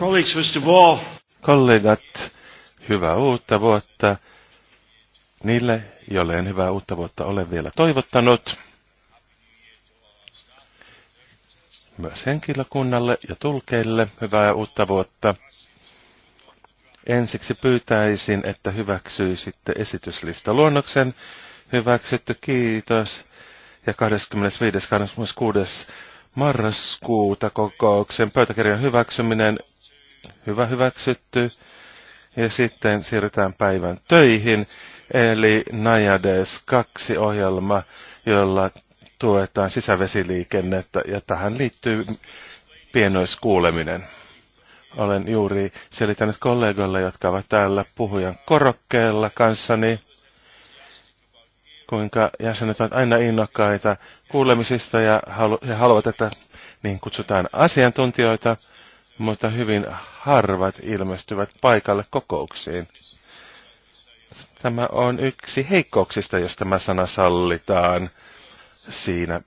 Colleagues, first of all. Kollegat, hyvää uutta vuotta. Niille, joille en hyvää uutta vuotta ole vielä toivottanut. Myös henkilökunnalle ja tulkeille hyvää uutta vuotta. Ensiksi pyytäisin, että hyväksyisitte luonnoksen Hyväksytty, kiitos. Ja 25. 26. marraskuuta kokouksen pöytäkirjan hyväksyminen Hyvä hyväksytty. Ja sitten siirrytään päivän töihin, eli Najades 2 ohjelma, jolla tuetaan sisävesiliikennettä ja tähän liittyy pienoiskuuleminen. Olen juuri selittänyt kollegoille, jotka ovat täällä puhujan korokkeella kanssani, kuinka jäsenet ovat aina innokkaita kuulemisista ja, halu- ja haluavat, että niin kutsutaan asiantuntijoita – mutta hyvin harvat ilmestyvät paikalle kokouksiin. Tämä on yksi heikkouksista, jos tämä sana sallitaan siinä,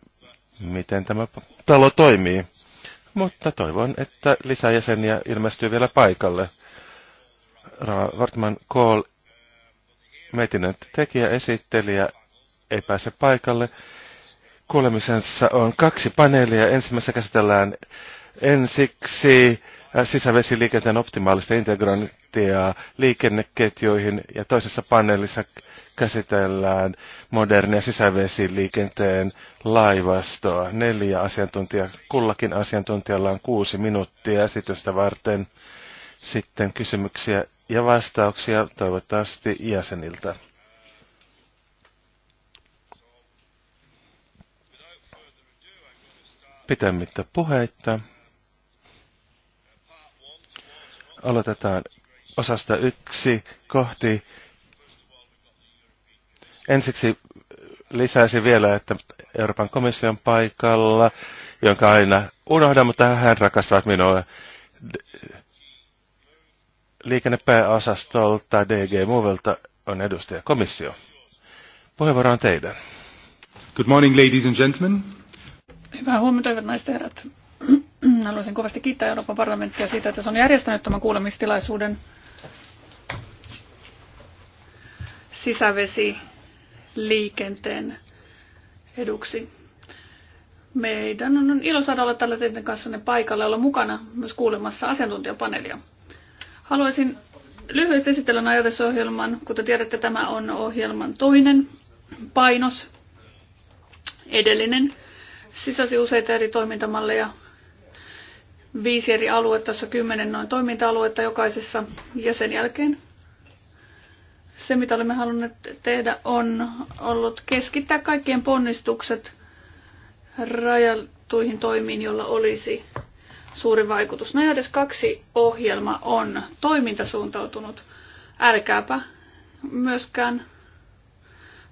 miten tämä talo toimii. Mutta toivon, että lisäjäseniä ilmestyy vielä paikalle. Vartman Kohl, mietinnön tekijä, esittelijä, ei pääse paikalle. Kuulemisensa on kaksi paneelia. Ensimmäisessä käsitellään Ensiksi äh, sisävesiliikenteen optimaalista integrointia liikenneketjuihin ja toisessa paneelissa käsitellään modernia sisävesiliikenteen laivastoa. Neljä asiantuntijaa, kullakin asiantuntijalla on kuusi minuuttia esitystä varten. Sitten kysymyksiä ja vastauksia toivottavasti jäseniltä. Pitämättä puheita. Aloitetaan osasta yksi kohti. Ensiksi lisäisin vielä, että Euroopan komission paikalla, jonka aina unohdan, mutta hän rakastavat minua liikennepääosastolta DG Movelta on edustaja komissio. Puheenvuoro on teidän. Good morning, ladies and gentlemen. Hyvää huomenta, hyvät naiset ja herrat. Haluaisin kovasti kiittää Euroopan parlamenttia siitä, että se on järjestänyt tämän kuulemistilaisuuden sisävesiliikenteen eduksi. Meidän on ilo saada olla tällä teidän kanssanne paikalla olla mukana myös kuulemassa asiantuntijapaneelia. Haluaisin lyhyesti esitellä ajatusohjelman. Kuten tiedätte, tämä on ohjelman toinen painos. Edellinen sisälsi useita eri toimintamalleja viisi eri aluetta, jossa kymmenen noin toiminta-aluetta jokaisessa. Ja sen jälkeen se, mitä olemme halunneet tehdä, on ollut keskittää kaikkien ponnistukset rajattuihin toimiin, joilla olisi suuri vaikutus. No edes kaksi ohjelma on toimintasuuntautunut. Älkääpä myöskään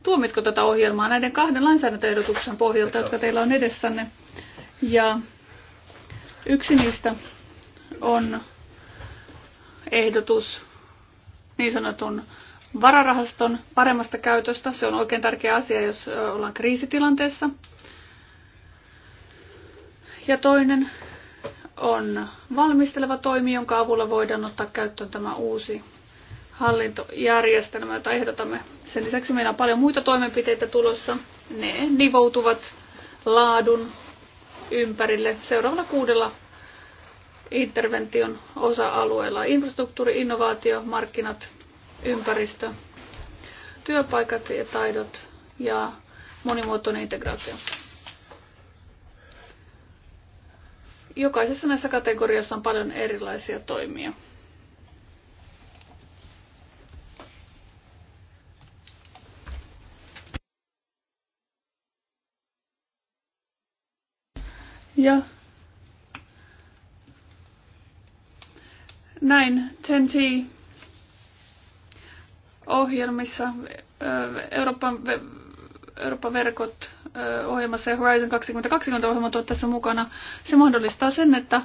tuomitko tätä ohjelmaa näiden kahden lainsäädäntöehdotuksen pohjalta, jotka teillä on edessänne. Ja Yksi niistä on ehdotus niin sanotun vararahaston paremmasta käytöstä. Se on oikein tärkeä asia, jos ollaan kriisitilanteessa. Ja toinen on valmisteleva toimi, jonka avulla voidaan ottaa käyttöön tämä uusi hallintojärjestelmä, jota ehdotamme. Sen lisäksi meillä on paljon muita toimenpiteitä tulossa. Ne nivoutuvat laadun, ympärille seuraavalla kuudella intervention osa-alueella. Infrastruktuuri, innovaatio, markkinat, ympäristö, työpaikat ja taidot ja monimuotoinen integraatio. Jokaisessa näissä kategorioissa on paljon erilaisia toimia. Ja näin TNT ohjelmissa Euroopan, Euroopan verkot ohjelmassa ja Horizon 2020 ohjelma on tässä mukana. Se mahdollistaa sen, että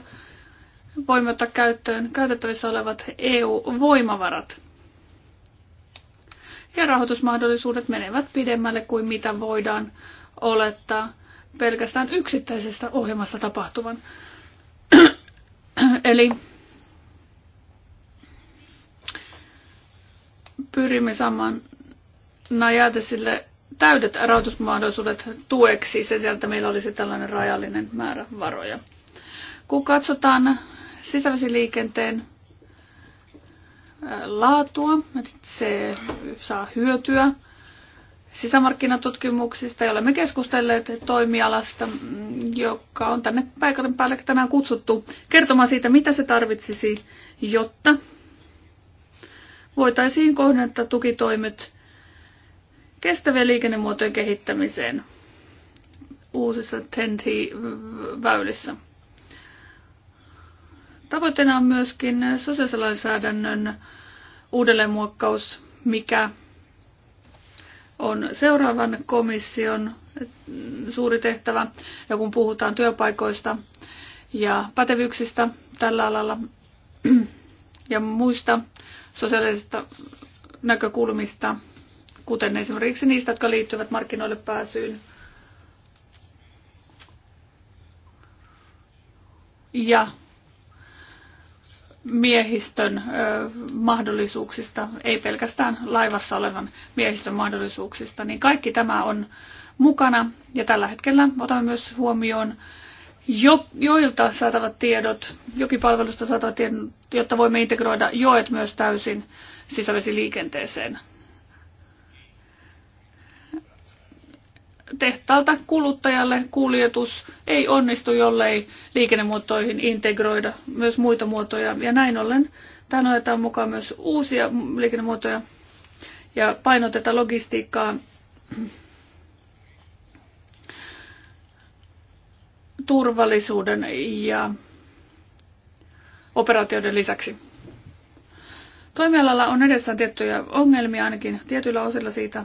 voimme ottaa käyttöön käytettävissä olevat EU-voimavarat. Ja rahoitusmahdollisuudet menevät pidemmälle kuin mitä voidaan olettaa pelkästään yksittäisestä ohjelmasta tapahtuvan. Eli pyrimme saamaan Najate sille täydet rahoitusmahdollisuudet tueksi sen sijaan, että meillä olisi tällainen rajallinen määrä varoja. Kun katsotaan sisävesiliikenteen laatua, se saa hyötyä sisämarkkinatutkimuksista ja olemme keskustelleet toimialasta, mm, joka on tänne paikan päälle tänään kutsuttu kertomaan siitä, mitä se tarvitsisi, jotta voitaisiin kohdentaa tukitoimet kestävien liikennemuotojen kehittämiseen uusissa TENT-väylissä. Tavoitteena on myöskin sosiaalisen lainsäädännön uudelleenmuokkaus, mikä on seuraavan komission suuri tehtävä. Ja kun puhutaan työpaikoista ja pätevyyksistä tällä alalla ja muista sosiaalisista näkökulmista, kuten esimerkiksi niistä, jotka liittyvät markkinoille pääsyyn, ja miehistön mahdollisuuksista, ei pelkästään laivassa olevan miehistön mahdollisuuksista, niin kaikki tämä on mukana. Ja tällä hetkellä otamme myös huomioon jo, joilta saatavat tiedot, jokipalvelusta saatavat tiedot, jotta voimme integroida joet myös täysin sisävesiliikenteeseen. tehtaalta kuluttajalle kuljetus ei onnistu, jollei liikennemuotoihin integroida myös muita muotoja. Ja näin ollen tähän otetaan mukaan myös uusia liikennemuotoja ja painotetaan logistiikkaa turvallisuuden ja operaatioiden lisäksi. Toimialalla on edessään tiettyjä ongelmia ainakin tietyillä osilla siitä,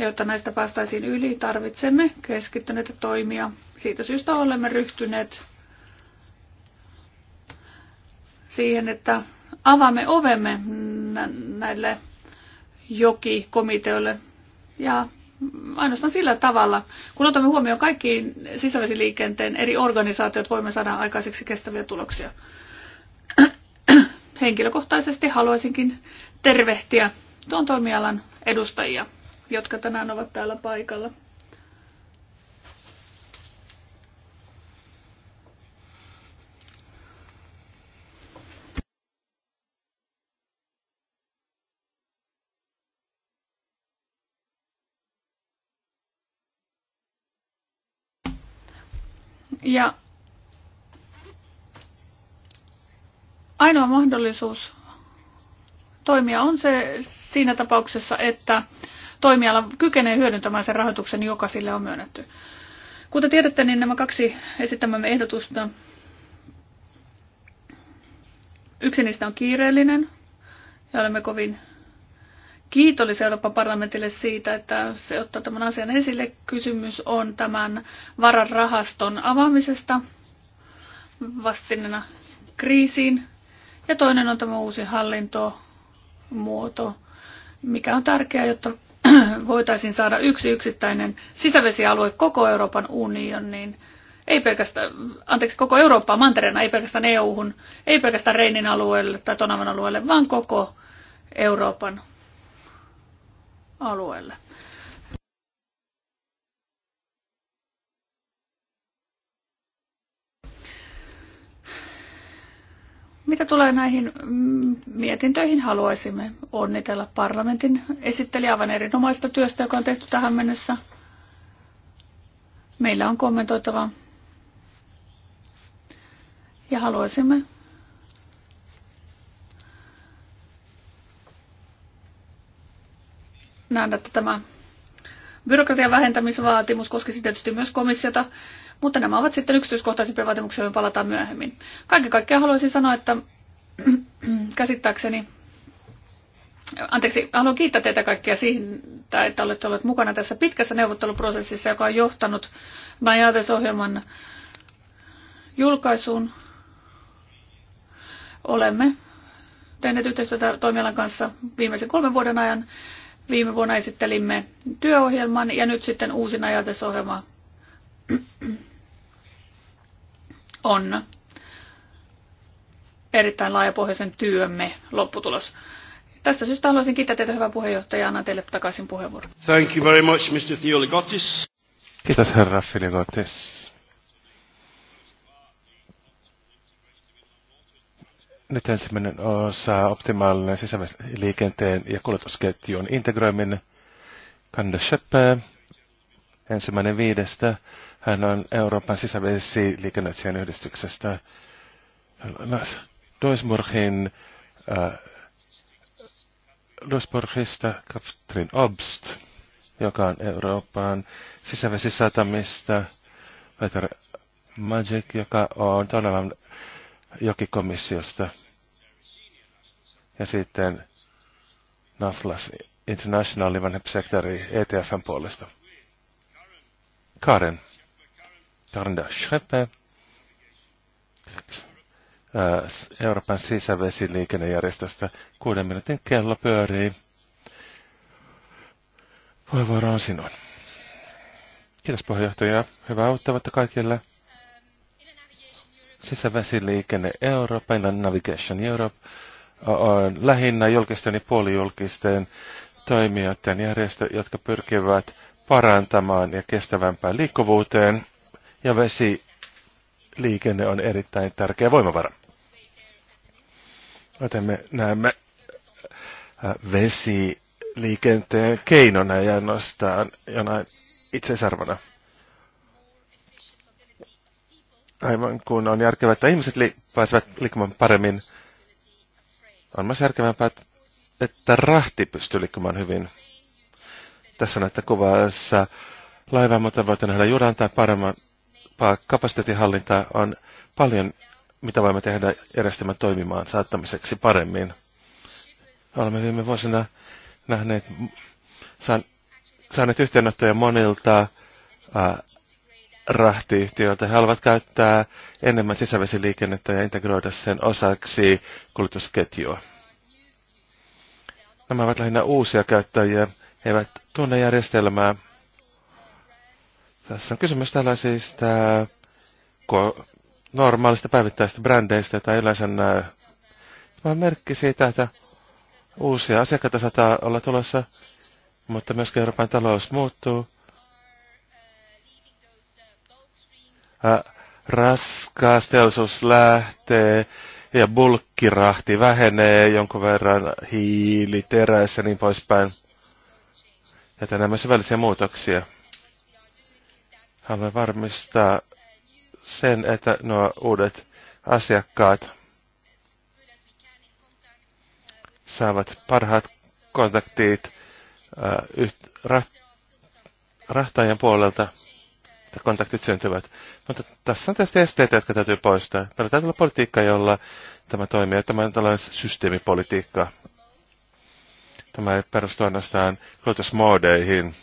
Jotta näistä päästäisiin yli, tarvitsemme keskittyneitä toimia. Siitä syystä olemme ryhtyneet siihen, että avaamme ovemme näille jokikomiteoille ja ainoastaan sillä tavalla, kun otamme huomioon kaikkiin sisävesiliikenteen eri organisaatiot, voimme saada aikaiseksi kestäviä tuloksia. Henkilökohtaisesti haluaisinkin tervehtiä tuon toimialan edustajia jotka tänään ovat täällä paikalla. Ja ainoa mahdollisuus toimia on se siinä tapauksessa, että toimiala kykenee hyödyntämään sen rahoituksen, joka sille on myönnetty. Kuten tiedätte, niin nämä kaksi esittämämme ehdotusta, yksi niistä on kiireellinen, ja olemme kovin kiitollisia Euroopan parlamentille siitä, että se ottaa tämän asian esille. Kysymys on tämän vararahaston avaamisesta vastinnena kriisiin. Ja toinen on tämä uusi hallintomuoto, mikä on tärkeää, jotta voitaisiin saada yksi yksittäinen sisävesialue koko Euroopan unioniin, ei pelkästään, anteeksi, koko Eurooppaa mantereena, ei pelkästään EU-hun, ei pelkästään Reinin alueelle tai Tonavan alueelle, vaan koko Euroopan alueelle. Mitä tulee näihin mm, mietintöihin, haluaisimme onnitella parlamentin esittelijä aivan erinomaista työstä, joka on tehty tähän mennessä. Meillä on kommentoitavaa. Ja haluaisimme nähdä, että tämä Byrokratian vähentämisvaatimus koskisi tietysti myös komissiota, mutta nämä ovat sitten yksityiskohtaisempia vaatimuksia, joihin palataan myöhemmin. Kaiken kaikkiaan haluaisin sanoa, että käsittääkseni Anteeksi, haluan kiittää teitä kaikkia siihen, että olette olleet mukana tässä pitkässä neuvotteluprosessissa, joka on johtanut Majates-ohjelman julkaisuun. Olemme tehneet yhteistyötä toimialan kanssa viimeisen kolmen vuoden ajan Viime vuonna esittelimme työohjelman ja nyt sitten uusin ajatusohjelma on erittäin laajapohjaisen työmme lopputulos. Tästä syystä haluaisin kiittää teitä hyvää puheenjohtaja ja annan teille takaisin puheenvuoron. Thank you very much, Mr. Theoligotis. Kiitos herra Filigotis. Nyt ensimmäinen osa optimaalinen sisäliikenteen ja kuljetusketjun integroiminen. Kanda Sheppe, ensimmäinen viidestä. Hän on Euroopan sisävesiliikennöitsijän yhdistyksestä. Duisburgin, äh, Duisburgista Katrin Obst, joka on Euroopan sisävesisatamista. Peter Magic, joka on Donavan jokikomissiosta ja sitten NAFLAS International niin vanhempi sektori ETFn puolesta. Karen. Karen da Schreppe. Äh, Euroopan sisävesiliikennejärjestöstä. Kuuden minuutin kello pyörii. Puheenvuoro on sinun. Kiitos puheenjohtaja. Hyvää auttamatta kaikille sisävesiliikenne Europe, Inland Navigation Europe, on lähinnä julkisten ja puolijulkisten toimijoiden järjestö, jotka pyrkivät parantamaan ja kestävämpään liikkuvuuteen, ja vesiliikenne on erittäin tärkeä voimavara. Joten me näemme äh, vesiliikenteen keinona ja nostaan jonain itseisarvona. aivan kun on järkevää, että ihmiset li- pääsevät liikkumaan paremmin, on myös järkevämpää, että rahti pystyy liikkumaan hyvin. Tässä näyttää kuvassa laivaa, mutta voidaan nähdä judan tai parempaa kapasiteetinhallintaa on paljon, mitä voimme tehdä järjestelmän toimimaan saattamiseksi paremmin. Olemme viime vuosina nähneet, saaneet yhteenottoja monilta rahtiyhtiöiltä. He haluavat käyttää enemmän sisävesiliikennettä ja integroida sen osaksi kuljetusketjua. Nämä ovat lähinnä uusia käyttäjiä. He eivät tunne järjestelmää. Tässä on kysymys tällaisista normaalista päivittäistä brändeistä, tai yleensä näy. Tämä on merkki siitä, että uusia asiakkaita saattaa olla tulossa, mutta myöskin Euroopan talous muuttuu raskas teollisuus lähtee ja bulkkirahti vähenee jonkun verran, hiili, teräs ja niin poispäin. Ja nämä välisiä muutoksia. Haluan varmistaa sen, että nuo uudet asiakkaat saavat parhaat kontaktit äh, raht, rahtajan puolelta kontaktit syntyvät. Mutta tässä on tietysti esteitä, jotka täytyy poistaa. Meillä täytyy olla politiikka, jolla tämä toimii. Tämä on tällainen systeemipolitiikka. Tämä ei perustu ainoastaan kulutusmoodeihin.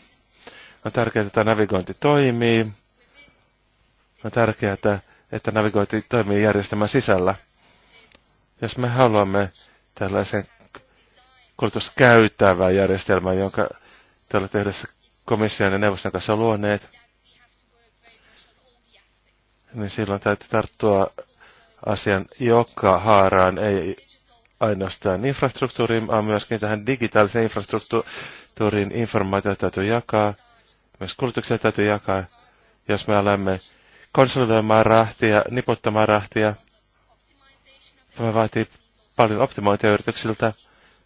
On tärkeää, että navigointi toimii. On tärkeää, että navigointi toimii järjestelmän sisällä. Jos me haluamme tällaisen kulutuskäytävän järjestelmän, jonka te olette yhdessä komission ja neuvoston kanssa luoneet, niin silloin täytyy tarttua asian joka haaraan, ei ainoastaan infrastruktuuriin, vaan myöskin tähän digitaaliseen infrastruktuuriin informaatiota täytyy jakaa, myös kulutuksia täytyy jakaa. Jos me olemme konsolidoimaan rahtia, niputtamaan rahtia, tämä vaatii paljon optimointia yrityksiltä,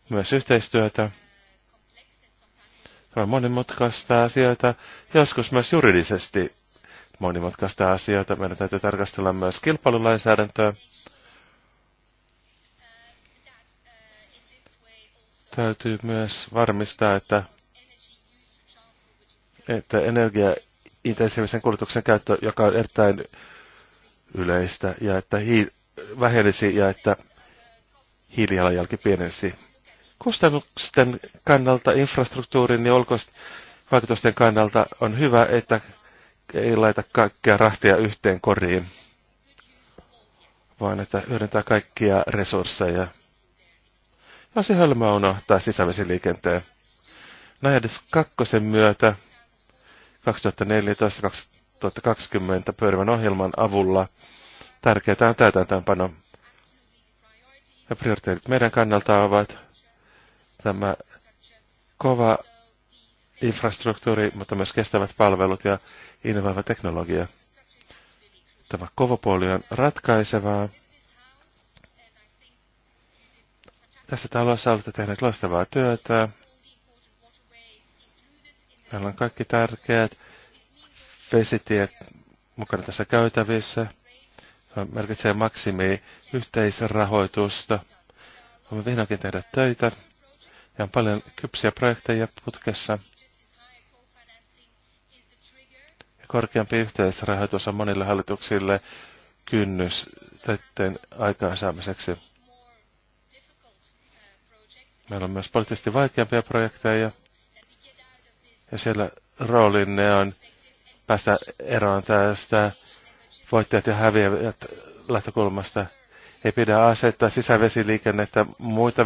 myös yhteistyötä. Tämä monimutkaista asioita, joskus myös juridisesti monimutkaista asioita. Meidän täytyy tarkastella myös kilpailulainsäädäntöä. Täytyy myös varmistaa, että, että energiaintensiivisen kulutuksen käyttö, joka on erittäin yleistä, ja että hii- vähenisi ja että hiilijalanjälki pienensi. Kustannusten kannalta, infrastruktuurin ja ulkoisten vaikutusten kannalta on hyvä, että ei laita kaikkia rahtia yhteen koriin, vaan että hyödyntää kaikkia resursseja. Ja se hölmä unohtaa sisävesiliikenteen. Najades kakkosen myötä 2014-2020 pyörivän ohjelman avulla tärkeää on täytäntöönpano. Ja prioriteetit meidän kannalta ovat tämä kova infrastruktuuri, mutta myös kestävät palvelut ja innovaava teknologia. Tämä kova on ratkaisevaa. Tässä talossa olette tehneet loistavaa työtä. Meillä on kaikki tärkeät vesitiet mukana tässä käytävissä. Se merkitsee maksimi yhteisrahoitusta. Voimme vihdoinkin tehdä töitä ja on paljon kypsiä projekteja putkessa. Korkeampi yhteisrahoitus on monille hallituksille kynnys tätten aikaansaamiseksi. Meillä on myös poliittisesti vaikeampia projekteja, ja siellä roolinne on päästä eroon tästä voittajat ja häviävät lähtökulmasta. Ei pidä asettaa sisävesiliikennettä muita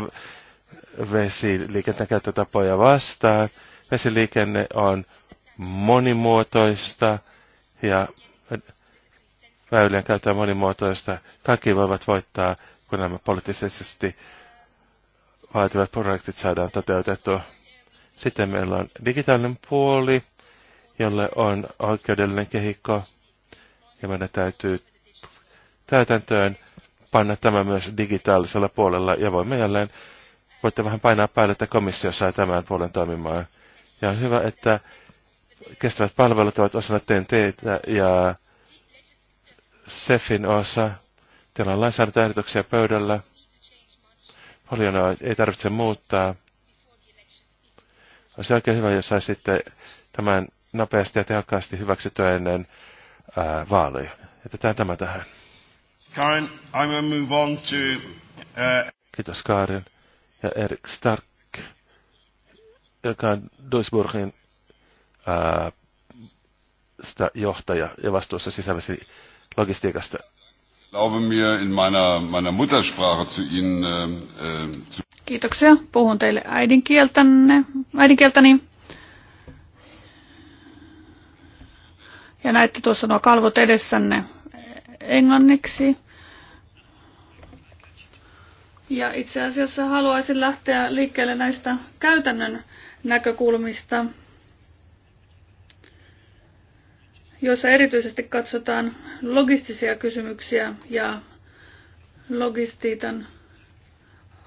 vesiliikenteen käyttötapoja vastaan. Vesiliikenne on monimuotoista ja väylien käyttöä monimuotoista. Kaikki voivat voittaa, kun nämä poliittisesti vaativat projektit saadaan toteutettua. Sitten meillä on digitaalinen puoli, jolle on oikeudellinen kehikko, ja meidän täytyy täytäntöön panna tämä myös digitaalisella puolella, ja voimme jälleen, voitte vähän painaa päälle, että komissio saa tämän puolen toimimaan. Ja on hyvä, että kestävät palvelut ovat osana TNT ja SEFin osa. Teillä on lainsäädäntöehdotuksia pöydällä. Paljon ei tarvitse muuttaa. Olisi oikein hyvä, jos saisitte tämän nopeasti ja tehokkaasti hyväksytyä ennen ää, vaaleja. Jätetään tämä tähän. I'm move on to... Uh... Kiitos Karin. Ja Erik Stark, joka on Duisburgin sitä johtaja ja vastuussa sisävesi logistiikasta. Äh, äh, Kiitoksia. Puhun teille äidinkieltänne, äidinkieltäni. Ja näette tuossa nuo kalvot edessänne englanniksi. Ja itse asiassa haluaisin lähteä liikkeelle näistä käytännön näkökulmista. joissa erityisesti katsotaan logistisia kysymyksiä ja logistiikan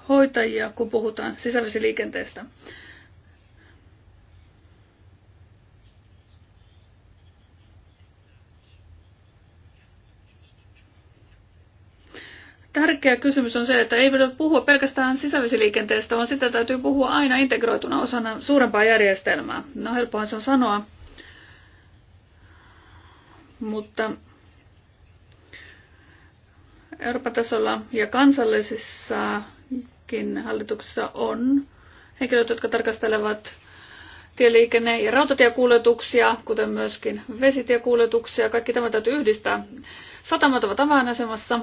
hoitajia, kun puhutaan sisävesiliikenteestä. Tärkeä kysymys on se, että ei voida puhua pelkästään sisävesiliikenteestä, vaan sitä täytyy puhua aina integroituna osana suurempaa järjestelmää. No helppohan se on sanoa, mutta Euroopan tasolla ja kansallisissakin hallituksissa on henkilöt, jotka tarkastelevat tieliikenne- ja rautatiekuljetuksia, kuten myöskin vesitiekuljetuksia. Kaikki tämä täytyy yhdistää. Satamat ovat avainasemassa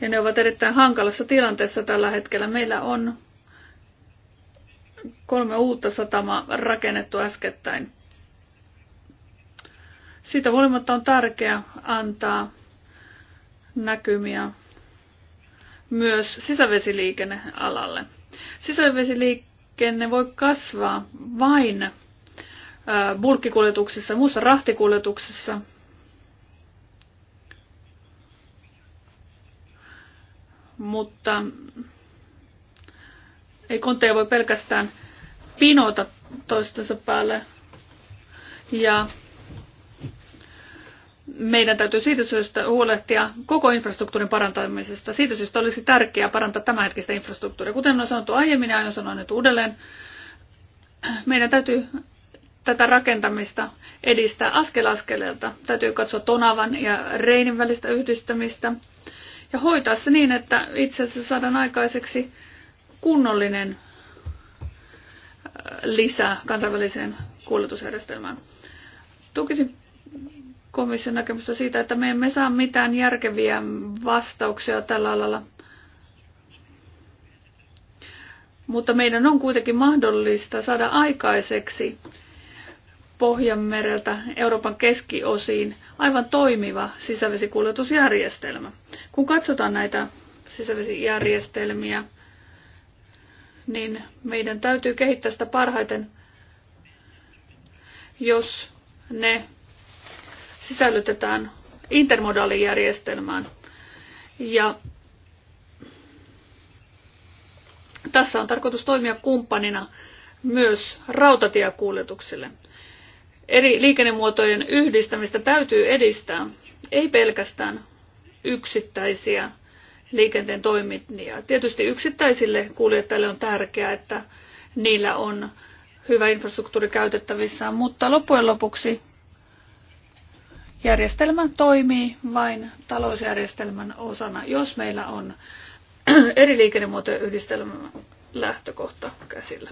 ja ne ovat erittäin hankalassa tilanteessa tällä hetkellä. Meillä on kolme uutta satamaa rakennettu äskettäin. Siitä huolimatta on tärkeää antaa näkymiä myös sisävesiliikennealalle. Sisävesiliikenne voi kasvaa vain bulkkikuljetuksissa, muussa rahtikuljetuksessa. Mutta ei konteja voi pelkästään pinota toistensa päälle. Ja meidän täytyy siitä syystä huolehtia koko infrastruktuurin parantamisesta. Siitä syystä olisi tärkeää parantaa tämänhetkistä infrastruktuuria. Kuten on sanottu aiemmin ja aion sanoa nyt uudelleen, meidän täytyy tätä rakentamista edistää askel askeleelta. Täytyy katsoa Tonavan ja Reinin välistä yhdistämistä ja hoitaa se niin, että itse asiassa saadaan aikaiseksi kunnollinen äh, lisä kansainväliseen kuljetusjärjestelmään. Tukisin komission näkemystä siitä, että me emme saa mitään järkeviä vastauksia tällä alalla. Mutta meidän on kuitenkin mahdollista saada aikaiseksi Pohjanmereltä Euroopan keskiosiin aivan toimiva sisävesikuljetusjärjestelmä. Kun katsotaan näitä sisävesijärjestelmiä, niin meidän täytyy kehittää sitä parhaiten, jos ne sisällytetään intermodaalijärjestelmään. Ja tässä on tarkoitus toimia kumppanina myös rautatiekuljetuksille. Eri liikennemuotojen yhdistämistä täytyy edistää, ei pelkästään yksittäisiä liikenteen toimintia. Tietysti yksittäisille kuljettajille on tärkeää, että niillä on hyvä infrastruktuuri käytettävissä, mutta loppujen lopuksi Järjestelmä toimii vain talousjärjestelmän osana, jos meillä on eri liikennemuotojen yhdistelmä lähtökohta käsillä.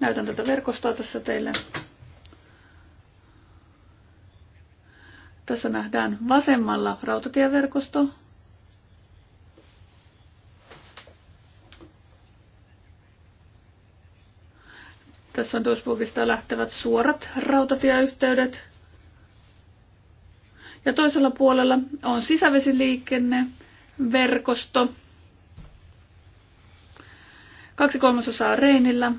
Näytän tätä verkostoa tässä teille. Tässä nähdään vasemmalla rautatieverkosto. Tässä on Duisburgista lähtevät suorat rautatieyhteydet. Ja toisella puolella on sisävesiliikenne, verkosto. Kaksi kolmasosaa on Reinillä.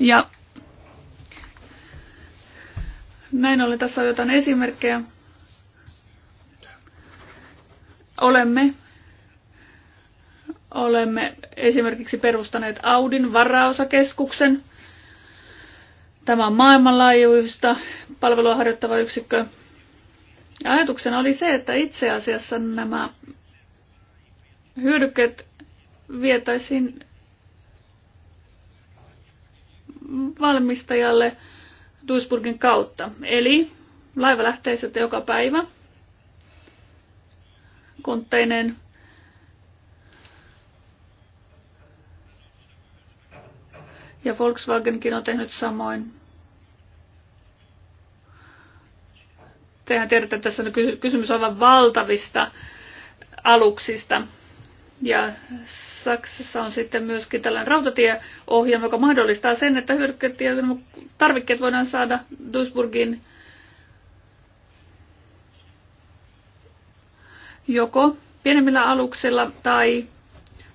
Ja näin ollen tässä on jotain esimerkkejä. Olemme, olemme esimerkiksi perustaneet Audin varaosakeskuksen. Tämä on maailmanlaajuista palvelua harjoittava yksikkö. Ajatuksena oli se, että itse asiassa nämä hyödykkeet vietäisiin valmistajalle Duisburgin kautta. Eli laiva lähtee sitten joka päivä kontteineen. Ja Volkswagenkin on tehnyt samoin. Tehän tiedätte, että tässä on kysymys aivan valtavista aluksista. Ja Saksassa on sitten myöskin tällainen rautatieohjelma, joka mahdollistaa sen, että hyödykkeet ja tarvikkeet voidaan saada Duisburgin joko pienemmillä aluksilla tai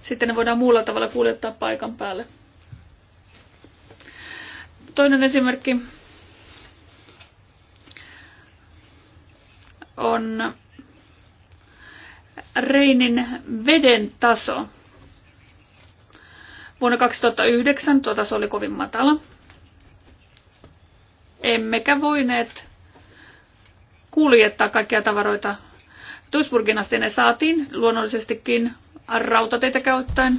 sitten ne voidaan muulla tavalla kuljettaa paikan päälle. Toinen esimerkki on Reinin veden taso. Vuonna 2009 tuo taso oli kovin matala. Emmekä voineet kuljettaa kaikkia tavaroita Duisburgin asti ne saatiin luonnollisestikin rautateitä käyttäen,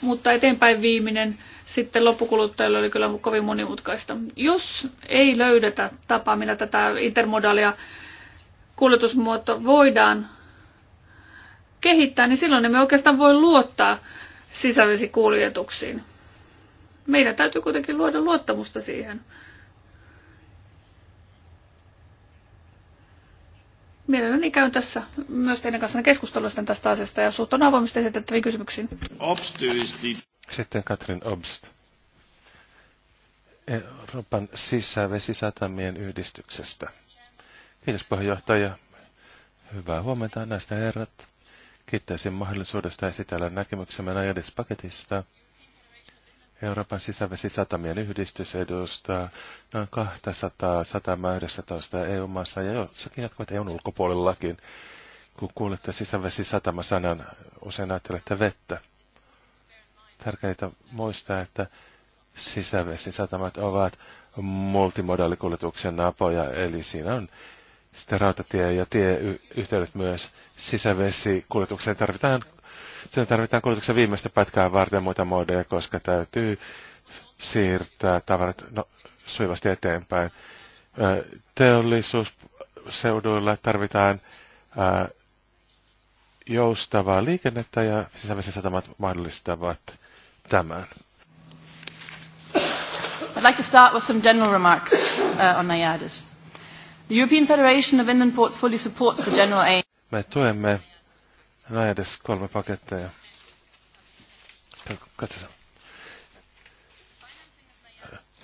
mutta eteenpäin viimeinen sitten loppukuluttajalle oli kyllä kovin monimutkaista. Jos ei löydetä tapaa, millä tätä intermodaalia kuljetusmuoto voidaan kehittää, niin silloin emme oikeastaan voi luottaa sisävesikuljetuksiin. Meidän täytyy kuitenkin luoda luottamusta siihen. Mielelläni käyn tässä myös teidän kanssanne keskustelua tästä asiasta ja suhtaudun avoimesti esitettäviin kysymyksiin. Sitten Katrin Obst. Euroopan sisävesisatamien yhdistyksestä. Kiitos puheenjohtaja. Hyvää huomenta näistä herrat. Kiittäisin mahdollisuudesta esitellä näkemyksemme Najadis-paketista. Euroopan sisävesisatamien yhdistys edustaa noin 200 satamaa 19 EU-maassa ja jossakin jatkuvat EUn ulkopuolellakin. Kun kuulette sisävesisatama-sanan, usein ajattelette vettä. Tärkeää muistaa, että sisävesisatamat ovat multimodaalikuljetuksen napoja, eli siinä on sitten rautatie- ja tieyhteydet myös sisävesikuljetukseen tarvitaan sen tarvitaan kulutuksen viimeistä pätkää varten muita modeja, koska täytyy siirtää tavarat no, sujuvasti eteenpäin. Teollisuusseuduilla tarvitaan joustavaa liikennettä ja sisävesen satamat mahdollistavat tämän. I'd like to start with some general remarks uh, on NIADAS. The European Federation of Inland Ports fully supports the general aim. Me tuemme No edes kolme paketteja. Katsotaan.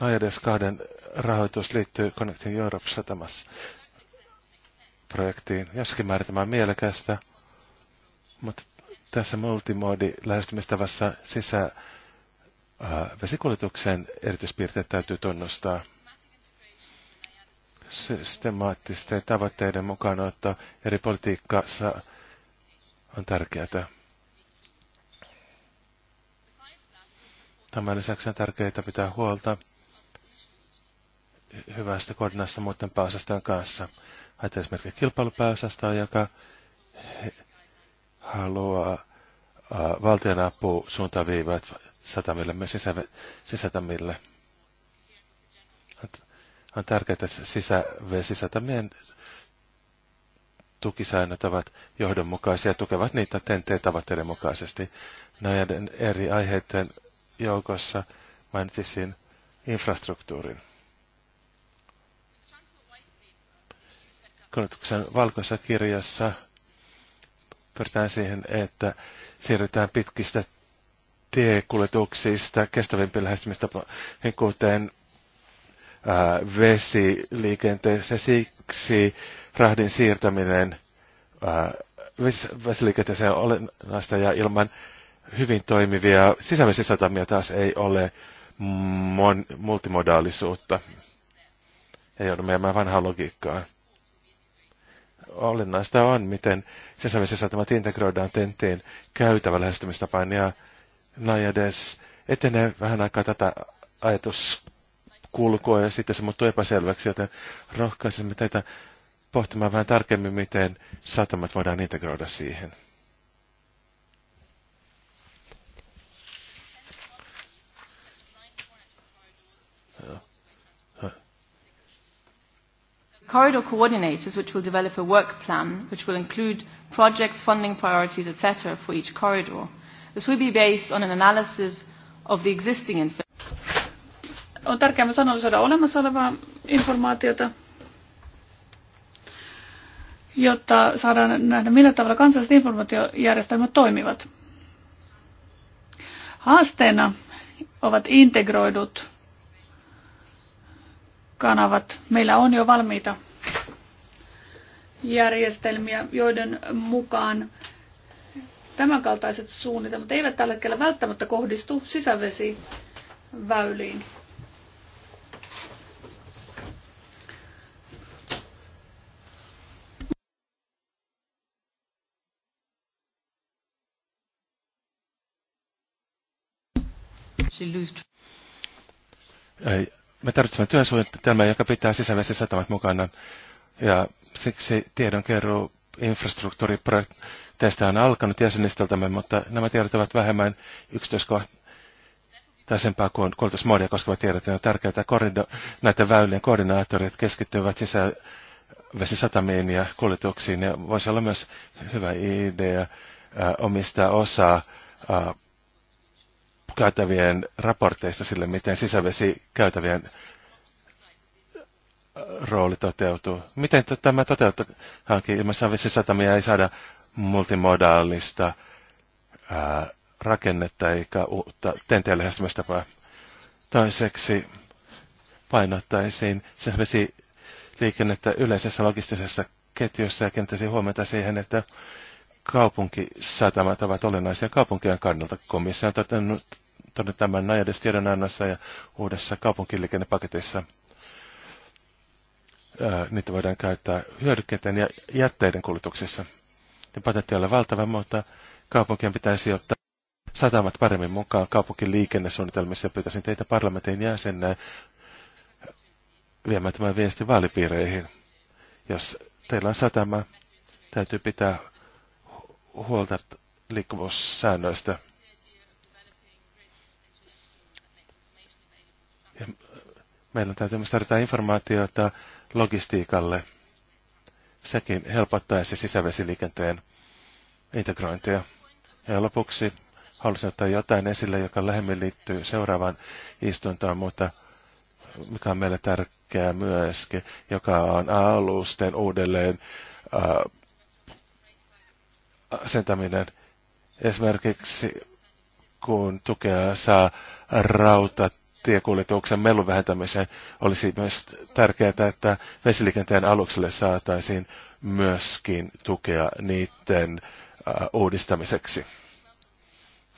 No kahden rahoitus liittyy Connecting Europe satamassa projektiin. Jossakin määrin tämä on mielekästä, mutta tässä multimoodi lähestymistavassa sisä äh, vesikuljetuksen erityispiirteet täytyy tunnustaa. Systemaattisten tavoitteiden mukaan ottaa eri politiikkaa on tärkeää. Tämän lisäksi on tärkeää pitää huolta hyvästä koordinaatiosta muiden pääosastojen kanssa. Ajatellaan esimerkiksi kilpailupääosastoa, joka haluaa valtion apua suuntaviivat satamille, myös sisä, sisätämille. On tärkeää, että sisävesisatamien tukisäännöt ovat johdonmukaisia ja tukevat niitä TNT-tavoitteiden mukaisesti. Näiden eri aiheiden joukossa mainitsisin infrastruktuurin. Koulutuksen valkoisessa kirjassa pyritään siihen, että siirrytään pitkistä tiekuljetuksista kestävimpiin lähestymistapoihin, kuten Äh, vesiliikenteeseen. Siksi rahdin siirtäminen äh, vesiliikenteeseen on olennaista ja ilman hyvin toimivia sisävesisatamia taas ei ole mon, multimodaalisuutta. Ei joudu meidän vanhaan logiikkaan. Olennaista on, miten sisävesisatamat integroidaan tenttiin käytävä lähestymistapaan ja Najades etenee vähän aikaa tätä ajatus kulkua ja sitten se muuttuu epäselväksi, joten rohkaisemme teitä pohtimaan vähän tarkemmin, miten satamat voidaan integroida siihen. corridor coordinators, which will develop a work plan, which will include projects, funding priorities, etc., for each corridor. This will be based on an analysis of the existing information on tärkeää myös analysoida olemassa olevaa informaatiota, jotta saadaan nähdä, millä tavalla kansalliset informaatiojärjestelmät toimivat. Haasteena ovat integroidut kanavat. Meillä on jo valmiita järjestelmiä, joiden mukaan tämänkaltaiset suunnitelmat eivät tällä hetkellä välttämättä kohdistu sisävesiväyliin. Me tarvitsemme työsuunnitelmaa, joka pitää sisävesit satamat mukana. Ja siksi tiedonkeruu infrastruktuuriprojekteista on alkanut jäsenistöltämme, mutta nämä tiedot ovat vähemmän yksityiskohtaisempaa kuin koulutusmoodia koskevat tiedot. Ja on tärkeää, että näiden väylien koordinaattorit keskittyvät sisävesisatamiin ja kuljetuksiin. Ja voisi olla myös hyvä idea omistaa osaa käytävien raporteissa sille, miten sisävesi käytävien äh, rooli toteutuu. Miten tämä toteutetaankin? Ilmassa vesisatamia ei saada multimodaalista ää, äh, rakennetta eikä uutta tenteen lähestymistapaa. Toiseksi painottaisiin sisävesiliikennettä yleisessä logistisessa ketjussa ja kiinnittäisin huomiota siihen, että kaupunkisatamat ovat olennaisia kaupunkien kannalta. Komissio on todennut todennut tämän Najades tiedonannossa ja uudessa kaupunkiliikennepaketissa. Niitä voidaan käyttää hyödykkeiden ja jätteiden kuljetuksissa. Patentti on valtava, mutta kaupunkien pitäisi ottaa satamat paremmin mukaan liikennesuunnitelmissa ja pyytäisin teitä parlamentin jäsenä viemään tämän viesti vaalipiireihin. Jos teillä on satama, täytyy pitää huolta liikkuvuussäännöistä. Meillä täytyy myös tarjota informaatiota logistiikalle. Sekin helpottaisi sisävesiliikenteen integrointia. Ja lopuksi halusin ottaa jotain esille, joka lähemmin liittyy seuraavaan istuntoon, mutta mikä on meille tärkeää myöskin, joka on alusten uudelleen ää, asentaminen. Esimerkiksi kun tukea saa rautat tiekuljetuksen melun vähentämiseen olisi myös tärkeää, että vesiliikenteen alukselle saataisiin myöskin tukea niiden äh, uudistamiseksi.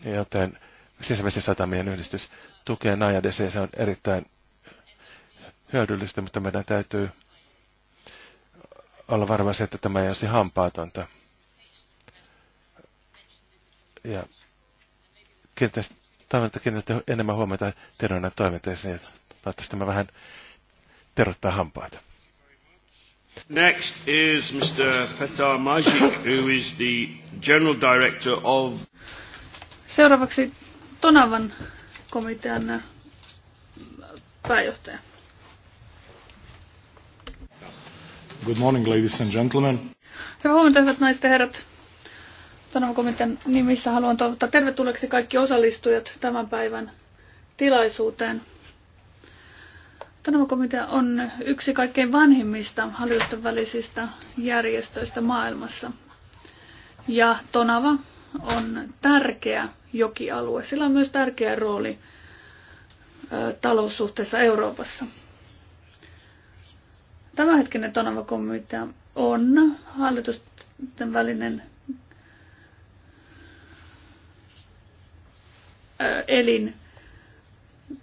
Joten sisävesisatamien yhdistys tukee NAJADC ja se on erittäin hyödyllistä, mutta meidän täytyy olla varma se, että tämä ei olisi hampaatonta. Ja toivon, että kiinnitätte enemmän huomiota tiedonannon toimintaisiin ja toivottavasti tämä vähän terottaa hampaita. Next is Mr. Petar Majik, who is the General Director of... Seuraavaksi Tonavan komitean äh, pääjohtaja. Good morning, ladies and gentlemen. Hyvää huomenta, hyvät naiset ja herrat komitean nimissä haluan toivottaa tervetulleeksi kaikki osallistujat tämän päivän tilaisuuteen. Tanavakomitea on yksi kaikkein vanhimmista hallitusten välisistä järjestöistä maailmassa. Ja Tonava on tärkeä jokialue. Sillä on myös tärkeä rooli taloussuhteessa Euroopassa. Tämänhetkinen Tonava-komitea on hallitusten välinen elin,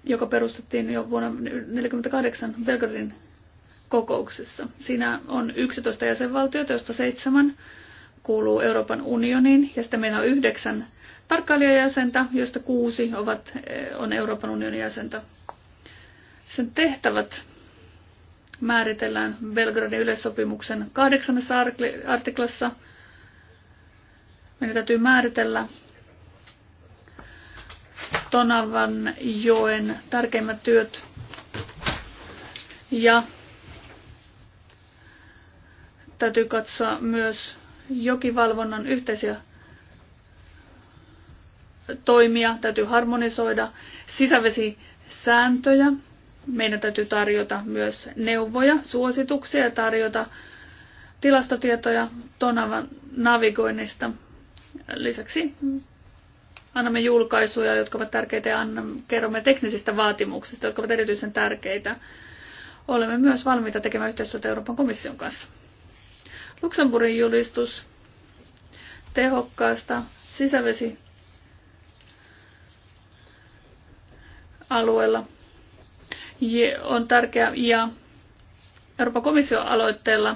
joka perustettiin jo vuonna 1948 Belgradin kokouksessa. Siinä on 11 jäsenvaltiota, joista seitsemän kuuluu Euroopan unioniin, ja sitten meillä on yhdeksän tarkkailijajäsentä, joista kuusi ovat, on Euroopan unionin jäsentä. Sen tehtävät määritellään Belgradin yleissopimuksen kahdeksannessa artiklassa. Meidän täytyy määritellä Tonavan joen tärkeimmät työt. Ja täytyy katsoa myös jokivalvonnan yhteisiä toimia, täytyy harmonisoida sisävesisääntöjä. Meidän täytyy tarjota myös neuvoja, suosituksia ja tarjota tilastotietoja Tonavan navigoinnista. Lisäksi annamme julkaisuja, jotka ovat tärkeitä ja annamme, kerromme teknisistä vaatimuksista, jotka ovat erityisen tärkeitä. Olemme myös valmiita tekemään yhteistyötä Euroopan komission kanssa. Luxemburgin julistus tehokkaasta sisävesi alueella on tärkeä ja Euroopan komission aloitteella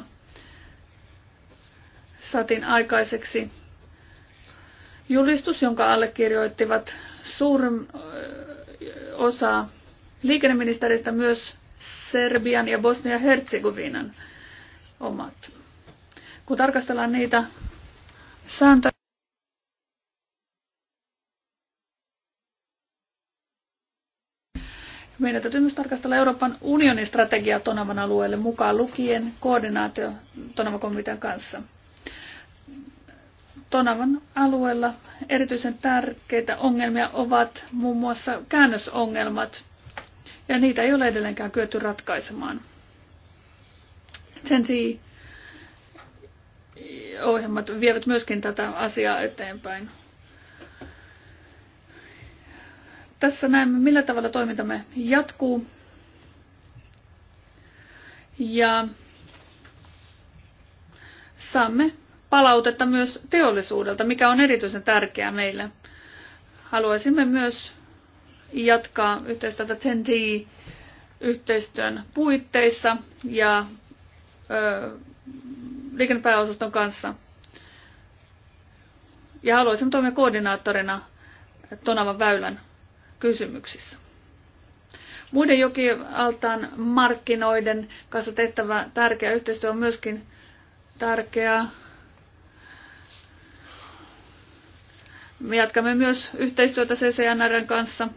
saatiin aikaiseksi Julistus, jonka allekirjoittivat suurin osa liikenneministeristä myös Serbian ja Bosnia-Herzegovinan omat. Kun tarkastellaan niitä sääntöjä, Meidän täytyy myös tarkastella Euroopan unionin strategiaa Tonavan alueelle mukaan lukien koordinaatio Tonava-komitean kanssa. Tonavan alueella erityisen tärkeitä ongelmia ovat muun muassa käännösongelmat, ja niitä ei ole edelleenkään kyetty ratkaisemaan. Sen sijaan ohjelmat vievät myöskin tätä asiaa eteenpäin. Tässä näemme, millä tavalla toimintamme jatkuu. Ja saamme palautetta myös teollisuudelta, mikä on erityisen tärkeää meille. Haluaisimme myös jatkaa yhteistyötä TNT yhteistyön puitteissa ja ö, liikennepääosaston kanssa. Ja haluaisimme toimia koordinaattorina Tonavan väylän kysymyksissä. Muiden jokialtaan markkinoiden kanssa tehtävä tärkeä yhteistyö on myöskin tärkeää. Me jatkamme myös yhteistyötä CCNRn kanssa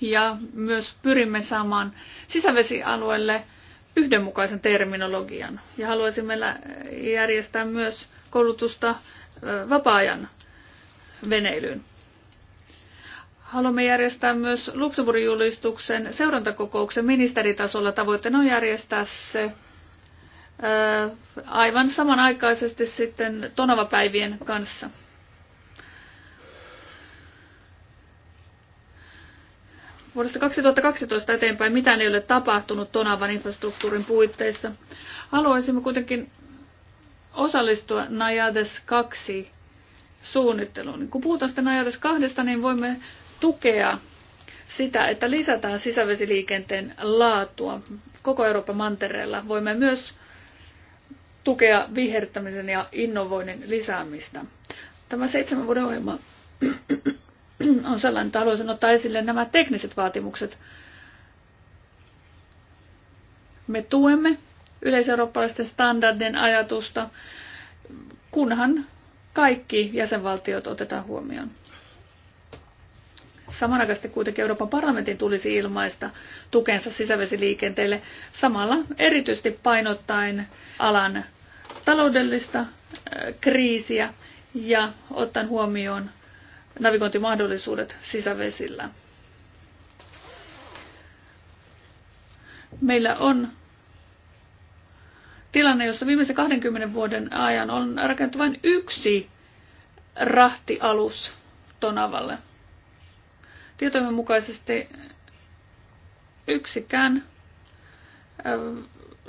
ja myös pyrimme saamaan sisävesialueelle yhdenmukaisen terminologian. Ja haluaisimme järjestää myös koulutusta vapaa-ajan veneilyyn. Haluamme järjestää myös Luxemburgin julistuksen seurantakokouksen ministeritasolla. Tavoitteena on järjestää se aivan samanaikaisesti sitten Tonava-päivien kanssa. Vuodesta 2012 eteenpäin mitään ei ole tapahtunut Tonavan infrastruktuurin puitteissa. Haluaisimme kuitenkin osallistua Najades 2 suunnitteluun. Kun puhutaan sitten Najades 2, niin voimme tukea sitä, että lisätään sisävesiliikenteen laatua koko Euroopan mantereella. Voimme myös tukea vihertämisen ja innovoinnin lisäämistä. Tämä seitsemän vuoden ohjelma on sellainen, että haluaisin ottaa esille nämä tekniset vaatimukset. Me tuemme yleiseurooppalaisten standardien ajatusta, kunhan kaikki jäsenvaltiot otetaan huomioon. Samanaikaisesti kuitenkin Euroopan parlamentin tulisi ilmaista tukensa sisävesiliikenteelle samalla erityisesti painottaen alan taloudellista äh, kriisiä ja ottaen huomioon navigointimahdollisuudet sisävesillä. Meillä on tilanne, jossa viimeisen 20 vuoden ajan on rakentu vain yksi rahtialus Tonavalle. Tietojen mukaisesti yksikään äh,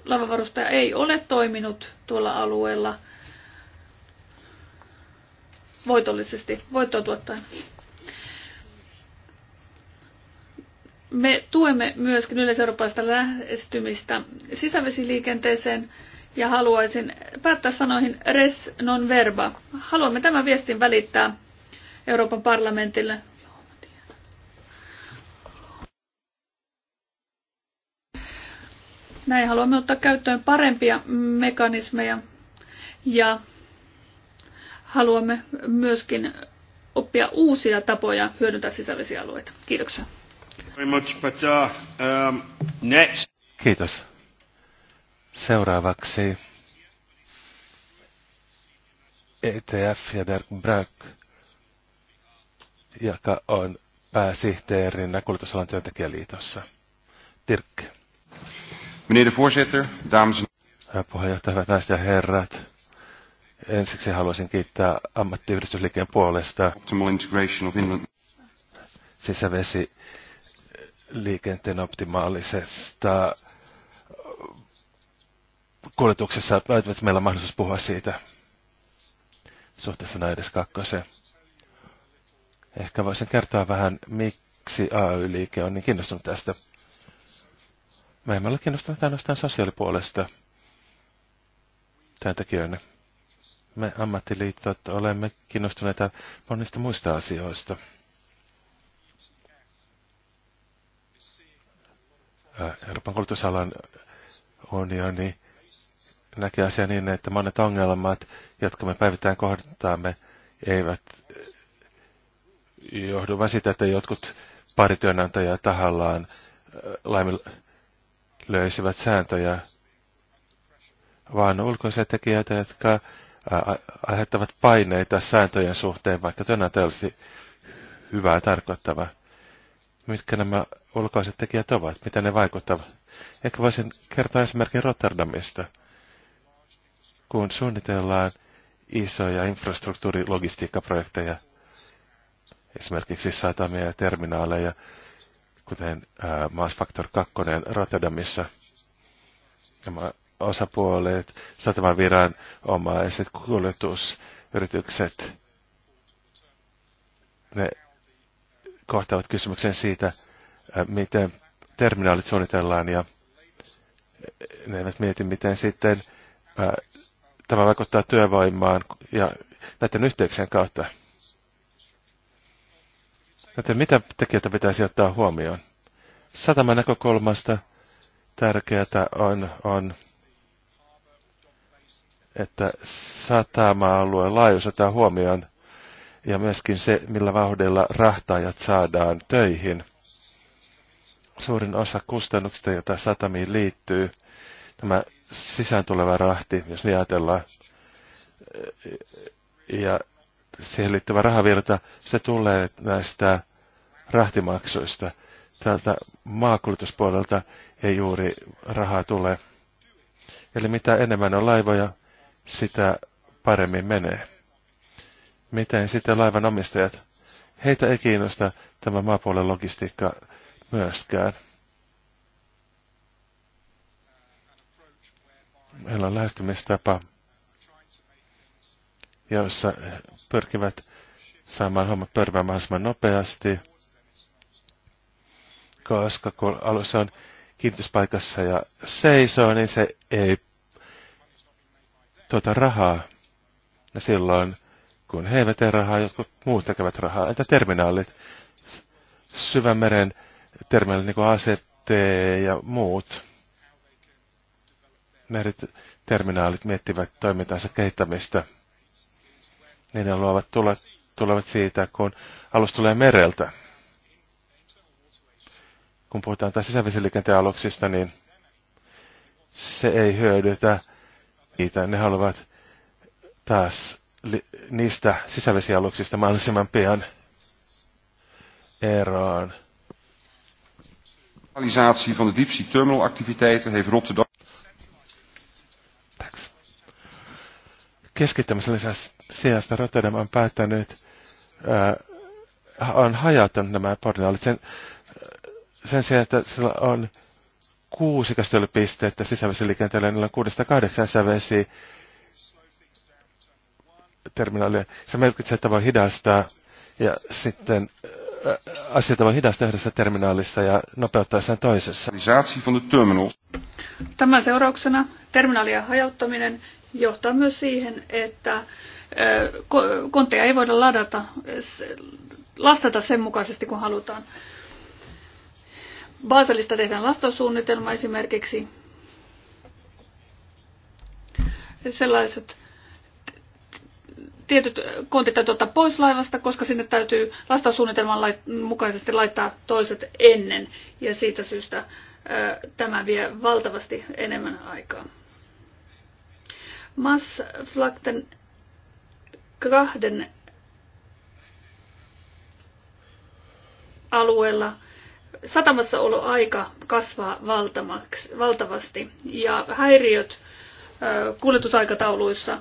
lavavarustaja ei ole toiminut tuolla alueella – voitollisesti, voittoa tuottaen. Me tuemme myöskin yleiseurooppalaista lähestymistä sisävesiliikenteeseen ja haluaisin päättää sanoihin res non verba. Haluamme tämän viestin välittää Euroopan parlamentille. Näin haluamme ottaa käyttöön parempia mekanismeja ja haluamme myöskin oppia uusia tapoja hyödyntää sisävesialueita. Kiitoksia. Uh, um, Kiitos. Seuraavaksi ETF ja Dirk Brack, joka on pääsihteerinä kulutusalan työntekijäliitossa. Dirk. Meneer de voorzitter, dames en heren. Puheenjohtaja, hyvät naiset ja herrat. Ensiksi haluaisin kiittää ammattiyhdistysliikkeen puolesta sisävesi liikenteen optimaalisesta äh, kuljetuksessa, että meillä on mahdollisuus puhua siitä suhteessa edes kakkoseen. Ehkä voisin kertoa vähän, miksi AY-liike on niin kiinnostunut tästä. Me emme ole kiinnostuneet ainoastaan sosiaalipuolesta työntekijöinä me ammattiliitot olemme kiinnostuneita monista muista asioista. Euroopan koulutusalan unioni näkee asia niin, että monet ongelmat, jotka me päivittäin kohdataamme, eivät johdu vain siitä, että jotkut pari työnantajaa tahallaan laiminlöisivät sääntöjä, vaan ulkoisia tekijöitä, jotka aiheuttavat paineita sääntöjen suhteen, vaikka työnantaja olisi hyvää tarkoittava. Mitkä nämä ulkoiset tekijät ovat? Mitä ne vaikuttavat? Ehkä voisin kertoa esimerkin Rotterdamista, kun suunnitellaan isoja infrastruktuurilogistiikkaprojekteja, esimerkiksi satamia ja terminaaleja, kuten Factor 2 Rotterdamissa. Nämä osapuolet, viranomaiset, kuljetusyritykset, ne kohtaavat kysymyksen siitä, äh, miten terminaalit suunnitellaan ja ne eivät mieti, miten sitten ää, äh, tämä vaikuttaa työvoimaan ja näiden yhteyksien kautta. Joten mitä tekijöitä pitäisi ottaa huomioon? Sataman näkökulmasta tärkeää on, on että satama-alueen laajuus ottaa huomioon ja myöskin se, millä vauhdilla rahtaajat saadaan töihin. Suurin osa kustannuksista, joita satamiin liittyy, tämä sisään tuleva rahti, jos niin ajatellaan, ja siihen liittyvä rahavirta, se tulee näistä rahtimaksuista. Tältä maakulutuspuolelta ei juuri rahaa tule. Eli mitä enemmän on laivoja, sitä paremmin menee. Miten sitten laivan omistajat? Heitä ei kiinnosta tämä maapuolen logistiikka myöskään. Meillä on lähestymistapa, jossa pyrkivät saamaan hommat pörvää mahdollisimman nopeasti, koska kun alus on kiinnityspaikassa ja seisoo, niin se ei tuota rahaa. Ja silloin, kun he eivät tee rahaa, jotkut muut tekevät rahaa. Entä terminaalit? syvän meren terminaalit, niin kuin ACT ja muut. Merit terminaalit miettivät toimintansa kehittämistä. niin ne luovat tule, tulevat siitä, kun alus tulee mereltä. Kun puhutaan taas sisävesiliikenteen aluksista, niin se ei hyödytä niitä. Ne haluavat taas li- niistä sisävesialuksista mahdollisimman pian eroon. Realisatie van de diepsea terminalactiviteiten heeft Rotterdam. Keskittämisen sijasta Rotterdam on päättänyt, äh, on hajautunut nämä portaalit sen, sen sijaan, että sillä on kuusi kastelupistettä sisävesiliikenteelle, niillä on kuudesta kahdeksan sisävesi terminaalia. Se merkitsee, että voi hidastaa ja sitten äh, asioita voi hidastaa yhdessä terminaalissa ja nopeuttaa sen toisessa. Tämän seurauksena terminaalien hajauttaminen johtaa myös siihen, että äh, kontteja ei voida ladata, lastata sen mukaisesti kuin halutaan. Baselista tehdään lastensuunnitelma esimerkiksi. Sellaiset tietyt kontit täytyy ottaa pois laivasta, koska sinne täytyy lastensuunnitelman mukaisesti laittaa toiset ennen. Ja siitä syystä tämä vie valtavasti enemmän aikaa. Mass Flakten kahden alueella satamassaoloaika kasvaa valtavasti ja häiriöt kuljetusaikatauluissa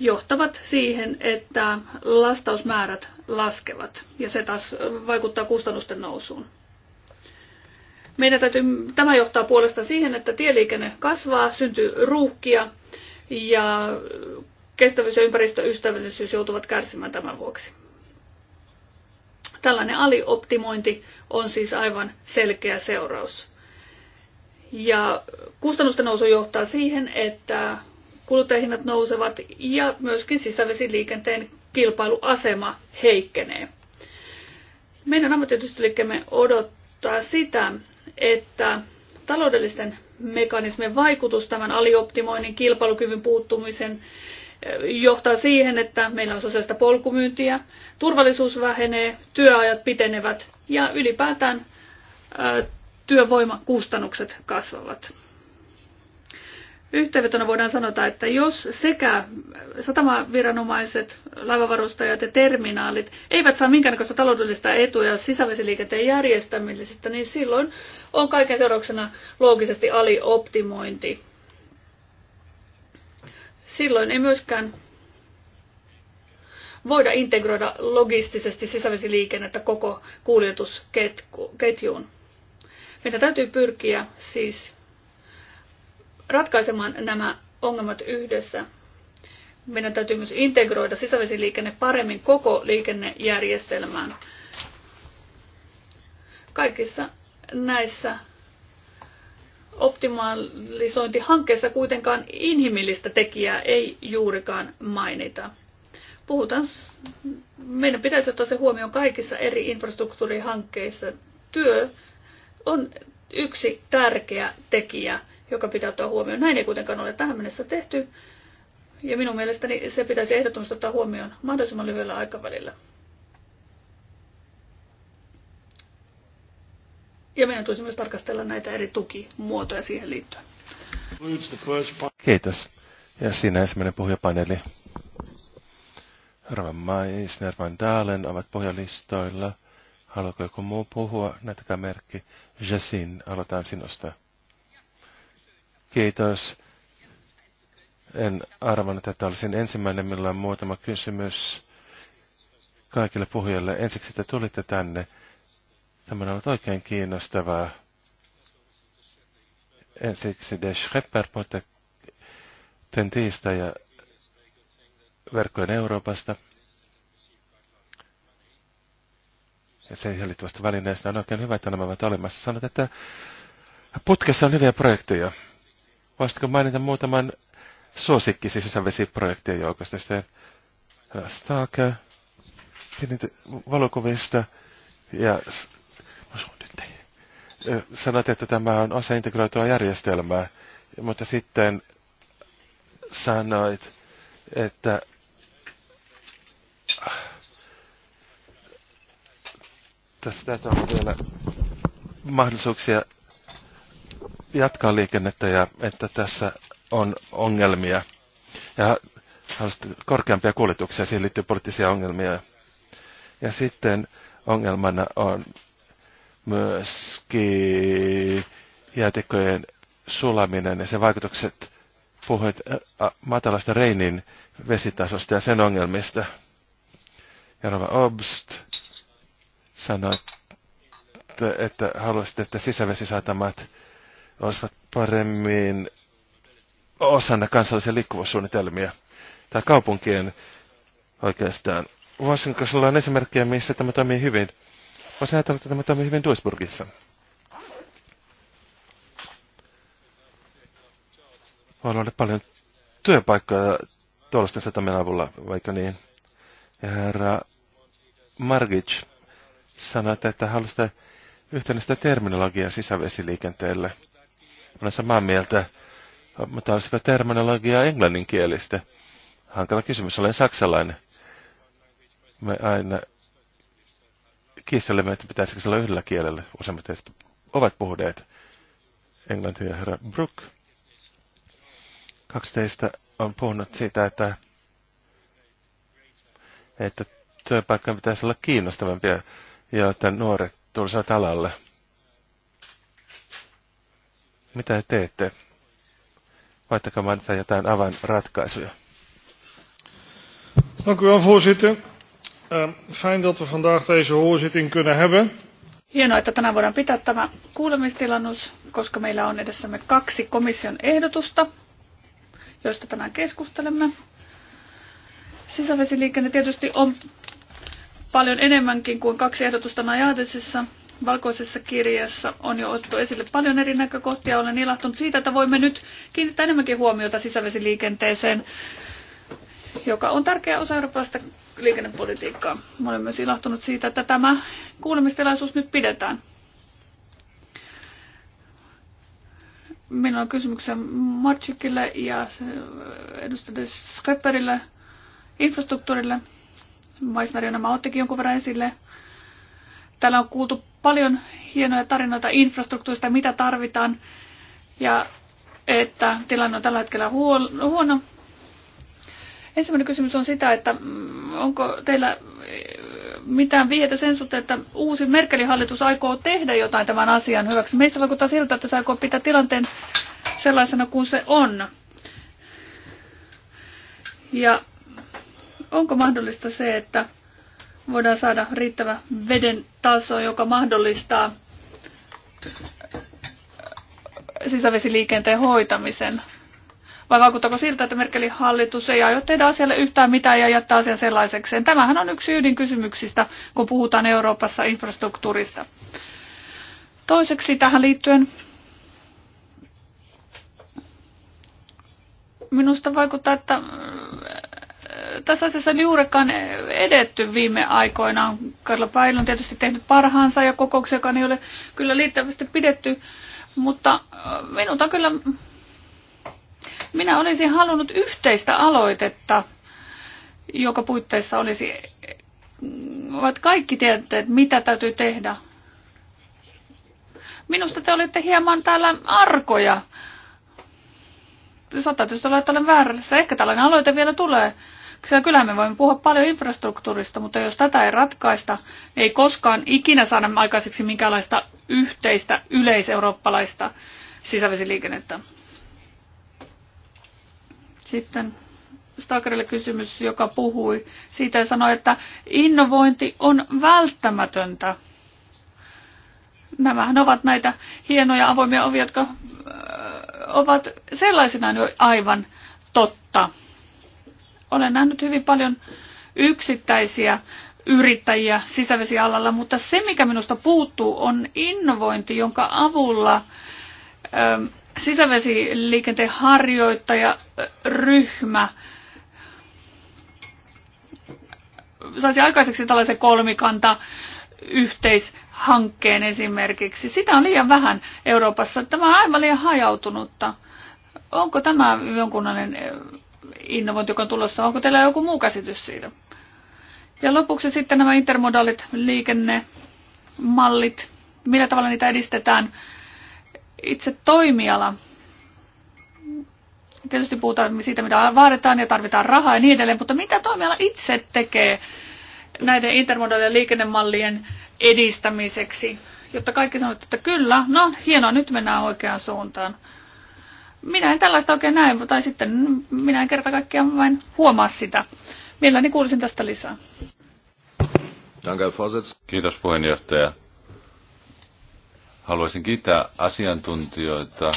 johtavat siihen, että lastausmäärät laskevat ja se taas vaikuttaa kustannusten nousuun. Meidän täytyy, tämä johtaa puolestaan siihen, että tieliikenne kasvaa, syntyy ruuhkia ja kestävyys ja ympäristöystävällisyys joutuvat kärsimään tämän vuoksi. Tällainen alioptimointi on siis aivan selkeä seuraus. Ja kustannusten nousu johtaa siihen, että kuluttajahinnat nousevat ja myöskin sisävesiliikenteen kilpailuasema heikkenee. Meidän ammattiyhdistysliikkeemme odottaa sitä, että taloudellisten mekanismien vaikutus tämän alioptimoinnin, kilpailukyvyn puuttumisen johtaa siihen, että meillä on sosiaalista polkumyyntiä, turvallisuus vähenee, työajat pitenevät ja ylipäätään työvoimakustannukset kasvavat. Yhteenvetona voidaan sanota, että jos sekä satamaviranomaiset, laivavarustajat ja terminaalit eivät saa minkäännäköistä taloudellista etua sisävesiliikenteen järjestämisestä, niin silloin on kaiken seurauksena loogisesti alioptimointi. Silloin ei myöskään voida integroida logistisesti sisävesiliikennettä koko kuljetusketjuun. Meidän täytyy pyrkiä siis ratkaisemaan nämä ongelmat yhdessä. Meidän täytyy myös integroida sisävesiliikenne paremmin koko liikennejärjestelmään. Kaikissa näissä optimalisointihankkeessa kuitenkaan inhimillistä tekijää ei juurikaan mainita. Puhutaan, meidän pitäisi ottaa se huomioon kaikissa eri infrastruktuurihankkeissa. Työ on yksi tärkeä tekijä, joka pitää ottaa huomioon. Näin ei kuitenkaan ole tähän mennessä tehty, ja minun mielestäni se pitäisi ehdottomasti ottaa huomioon mahdollisimman lyhyellä aikavälillä. Ja meidän tulisi myös tarkastella näitä eri tukimuotoja siihen liittyen. Kiitos. Ja siinä ensimmäinen puhujapaneeli. Rava Maisner Van Dalen ovat pohjalistoilla. Haluatko joku muu puhua? Näyttäkää merkki. Jasin, aloitetaan sinusta. Kiitos. En arvannut, että olisin ensimmäinen, millä on muutama kysymys kaikille puhujille. Ensiksi, että tulitte tänne. Tämä on oikein kiinnostavaa. Ensiksi De Schlepper, mutta ja verkkojen Euroopasta. Ja ei liittyvästä välineestä on oikein hyvä, että nämä ovat olemassa. Sanot, että putkessa on hyviä projekteja. Voisitko mainita muutaman suosikki sisävesiprojektien joukosta? Sitten äh, Stalker, valokuvista ja Sanot, että tämä on osa integroitua järjestelmää, mutta sitten sanoit, että tässä täytyy olla vielä mahdollisuuksia jatkaa liikennettä ja että tässä on ongelmia. Ja korkeampia kuljetuksia, siihen liittyy poliittisia ongelmia. Ja sitten ongelmana on myöskin jäätikköjen sulaminen ja sen vaikutukset puhuit äh, äh, matalasta Reinin vesitasosta ja sen ongelmista. Janova Obst sanoi, että, että haluaisit, että sisävesisatamat olisivat paremmin osana kansallisia liikkuvuussuunnitelmia tai kaupunkien oikeastaan. sulla on esimerkkejä, missä tämä toimii hyvin. Voisin ajatella, että tämä toimii hyvin Duisburgissa. Voi olla paljon työpaikkoja tuollaisten satamien avulla, vaikka niin. Ja herra Margic sanoi, että haluaisitte yhtenäistä terminologiaa sisävesiliikenteelle. Olen samaa mieltä, mutta olisiko terminologiaa englanninkielistä? Hankala kysymys, olen saksalainen. Me aina kiistelemme, että pitäisikö se olla yhdellä kielellä. Useimmat teistä ovat puhuneet englantia ja herra Brook. Kaksi teistä on puhunut siitä, että, että työpaikkojen pitäisi olla kiinnostavampia, jotta nuoret tulisivat alalle. Mitä teette? Voittakaa mainita jotain avainratkaisuja. No kyllä on voorzitter. Ehm, fijn dat we vandaag deze hoorzitting kunnen hebben. Hienoa, että tänään voidaan pitää tämä kuulemistilannus, koska meillä on edessämme kaksi komission ehdotusta, joista tänään keskustelemme. Sisävesiliikenne tietysti on paljon enemmänkin kuin kaksi ehdotusta Najadesissa. Valkoisessa kirjassa on jo otettu esille paljon eri näkökohtia. Olen ilahtunut siitä, että voimme nyt kiinnittää enemmänkin huomiota sisävesiliikenteeseen, joka on tärkeä osa eurooppalaista liikennepolitiikkaa. Mä olen myös ilahtunut siitä, että tämä kuulemistilaisuus nyt pidetään. Minulla on kysymyksiä Marchikille ja edustajille Skyperille, infrastruktuurille. Maisnari nämä ottikin jonkun verran esille. Täällä on kuultu paljon hienoja tarinoita infrastruktuurista, mitä tarvitaan. Ja että tilanne on tällä hetkellä huono, Ensimmäinen kysymys on sitä, että mm, onko teillä e, mitään vietä sen suhteen, että uusi Merkelin hallitus aikoo tehdä jotain tämän asian hyväksi. Meistä vaikuttaa siltä, että se aikoo pitää tilanteen sellaisena kuin se on. Ja onko mahdollista se, että voidaan saada riittävä veden taso, joka mahdollistaa sisävesiliikenteen hoitamisen? Vai vaikuttaako siltä, että Merkelin hallitus ei aio tehdä asialle yhtään mitään ja jättää asia sellaisekseen? Tämähän on yksi ydinkysymyksistä, kun puhutaan Euroopassa infrastruktuurista. Toiseksi tähän liittyen minusta vaikuttaa, että äh, tässä asiassa on juurikaan edetty viime aikoina. Karla Pail on tietysti tehnyt parhaansa ja kokouksia, ei ole kyllä liittävästi pidetty, mutta äh, minulta kyllä minä olisin halunnut yhteistä aloitetta, joka puitteissa olisi, ovat kaikki tieteet, mitä täytyy tehdä. Minusta te olitte hieman täällä arkoja. Saattaa tietysti olla, että olen väärässä. Ehkä tällainen aloite vielä tulee. Kyllä, kyllä me voimme puhua paljon infrastruktuurista, mutta jos tätä ei ratkaista, ei koskaan ikinä saada aikaiseksi minkäänlaista yhteistä yleiseurooppalaista sisävesiliikennettä. Sitten Stakerille kysymys, joka puhui siitä ja sanoi, että innovointi on välttämätöntä. Nämähän ovat näitä hienoja avoimia ovia, jotka äh, ovat sellaisenaan jo aivan totta. Olen nähnyt hyvin paljon yksittäisiä yrittäjiä sisävesialalla, mutta se mikä minusta puuttuu on innovointi, jonka avulla ö, ähm, sisävesiliikenteen harjoittajaryhmä saisi aikaiseksi tällaisen kolmikanta yhteishankkeen esimerkiksi. Sitä on liian vähän Euroopassa. Tämä on aivan liian hajautunutta. Onko tämä jonkunlainen eh, innovointi, joka on tulossa? Onko teillä joku muu käsitys siitä? Ja lopuksi sitten nämä intermodalit liikennemallit. Millä tavalla niitä edistetään? itse toimiala. Tietysti puhutaan siitä, mitä vaaditaan ja tarvitaan rahaa ja niin edelleen, mutta mitä toimiala itse tekee näiden intermodaalien liikennemallien edistämiseksi, jotta kaikki sanovat, että kyllä, no hienoa, nyt mennään oikeaan suuntaan. Minä en tällaista oikein näe, tai sitten minä en kerta kaikkiaan vain huomaa sitä. Mielelläni kuulisin tästä lisää. Kiitos puheenjohtaja. Haluaisin kiittää asiantuntijoita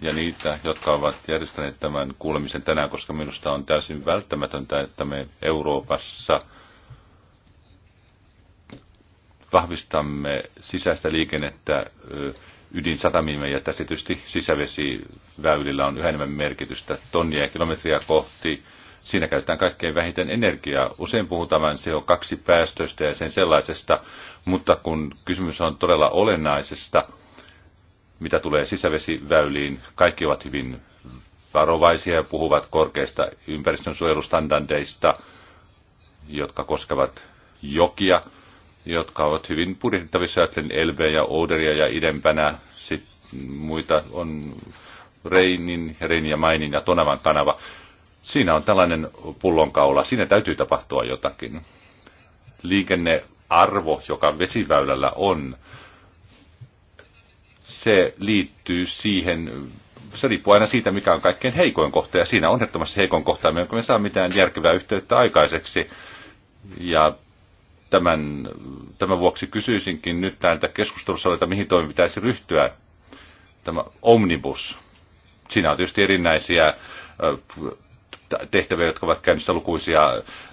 ja niitä, jotka ovat järjestäneet tämän kuulemisen tänään, koska minusta on täysin välttämätöntä, että me Euroopassa vahvistamme sisäistä liikennettä ydinsatamimme ja tässä tietysti sisävesiväylillä on yhä enemmän merkitystä tonnia ja kilometriä kohti Siinä käytetään kaikkein vähiten energiaa. Usein puhutaan se CO2-päästöistä ja sen sellaisesta, mutta kun kysymys on todella olennaisesta, mitä tulee sisävesiväyliin, kaikki ovat hyvin varovaisia ja puhuvat korkeista ympäristönsuojelustandardeista, jotka koskevat jokia, jotka ovat hyvin purjehdittavissa, ajattelen Elveä ja Ouderia ja idempänä sitten muita on Reinin, Reinin ja Mainin ja Tonavan kanava. Siinä on tällainen pullonkaula. Siinä täytyy tapahtua jotakin. Liikennearvo, joka vesiväylällä on, se liittyy siihen, se riippuu aina siitä, mikä on kaikkein heikoin kohta, ja siinä on ehdottomasti heikoin kohta, jonka me saa mitään järkevää yhteyttä aikaiseksi. Ja tämän, tämän vuoksi kysyisinkin nyt näiltä keskustelussa että mihin toimi pitäisi ryhtyä. Tämä omnibus. Siinä on tietysti erinäisiä tehtäviä, jotka ovat käynnissä lukuisia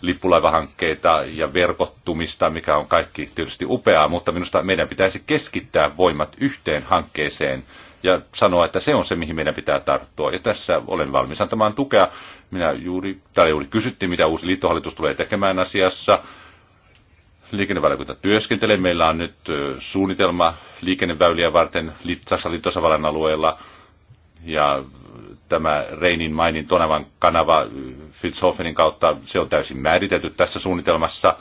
lippulaivahankkeita ja verkottumista, mikä on kaikki tietysti upeaa, mutta minusta meidän pitäisi keskittää voimat yhteen hankkeeseen ja sanoa, että se on se, mihin meidän pitää tarttua. Ja tässä olen valmis antamaan tukea. Minä juuri, täällä juuri kysyttiin, mitä uusi liittohallitus tulee tekemään asiassa. Liikennevaliokunta työskentelee. Meillä on nyt suunnitelma liikenneväyliä varten Saksan liittosavallan alueella. Ja tämä Reinin mainin Tonavan kanava äh, Fitzhofenin kautta, se on täysin määritelty tässä suunnitelmassa.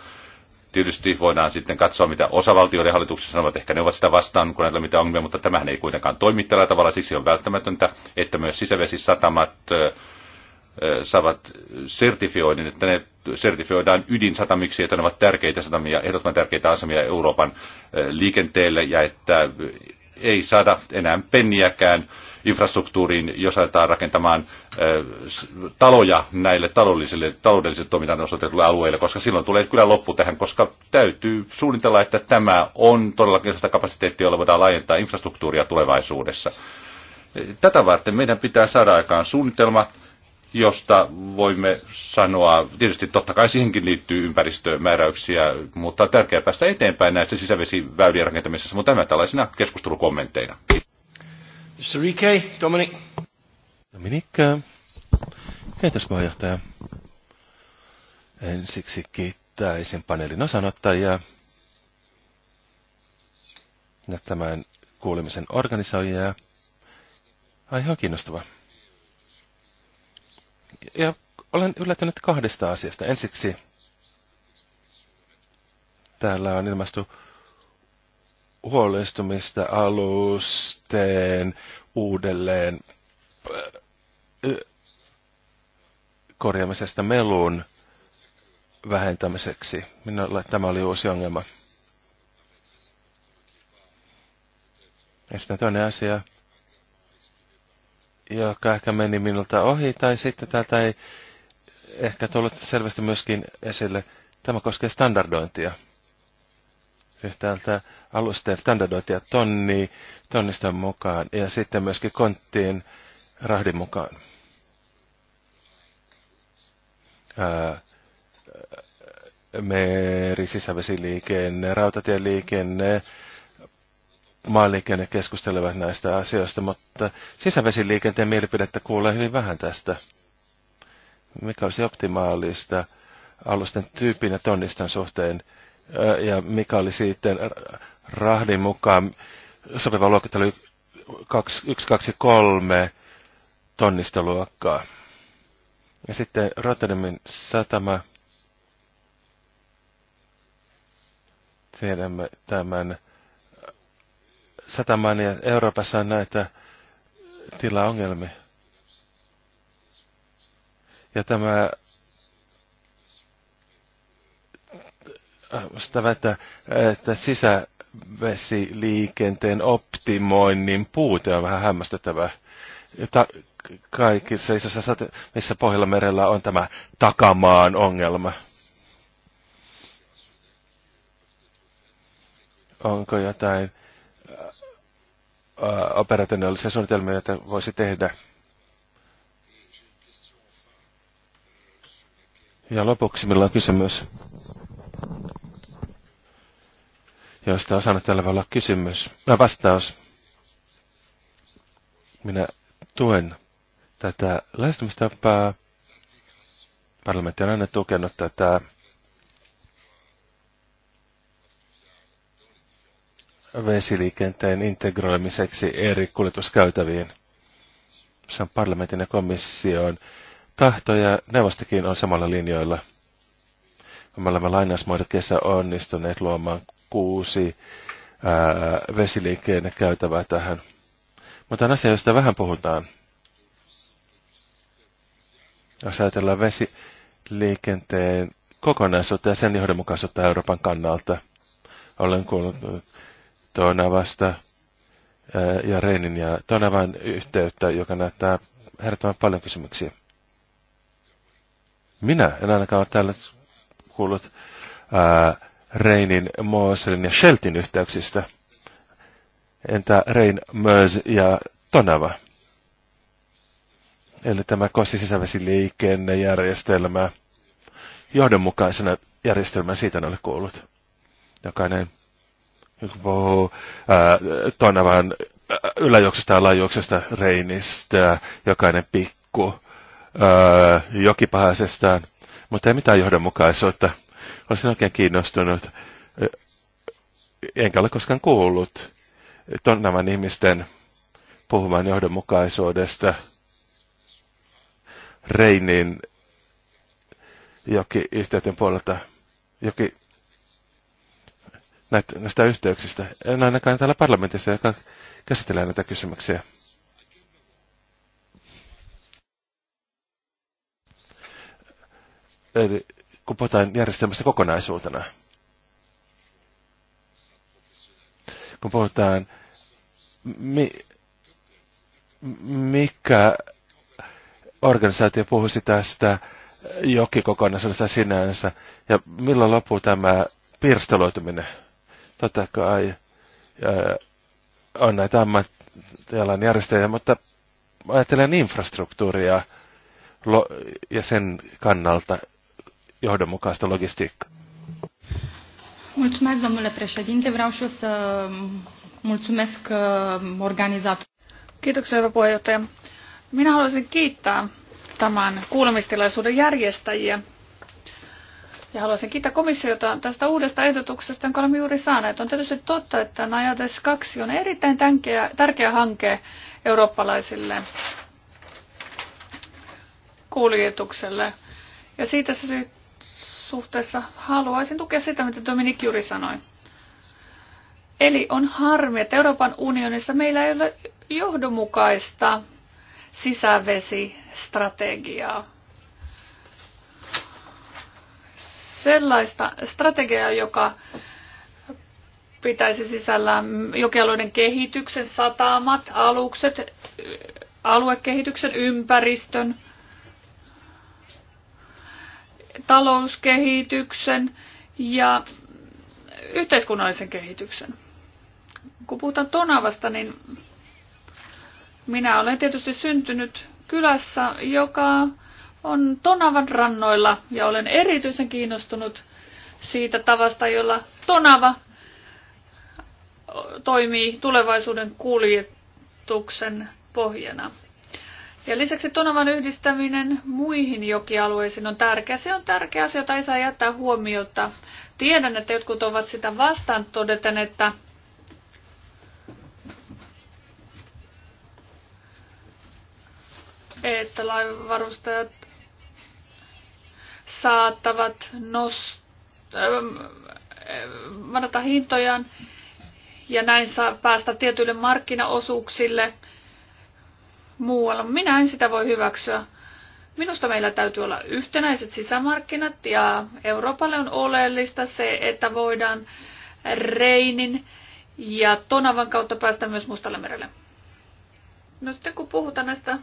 Tietysti voidaan sitten katsoa, mitä osavaltioiden hallituksessa sanovat, ehkä ne ovat sitä vastaan, kun näillä mitä ongelmia, mutta tämähän ei kuitenkaan toimi tällä tavalla, siksi on välttämätöntä, että myös sisävesisatamat äh, äh, saavat sertifioinnin, että ne sertifioidaan ydinsatamiksi, että ne ovat tärkeitä satamia, ehdottoman tärkeitä asemia Euroopan liikenteelle ja että ei saada enää penniäkään infrastruktuuriin, jos aletaan rakentamaan taloja näille taloudellisille, taloudellisille toiminnan osoitetuille alueille, koska silloin tulee kyllä loppu tähän, koska täytyy suunnitella, että tämä on todellakin sitä kapasiteettia, jolla voidaan laajentaa infrastruktuuria tulevaisuudessa. Tätä varten meidän pitää saada aikaan suunnitelma, josta voimme sanoa, tietysti totta kai siihenkin liittyy ympäristömääräyksiä, mutta on tärkeää päästä eteenpäin näissä sisävesiväylien rakentamisessa, mutta tämä tällaisina keskustelukommenteina. Mr. Rike, Dominic. Dominikka. Kiitos puheenjohtaja. Ensiksi kiittäisin paneelin osanottajia ja tämän kuulemisen organisoijia. Ai ihan kiinnostava. Ja olen yllättynyt kahdesta asiasta. Ensiksi täällä on ilmastu huolestumista alusteen uudelleen korjaamisesta melun vähentämiseksi. Minulle tämä oli uusi ongelma. Ja sitten toinen asia, joka ehkä meni minulta ohi, tai sitten täältä ei ehkä tullut selvästi myöskin esille. Tämä koskee standardointia yhtäältä alusten standardoitia tonni, tonnista mukaan ja sitten myöskin konttiin rahdin mukaan. meri, sisävesiliikenne, rautatieliikenne, maaliikenne keskustelevat näistä asioista, mutta sisävesiliikenteen mielipidettä kuulee hyvin vähän tästä. Mikä olisi optimaalista alusten tyypin ja tonniston suhteen? ja mikä oli sitten rahdin mukaan sopiva luokittelu 123 tonnista luokkaa. Ja sitten Rotterdamin satama. Tiedämme tämän sataman ja Euroopassa on näitä tilaongelmia. Ja tämä sitä väittää, että sisävesiliikenteen optimoinnin puute on vähän hämmästyttävä. kaikissa isossa sate, missä pohjalla merellä on tämä takamaan ongelma. Onko jotain operationaalisia suunnitelmia, joita voisi tehdä? Ja lopuksi meillä on kysymys josta on saanut tällä olla kysymys, Mä äh, vastaus. Minä tuen tätä lähestymistapaa. Parlamentti on aina tukenut tätä vesiliikenteen integroimiseksi eri kuljetuskäytäviin. Se on parlamentin ja komission tahto ja neuvostokin on samalla linjoilla me olemme lainausmuodokkeessa onnistuneet luomaan kuusi ää, vesiliikkeen käytävää tähän. Mutta on asia, josta vähän puhutaan. Jos ajatellaan vesiliikenteen kokonaisuutta ja sen johdonmukaisuutta Euroopan kannalta, olen kuullut Tonavasta ja Reinin ja Tonavan yhteyttä, joka näyttää herättävän paljon kysymyksiä. Minä en ainakaan ole täällä kuullut ää, Reinin, Mooselin ja Sheltin yhteyksistä. Entä Rein, Möös ja Tonava? Eli tämä koski sisävesiliikennejärjestelmä Johdonmukaisena järjestelmän siitä en ole kuullut. Jokainen puhuu Tonavan yläjuoksusta ja lajuoksesta Reinistä, jokainen pikku ää, mutta ei mitään johdonmukaisuutta. Olisin oikein kiinnostunut, enkä ole koskaan kuullut nämä ihmisten puhumaan johdonmukaisuudesta. Reinin joki yhteyden puolelta, joki näistä yhteyksistä. En ainakaan täällä parlamentissa, joka käsittelee näitä kysymyksiä. Eli kun puhutaan järjestelmästä kokonaisuutena, kun puhutaan, mi, mikä organisaatio puhuisi tästä jokikokonaisuudesta sinänsä, ja milloin loppuu tämä pirstaloituminen? Totta kai ja on näitä ammattialan järjestäjiä, mutta ajattelen infrastruktuuria ja sen kannalta johdonmukaista logistiikkaa. Mulțumesc, domnule președinte. Vreau și eu să mulțumesc uh, organizator. Kiitoksia, hyvä puheenjohtaja. Minä haluaisin kiittää tämän kuulemistilaisuuden järjestäjiä. Ja haluaisin kiittää komissiota tästä uudesta ehdotuksesta, jonka olemme juuri saaneet. On tietysti totta, että Najades 2 on erittäin tärkeä, tärkeä hanke eurooppalaisille kuljetukselle. Ja siitä se suhteessa haluaisin tukea sitä, mitä Dominik juuri sanoi. Eli on harmi, että Euroopan unionissa meillä ei ole johdonmukaista sisävesistrategiaa. Sellaista strategiaa, joka pitäisi sisällään jokialueiden kehityksen, satamat, alukset, aluekehityksen, ympäristön, talouskehityksen ja yhteiskunnallisen kehityksen. Kun puhutaan Tonavasta, niin minä olen tietysti syntynyt kylässä, joka on Tonavan rannoilla ja olen erityisen kiinnostunut siitä tavasta, jolla Tonava toimii tulevaisuuden kuljetuksen pohjana. Ja lisäksi Tonavan yhdistäminen muihin jokialueisiin on tärkeä. Se on tärkeä asia, jota ei saa jättää huomiota. Tiedän, että jotkut ovat sitä vastaan todeten, että että laivavarustajat saattavat nostaa hintojaan ja näin saa päästä tietyille markkinaosuuksille – muualla. Minä en sitä voi hyväksyä. Minusta meillä täytyy olla yhtenäiset sisämarkkinat ja Euroopalle on oleellista se, että voidaan Reinin ja Tonavan kautta päästä myös Mustalle merelle. No sitten kun puhutaan näistä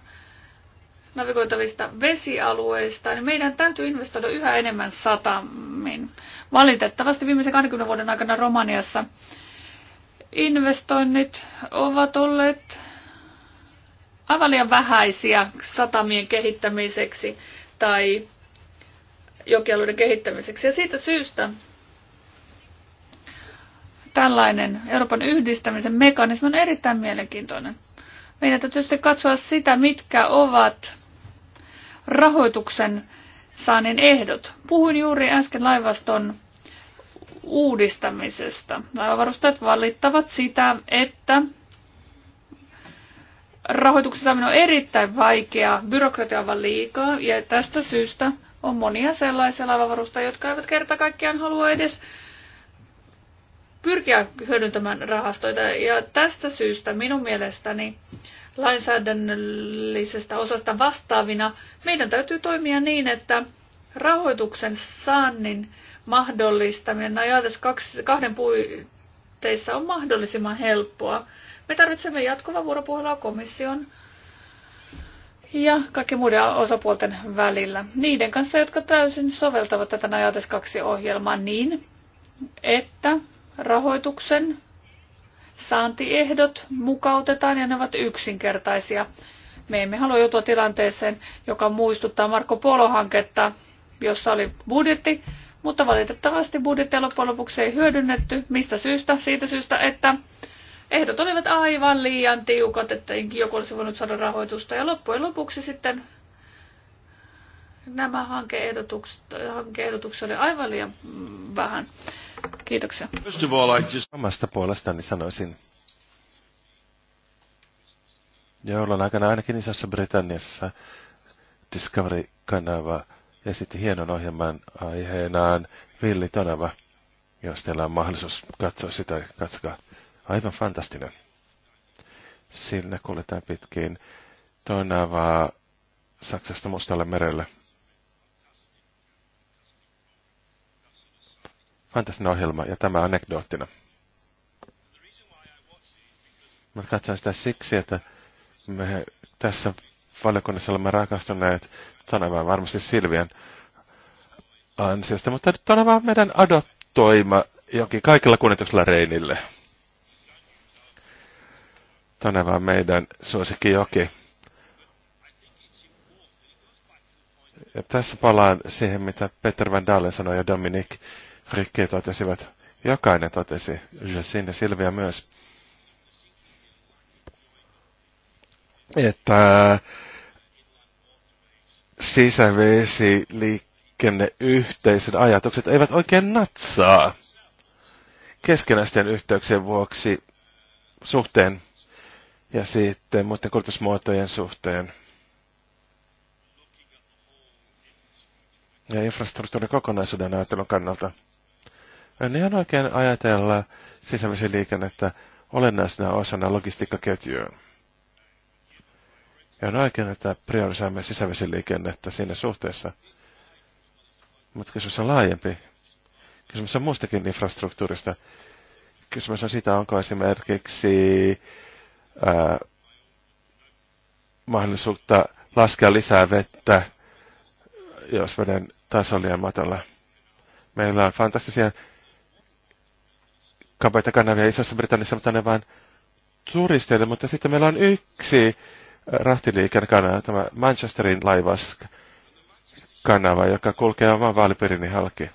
navigoitavista vesialueista, niin meidän täytyy investoida yhä enemmän satamiin. Valitettavasti viimeisen 20 vuoden aikana Romaniassa investoinnit ovat olleet aivan liian vähäisiä satamien kehittämiseksi tai jokialueiden kehittämiseksi. Ja siitä syystä tällainen Euroopan yhdistämisen mekanismi on erittäin mielenkiintoinen. Meidän täytyy sitten katsoa sitä, mitkä ovat rahoituksen saaneen ehdot. Puhuin juuri äsken laivaston uudistamisesta. Laivavarustajat valittavat sitä, että rahoituksen saaminen on erittäin vaikeaa, byrokratia on liikaa ja tästä syystä on monia sellaisia laivavarustajia, jotka eivät kerta kaikkiaan halua edes pyrkiä hyödyntämään rahastoita. Ja tästä syystä minun mielestäni lainsäädännöllisestä osasta vastaavina meidän täytyy toimia niin, että rahoituksen saannin mahdollistaminen ajatus kahden puitteissa on mahdollisimman helppoa. Me tarvitsemme jatkuvaa vuoropuhelua komission ja kaikki muiden osapuolten välillä. Niiden kanssa, jotka täysin soveltavat tätä Najates 2 ohjelmaa niin, että rahoituksen saantiehdot mukautetaan ja ne ovat yksinkertaisia. Me emme halua joutua tilanteeseen, joka muistuttaa Marko Polo-hanketta, jossa oli budjetti, mutta valitettavasti budjettia loppujen lopuksi ei hyödynnetty. Mistä syystä? Siitä syystä, että Ehdot olivat aivan liian tiukat, että joku olisi voinut saada rahoitusta. Ja loppujen lopuksi sitten nämä hankeehdotukset, hankeehdotukset oli aivan liian vähän. Kiitoksia. First of all, I just... Omasta puolestani sanoisin, joulun aikana ainakin Isossa Britanniassa Discovery-kanava esitti hienon ohjelman aiheenaan Villi Tonava. Jos teillä on mahdollisuus katsoa sitä, katsokaa aivan fantastinen. Sillä kuljetaan pitkin tonavaa Saksasta Mustalle merelle. Fantastinen ohjelma ja tämä anekdoottina. Mä katson sitä siksi, että me tässä valiokunnassa olemme rakastuneet Tanavaan varmasti Silvian ansiosta, mutta Tanava meidän adoptoima jokin kaikilla kunnetuksella Reinille. Tonava on meidän suosikkijoki. Ja tässä palaan siihen, mitä Peter Van Dalen sanoi ja Dominik Rikki totesivat. Jokainen totesi, Jessin ja Silvia myös, että sisävesi liikenneyhteisön ajatukset eivät oikein natsaa keskenäisten yhteyksien vuoksi suhteen ja sitten muiden kulutusmuotojen suhteen. Ja infrastruktuurin kokonaisuuden ajattelun kannalta. En ihan oikein ajatella sisävesiliikennettä olennaisena osana logistiikkaketjua. Ja on oikein, että priorisoimme sisävesiliikennettä siinä suhteessa. Mutta kysymys on laajempi. Kysymys on muustakin infrastruktuurista. Kysymys on sitä, onko esimerkiksi ää, mahdollisuutta laskea lisää vettä, jos veden taso on liian matala. Meillä on fantastisia kapeita kanavia Isossa Britanniassa, mutta ne vain turisteille. Mutta sitten meillä on yksi kanava, tämä Manchesterin laivas kanava, joka kulkee oman vaalipiirini halki.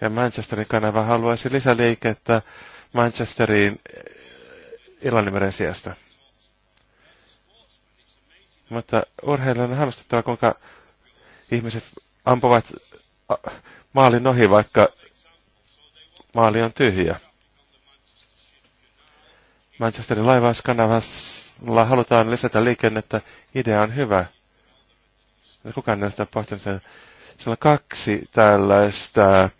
Ja Manchesterin kanava haluaisi lisäliikettä Manchesteriin Irlannin sijasta. Mutta urheilijana on hämmästyttävä, kuinka ihmiset ampuvat maalin ohi, vaikka maali on tyhjä. Manchesterin laivauskanavalla halutaan lisätä liikennettä. Idea on hyvä. Kukaan ei ole pohtinut sen. Siellä on kaksi tällaista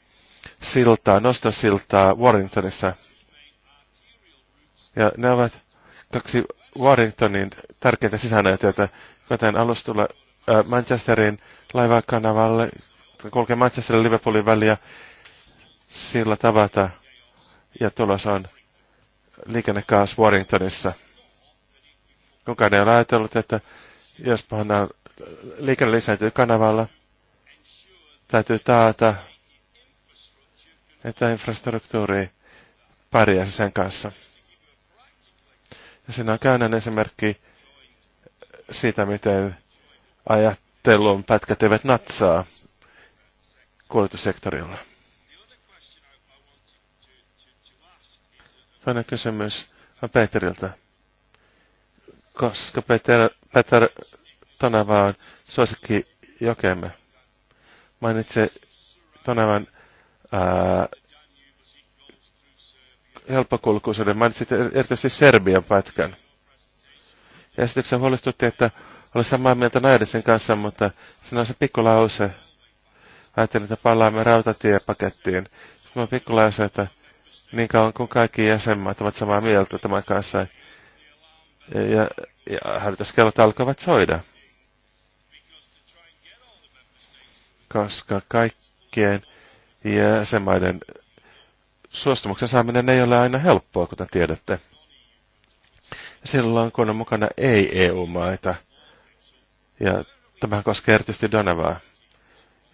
siltaa, nostosiltaa Warringtonissa. Ja ne ovat kaksi Warringtonin tärkeintä sisäänäytöitä, kuten alustulla Manchesterin laivakanavalle, kulkee Manchesterin Liverpoolin väliä, sillä tavata, ja tulos on liikennekaas Warringtonissa. Kukaan ei ole ajatellut, että jos pannaan liikenne lisääntyy kanavalla, täytyy taata, että infrastruktuuri pärjäisi sen kanssa. Ja siinä on käynnän esimerkki siitä, miten ajattelun pätkät eivät natsaa kuljetussektorilla. Toinen kysymys on Peteriltä. Koska Peter, Peter Tonava on suosikki jokemme. Mainitse Tonavan helppokulkuisuuden. Mainitsit er-, erityisesti Serbian pätkän. Ja esityksen huolestutti, että olen samaa mieltä näiden sen kanssa, mutta siinä on se pikkulause. Ajattelin, että palaamme rautatiepakettiin. Sitten on pikkulause, että niin kauan kuin kaikki jäsenmaat ovat samaa mieltä tämän kanssa. Ja, ja, ja alkavat soida. Koska kaikkien jäsenmaiden suostumuksen saaminen ei ole aina helppoa, kuten tiedätte. Silloin kun on mukana ei-EU-maita, ja tämä koskee erityisesti Donavaa,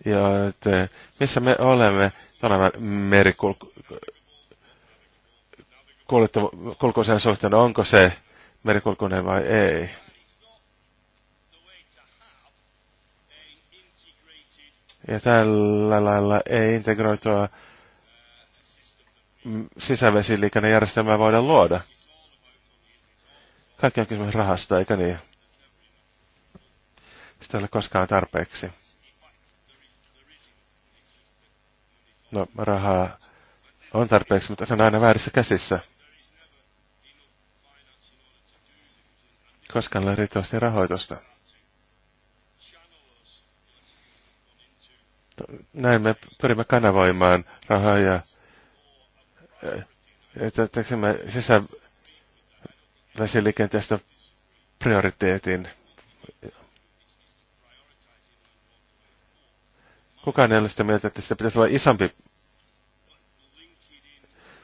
ja että eh, missä me olemme Donavan merikulkuisen suhteen, onko se merikulkuinen vai ei. Ja tällä lailla ei integroitua sisävesiliikennejärjestelmää voida luoda. Kaikki on kysymys rahasta, eikä niin? Sitä ei ole koskaan tarpeeksi. No, rahaa on tarpeeksi, mutta se on aina väärissä käsissä. Koskaan ei ole riittävästi rahoitusta. Näin me pyrimme kanavoimaan rahaa ja että teemme sisävesiliikenteestä prioriteetin. Kukaan ei ole sitä mieltä, että sitä pitäisi olla isompi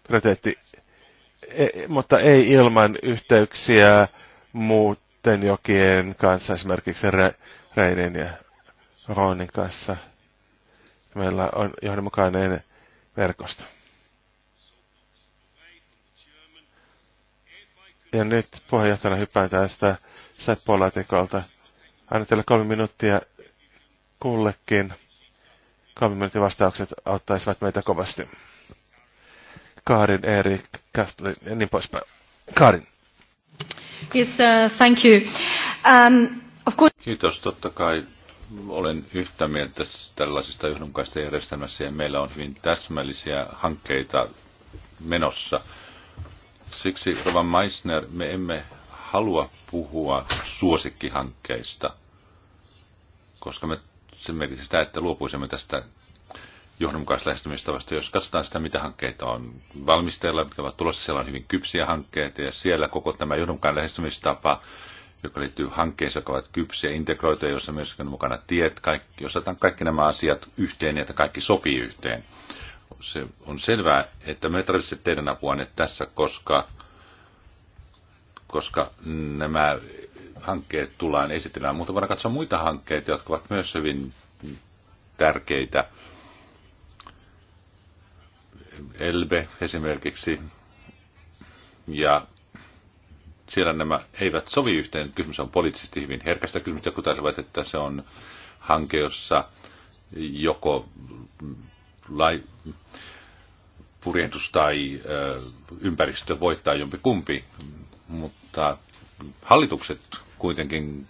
prioriteetti, e, mutta ei ilman yhteyksiä muuten jokien kanssa, esimerkiksi Re, Reinin ja Roonin kanssa. Meillä on johdonmukainen verkosto. Ja nyt puheenjohtajana hypään tästä Seppo-laatikolta. Aina teillä kolme minuuttia kullekin. Kolme minuutin vastaukset auttaisivat meitä kovasti. Kaarin, Erik, Kathleen ja niin poispäin. Kaarin. Yes, uh, thank you. Um, of course... Kiitos, totta kai olen yhtä mieltä tällaisesta yhdenmukaisesta järjestelmässä ja meillä on hyvin täsmällisiä hankkeita menossa – Siksi, Rovan Meissner, me emme halua puhua suosikkihankkeista, koska me, se merkitsi sitä, että luopuisimme tästä johdonmukaislähestymistavasta. Jos katsotaan sitä, mitä hankkeita on valmisteilla, mitkä ovat tulossa, siellä on hyvin kypsiä hankkeita, ja siellä koko tämä johdonmukaislähestymistapa, joka liittyy hankkeisiin, jotka ovat kypsiä, integroituja, jossa myös on mukana tiet, kaikki, jossa kaikki nämä asiat yhteen, niin että kaikki sopii yhteen se on selvää, että me tarvitsemme teidän apuanne tässä, koska, koska nämä hankkeet tullaan esitellään, mutta voidaan katsoa muita hankkeita, jotka ovat myös hyvin tärkeitä. Elbe esimerkiksi, ja siellä nämä eivät sovi yhteen. Kysymys on poliittisesti hyvin herkästä kysymystä, kun taisivat, että se on hanke, jossa joko lai, purjehdus tai ö, ympäristö voittaa jompi kumpi, mutta hallitukset kuitenkin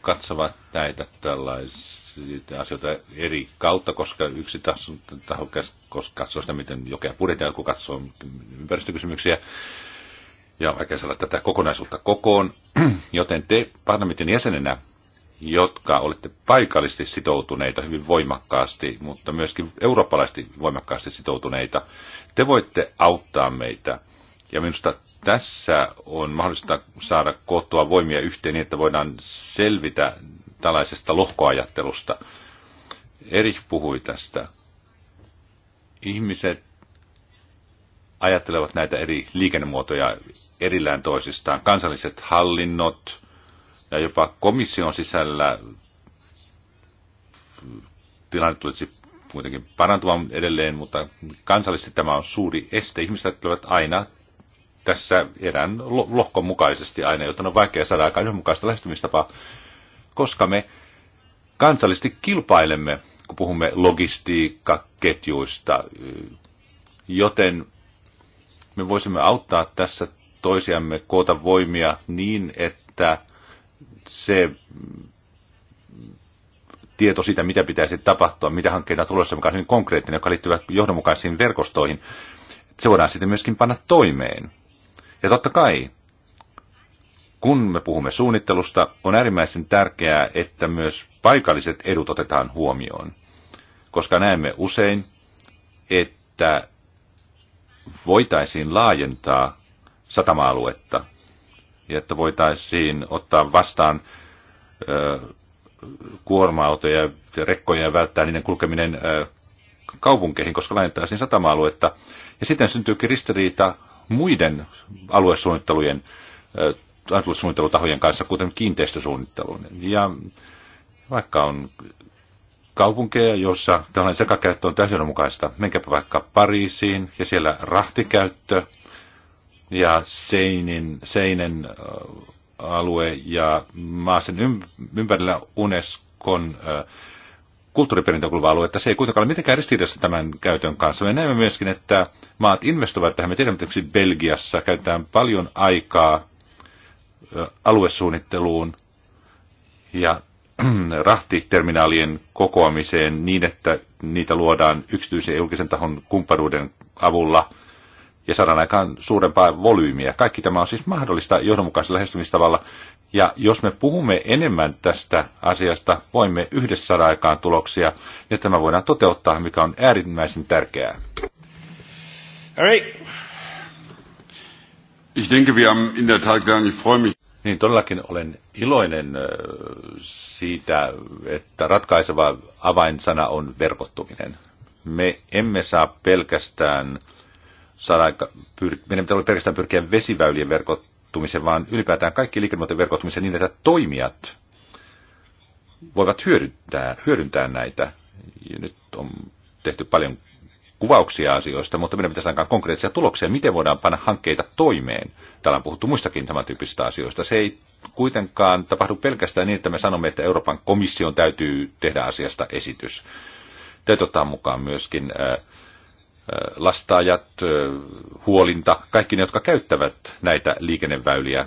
katsovat näitä tällaisia asioita eri kautta, koska yksi taho katsoo sitä, miten jokea purjetaan, kun katsoo ympäristökysymyksiä, ja vaikea saada tätä kokonaisuutta kokoon. Joten te parlamentin jäsenenä jotka olette paikallisesti sitoutuneita hyvin voimakkaasti, mutta myöskin eurooppalaisesti voimakkaasti sitoutuneita. Te voitte auttaa meitä. Ja minusta tässä on mahdollista saada koottua voimia yhteen niin, että voidaan selvitä tällaisesta lohkoajattelusta. Erich puhui tästä. Ihmiset ajattelevat näitä eri liikennemuotoja erillään toisistaan. Kansalliset hallinnot, ja jopa komission sisällä tilanne tulisi kuitenkin parantumaan edelleen, mutta kansallisesti tämä on suuri este. Ihmiset tulevat aina tässä erään lohkon mukaisesti aina, jota on vaikea saada aika yhdenmukaista lähestymistapaa, koska me kansallisesti kilpailemme, kun puhumme logistiikkaketjuista, joten me voisimme auttaa tässä toisiamme koota voimia niin, että se tieto siitä, mitä pitäisi tapahtua, mitä hankkeita on tulossa, mikä on hyvin konkreettinen, joka liittyy johdonmukaisiin verkostoihin, se voidaan sitten myöskin panna toimeen. Ja totta kai, kun me puhumme suunnittelusta, on äärimmäisen tärkeää, että myös paikalliset edut otetaan huomioon, koska näemme usein, että voitaisiin laajentaa satama-aluetta ja että voitaisiin ottaa vastaan kuorma-autoja ja rekkoja ja välttää niiden kulkeminen kaupunkeihin, koska laajentaisiin satama-aluetta. Ja sitten syntyykin ristiriita muiden aluesuunnittelujen, aluesuunnittelutahojen kanssa, kuten kiinteistösuunnittelun. Ja vaikka on kaupunkeja, joissa tällainen sekakäyttö on täysin mukaista, menkääpä vaikka Pariisiin ja siellä rahtikäyttö ja Seinin, Seinen äh, alue ja sen ympärillä Unescon äh, kulttuuriperintökuluva alue, että se ei kuitenkaan ole mitenkään ristiriidassa tämän käytön kanssa. Me näemme myöskin, että maat investoivat tähän. Me tiedämme, että Belgiassa käytetään paljon aikaa äh, aluesuunnitteluun ja rahtiterminaalien kokoamiseen niin, että niitä luodaan yksityisen ja julkisen tahon kumppanuuden avulla – ja saadaan aikaan suurempaa volyymiä. Kaikki tämä on siis mahdollista johdonmukaisella lähestymistavalla. Ja jos me puhumme enemmän tästä asiasta, voimme yhdessä saada aikaan tuloksia, ja tämä voidaan toteuttaa, mikä on äärimmäisen tärkeää. All right. Ich denke, wir haben in der Tat freue mich. Niin todellakin olen iloinen äh, siitä, että ratkaiseva avainsana on verkottuminen. Me emme saa pelkästään saada aika, pyr, meidän pitää pelkästään pyrkiä vesiväylien verkottumiseen, vaan ylipäätään kaikki liikennemuotojen verkottumiseen niin, että toimijat voivat hyödyntää, hyödyntää näitä. Ja nyt on tehty paljon kuvauksia asioista, mutta meidän pitäisi saada konkreettisia tuloksia, miten voidaan panna hankkeita toimeen. Täällä on puhuttu muistakin tämän tyyppisistä asioista. Se ei kuitenkaan tapahdu pelkästään niin, että me sanomme, että Euroopan komission täytyy tehdä asiasta esitys. Täytyy ottaa mukaan myöskin äh, lastaajat, huolinta, kaikki ne, jotka käyttävät näitä liikenneväyliä,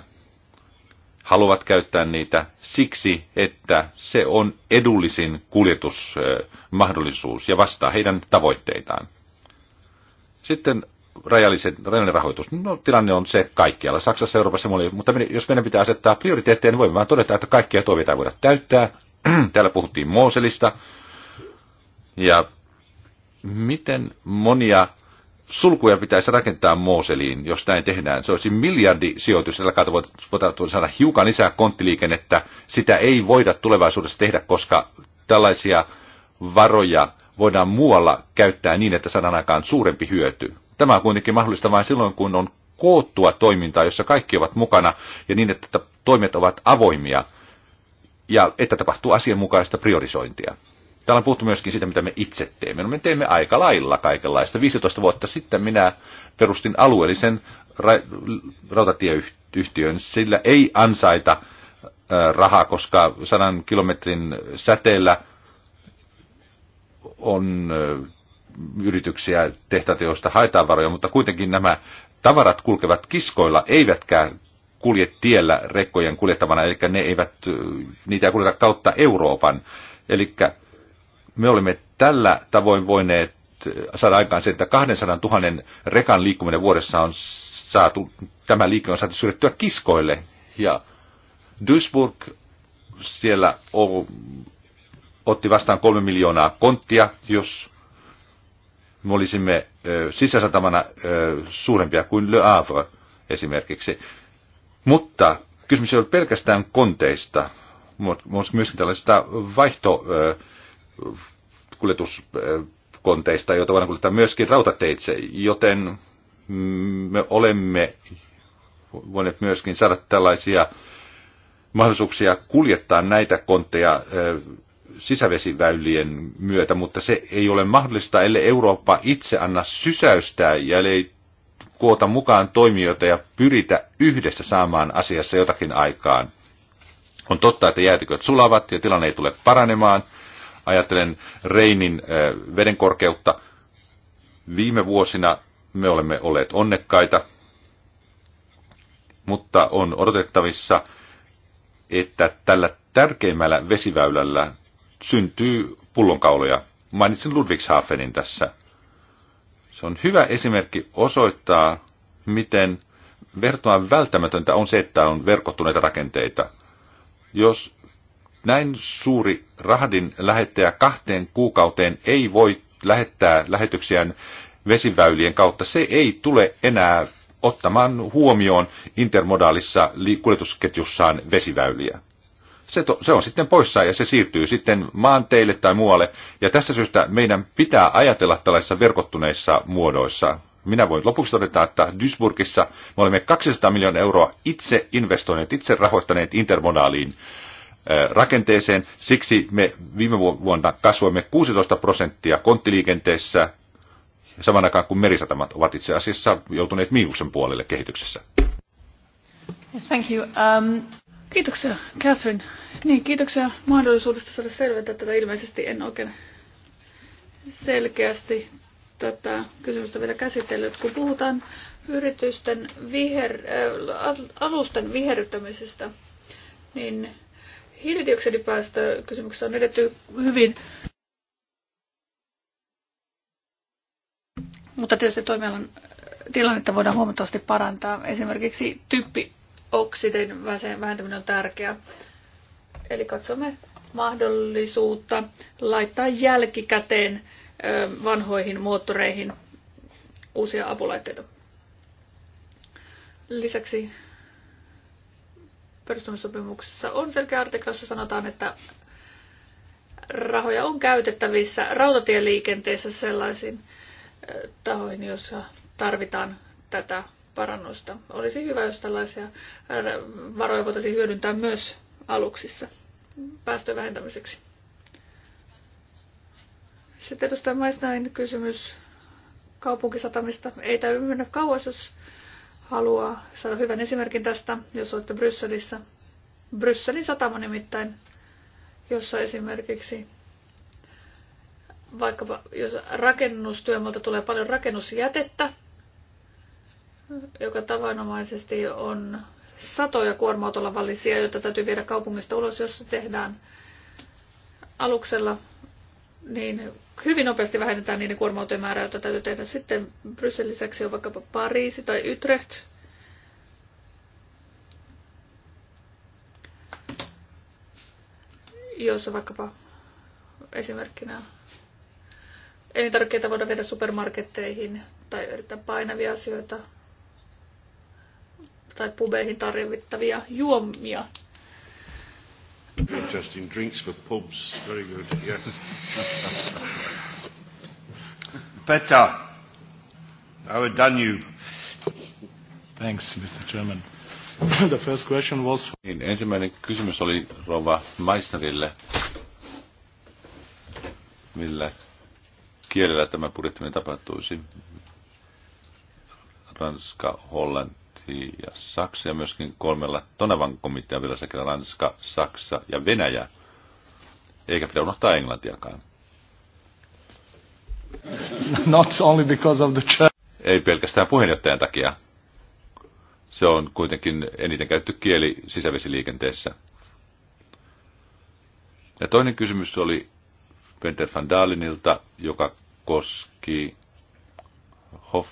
haluavat käyttää niitä siksi, että se on edullisin kuljetusmahdollisuus ja vastaa heidän tavoitteitaan. Sitten rajalliset, rajallinen rahoitus. No, tilanne on se kaikkialla. Saksassa, Euroopassa, mutta jos meidän pitää asettaa prioriteetteja, niin voimme vain todeta, että kaikkia toiveita ei voida täyttää. Täällä puhuttiin Mooselista ja miten monia sulkuja pitäisi rakentaa Mooseliin, jos näin tehdään. Se olisi miljardi sijoitus, tällä kautta saada hiukan lisää konttiliikennettä. Sitä ei voida tulevaisuudessa tehdä, koska tällaisia varoja voidaan muualla käyttää niin, että saadaan aikaan suurempi hyöty. Tämä on kuitenkin mahdollista vain silloin, kun on koottua toimintaa, jossa kaikki ovat mukana ja niin, että toimet ovat avoimia ja että tapahtuu asianmukaista priorisointia. Täällä on puhuttu myöskin siitä, mitä me itse teemme. No me teemme aika lailla kaikenlaista. 15 vuotta sitten minä perustin alueellisen ra- rautatieyhtiön. Sillä ei ansaita rahaa, koska sadan kilometrin säteellä on yrityksiä, tehtäviä, joista haetaan varoja, mutta kuitenkin nämä tavarat kulkevat kiskoilla, eivätkä kulje tiellä rekkojen kuljettavana, eli ne eivät, niitä ei kuljeta kautta Euroopan. Eli me olemme tällä tavoin voineet saada aikaan sen, että 200 000 rekan liikkuminen vuodessa on saatu, tämä liike on saatu syrjettyä kiskoille. Ja Duisburg siellä otti vastaan kolme miljoonaa konttia, jos me olisimme ö, sisäsatamana ö, suurempia kuin Le Havre esimerkiksi. Mutta kysymys ei ole pelkästään konteista, mutta myöskin tällaisista vaihto, kuljetuskonteista, joita voidaan kuljettaa myöskin rautateitse, joten me olemme voineet myöskin saada tällaisia mahdollisuuksia kuljettaa näitä kontteja sisävesiväylien myötä, mutta se ei ole mahdollista, ellei Eurooppa itse anna sysäystä ja ellei kuota mukaan toimijoita ja pyritä yhdessä saamaan asiassa jotakin aikaan. On totta, että jäätiköt sulavat ja tilanne ei tule paranemaan – Ajattelen Reinin äh, vedenkorkeutta. Viime vuosina me olemme olleet onnekkaita, mutta on odotettavissa, että tällä tärkeimmällä vesiväylällä syntyy pullonkauloja. Mainitsin Ludwigshafenin tässä. Se on hyvä esimerkki osoittaa, miten vertoa välttämätöntä on se, että on verkottuneita rakenteita. Jos näin suuri rahdin lähettäjä kahteen kuukauteen ei voi lähettää lähetyksiään vesiväylien kautta. Se ei tule enää ottamaan huomioon intermodaalissa kuljetusketjussaan vesiväyliä. Se, to, se on sitten poissa ja se siirtyy sitten maanteille tai muualle. Ja tässä syystä meidän pitää ajatella tällaisissa verkottuneissa muodoissa. Minä voin lopuksi todeta, että Duisburgissa me olemme 200 miljoonaa euroa itse investoineet, itse rahoittaneet intermodaaliin rakenteeseen. Siksi me viime vuonna kasvoimme 16 prosenttia konttiliikenteessä, saman aikaan kun merisatamat ovat itse asiassa joutuneet miinuksen puolelle kehityksessä. Thank you. Um... Kiitoksia, Catherine. Niin, kiitoksia mahdollisuudesta saada selventää tätä. Ilmeisesti en oikein selkeästi tätä kysymystä vielä käsitellyt. Kun puhutaan yritysten viher, äh, alusten viherryttämisestä, niin hiilidioksidipäästökysymyksessä on edetty hyvin, mutta tietysti toimialan tilannetta voidaan huomattavasti parantaa. Esimerkiksi typpioksidin vähentäminen on tärkeää. Eli katsomme mahdollisuutta laittaa jälkikäteen vanhoihin moottoreihin uusia apulaitteita. Lisäksi perustamissopimuksessa on selkeä artikla, jossa sanotaan, että rahoja on käytettävissä rautatieliikenteessä sellaisiin tahoihin, joissa tarvitaan tätä parannusta. Olisi hyvä, jos tällaisia varoja voitaisiin hyödyntää myös aluksissa päästöjen vähentämiseksi. Sitten edustaja Maisnain kysymys kaupunkisatamista. Ei tämä mennä kauas, jos haluaa saada hyvän esimerkin tästä, jos olette Brysselissä. Brysselin satama nimittäin, jossa esimerkiksi vaikkapa jos rakennustyömaalta tulee paljon rakennusjätettä, joka tavanomaisesti on satoja kuorma vallisia, joita täytyy viedä kaupungista ulos, jos se tehdään aluksella, niin hyvin nopeasti vähennetään niiden kuorma määrää, joita täytyy tehdä. Sitten Brysselin lisäksi on vaikkapa Pariisi tai Utrecht. Joissa vaikkapa esimerkkinä elintarvikkeita voidaan viedä supermarketteihin tai erittäin painavia asioita tai pubeihin tarvittavia juomia. Interesting drinks for pubs. Very good, yes. Petter, I've done you. Thanks, Mr. Chairman. The first question was... Niin, ensimmäinen kysymys oli Rova Meissnerille. Millä kielellä tämä budjettiminen tapahtuisi? Ranska, Hollanti ja Saksa ja myöskin kolmella Tonavan vielä sekä Ranska, Saksa ja Venäjä. Eikä pidä unohtaa englantiakaan. not only because of the church. Ei pelkästään puheenjohtajan takia. Se on kuitenkin eniten käytetty kieli sisävesiliikenteessä. Ja toinen kysymys oli Peter van Dalenilta, joka koski Hoff,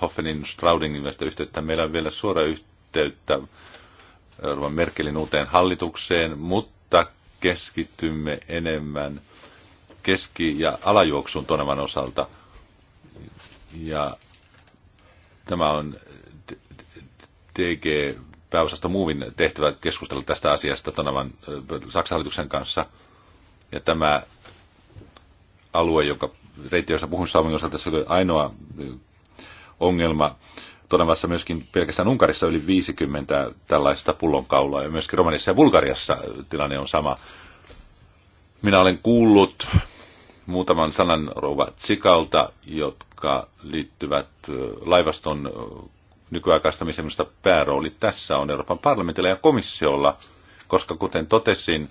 Hoffenin Straudingin välistä yhteyttä. Meillä on vielä suora yhteyttä äh, Merkelin uuteen hallitukseen, mutta keskitymme enemmän – keski- ja alajuoksun tuoneman osalta. Ja tämä on TG pääosasto Muuvin tehtävä keskustella tästä asiasta Tonavan Saksan hallituksen kanssa. Ja tämä alue, joka reitti, jossa puhun Saamen osalta, se oli ainoa ongelma. Tonavassa myöskin pelkästään Unkarissa yli 50 tällaista pullonkaulaa ja myöskin Romanissa ja Bulgariassa tilanne on sama. Minä olen kuullut muutaman sanan rouva Tsikalta, jotka liittyvät laivaston minusta päärooli tässä on Euroopan parlamentilla ja komissiolla, koska kuten totesin,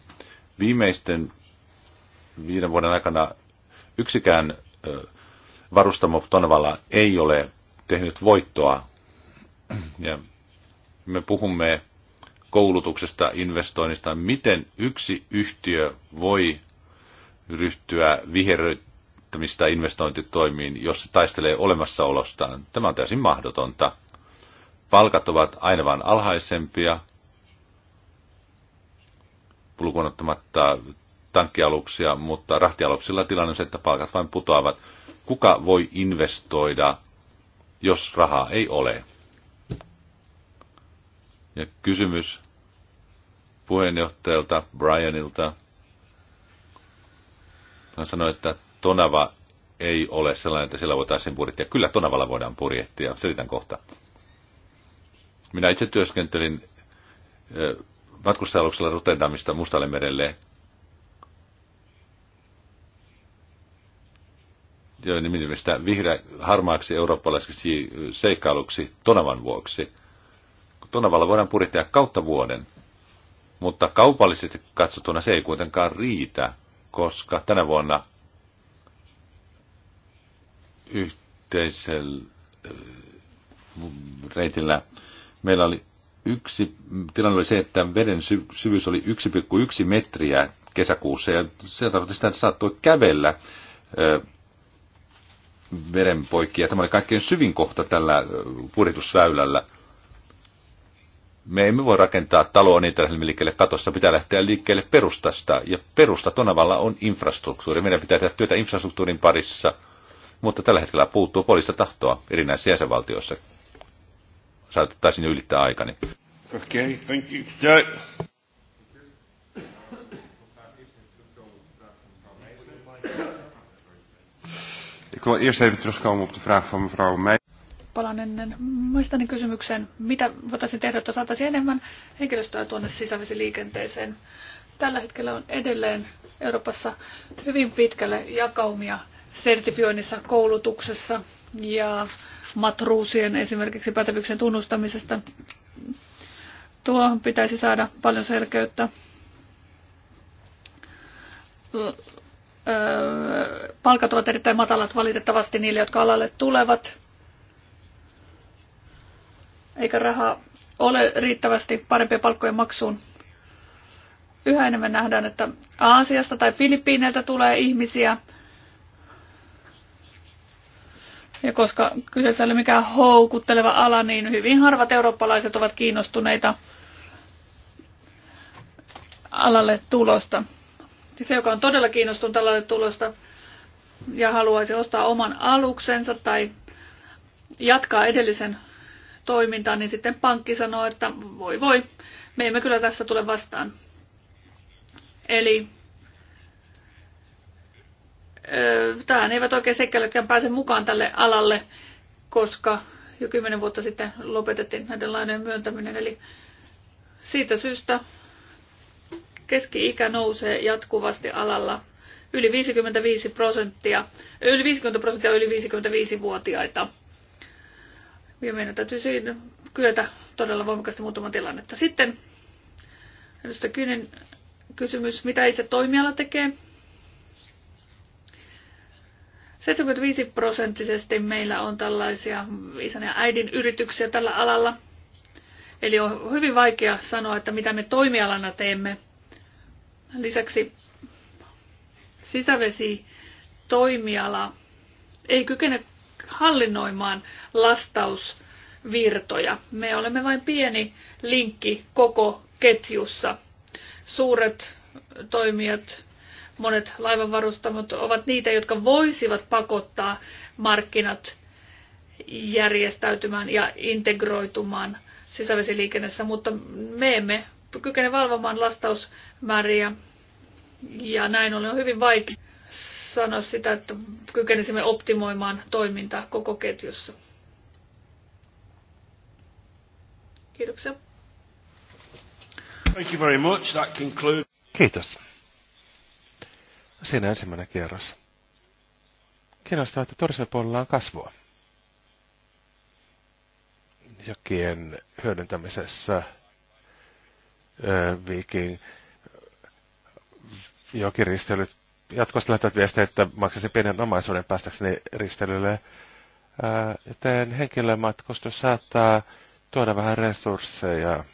viimeisten viiden vuoden aikana yksikään varustamo Tonvalla ei ole tehnyt voittoa. Ja me puhumme koulutuksesta, investoinnista, miten yksi yhtiö voi ryhtyä viherryttämistä investointitoimiin, jos se taistelee olemassaolostaan. Tämä on täysin mahdotonta. Palkat ovat aina vain alhaisempia, lukunottamatta tankkialuksia, mutta rahtialuksilla tilanne on se, että palkat vain putoavat. Kuka voi investoida, jos rahaa ei ole? Ja kysymys puheenjohtajalta Brianilta. Hän sanoi, että Tonava ei ole sellainen, että sillä voitaisiin purjehtia. Kyllä Tonavalla voidaan purjehtia, selitän kohta. Minä itse työskentelin matkustajaluksella rutentamista Mustalle merelle. joiden nimenomaan vihreä harmaaksi eurooppalaiseksi seikkailuksi Tonavan vuoksi. Tonavalla voidaan purjehtia kautta vuoden, mutta kaupallisesti katsottuna se ei kuitenkaan riitä, koska tänä vuonna yhteisellä äh, reitillä meillä oli yksi, tilanne oli se, että veden syvyys oli 1,1 metriä kesäkuussa ja se tarkoitti sitä, että saattoi kävellä äh, veden poikki. Ja tämä oli kaikkein syvin kohta tällä äh, puritusväylällä. Me emme voi rakentaa taloa niin, liikkeelle katosta. Pitää lähteä liikkeelle perustasta. Ja perusta tonavalla on infrastruktuuri. Meidän pitää tehdä työtä infrastruktuurin parissa. Mutta tällä hetkellä puuttuu poliista tahtoa erinäisissä jäsenvaltioissa. Saatettaisiin jo ylittää aikani. Okay, thank you. Yeah. Ik wil eerst even terugkomen op de vraag van mevrouw Meijer palaan ennen muistani kysymykseen, mitä voitaisiin tehdä, että saataisiin enemmän henkilöstöä tuonne sisävesiliikenteeseen. Tällä hetkellä on edelleen Euroopassa hyvin pitkälle jakaumia sertifioinnissa, koulutuksessa ja matruusien esimerkiksi pätevyyksien tunnustamisesta. Tuohon pitäisi saada paljon selkeyttä. Palkat ovat erittäin matalat valitettavasti niille, jotka alalle tulevat eikä rahaa ole riittävästi parempien palkkojen maksuun. Yhä enemmän nähdään, että Aasiasta tai Filippiineiltä tulee ihmisiä. Ja koska kyseessä ei ole mikään houkutteleva ala, niin hyvin harvat eurooppalaiset ovat kiinnostuneita alalle tulosta. Ja se, joka on todella kiinnostunut alalle tulosta ja haluaisi ostaa oman aluksensa tai jatkaa edellisen toimintaa, niin sitten pankki sanoo, että voi voi, me emme kyllä tässä tule vastaan. Eli tähän eivät oikein sekälläkään pääse mukaan tälle alalle, koska jo kymmenen vuotta sitten lopetettiin näiden lainojen myöntäminen. Eli siitä syystä keski-ikä nousee jatkuvasti alalla yli 55 prosenttia, yli 50 prosenttia yli 55-vuotiaita. Ja meidän täytyy siinä kyetä todella voimakkaasti muutama tilannetta. Sitten edustaja Kynin kysymys, mitä itse toimiala tekee? 75 prosenttisesti meillä on tällaisia isän ja äidin yrityksiä tällä alalla. Eli on hyvin vaikea sanoa, että mitä me toimialana teemme. Lisäksi sisävesi toimiala ei kykene hallinnoimaan lastausvirtoja. Me olemme vain pieni linkki koko ketjussa. Suuret toimijat, monet laivanvarustamot ovat niitä, jotka voisivat pakottaa markkinat järjestäytymään ja integroitumaan sisävesiliikennessä, mutta me emme kykene valvomaan lastausmääriä ja näin ollen on hyvin vaikea sanoa sitä, että kykenisimme optimoimaan toimintaa koko ketjussa. Kiitoksia. Thank you very much. That concludes... Kiitos. Siinä ensimmäinen kierros. Kiinnostavaa, että torsiopuolella on kasvua. Jokien hyödyntämisessä viikin jokiristelyt jatkuvasti lähtevät viestejä, että maksaisin pienen omaisuuden päästäkseni ristelylle, Joten henkilömatkustus saattaa tuoda vähän resursseja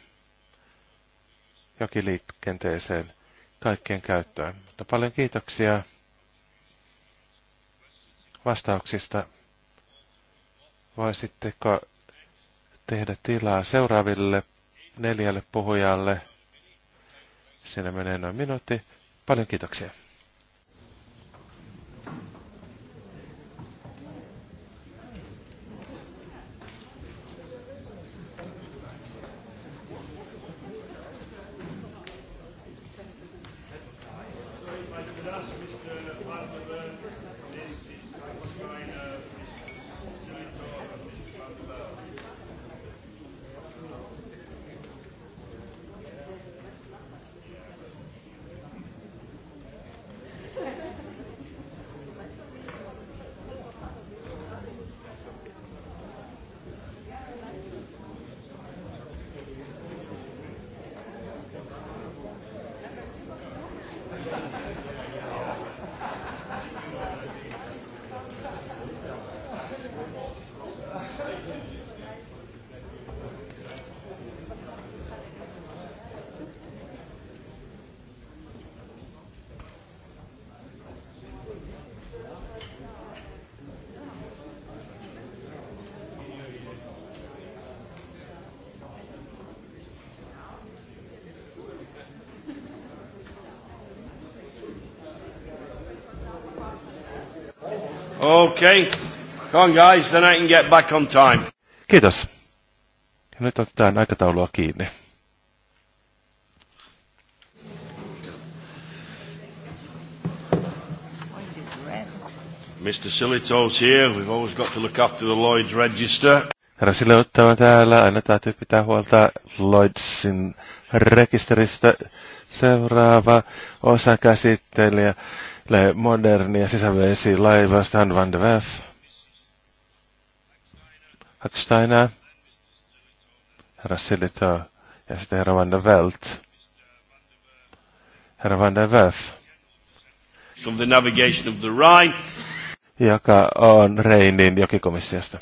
liikenteeseen kaikkien käyttöön. Mutta paljon kiitoksia vastauksista. Voisitteko tehdä tilaa seuraaville neljälle puhujalle? Siinä menee noin minuutti. Paljon kiitoksia. on guys, then I can get back on time. Kiitos. Ja nyt otetaan aikataulua kiinni. Mr. Silito's here. We've always got to look after the Lloyd's register. Herra Silitto on täällä. Aina täytyy pitää huolta Lloydsin rekisteristä. Seuraava osakäsittelijä Le modernia sisävesi laivasta van de Weff kysymyksestä Herra Silito ja sitten herra Van der Welt. Herra Van der Welt. From the navigation of the Rhine. Joka on Reinin jokikomissiosta.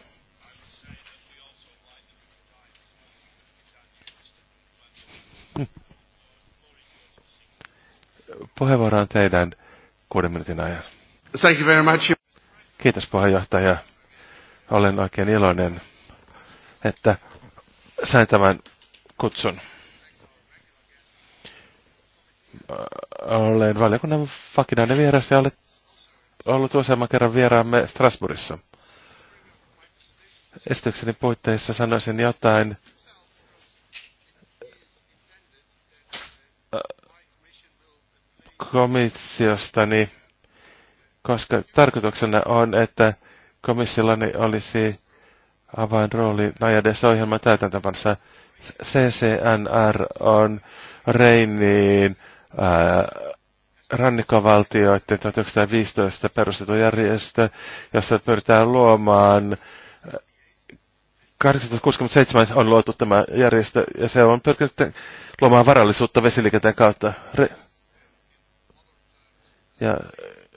Puheenvuoro on teidän kuuden minuutin ajan. Thank you very much. Kiitos puheenjohtaja. Olen oikein iloinen että sain tämän kutsun. Olen valiokunnan vakinainen vieras ja olet ollut useamman kerran vieraamme Strasbourgissa. Esitykseni puitteissa sanoisin jotain komissiostani, koska tarkoituksena on, että komissiollani olisi avainrooli Najadessa ohjelman täytäntöpanossa. CCNR on Reiniin äh, rannikkovaltioiden 1915 perustettu järjestö, jossa pyritään luomaan 1867 äh, on luotu tämä järjestö ja se on pyrkinyt luomaan varallisuutta vesiliikenteen kautta. ja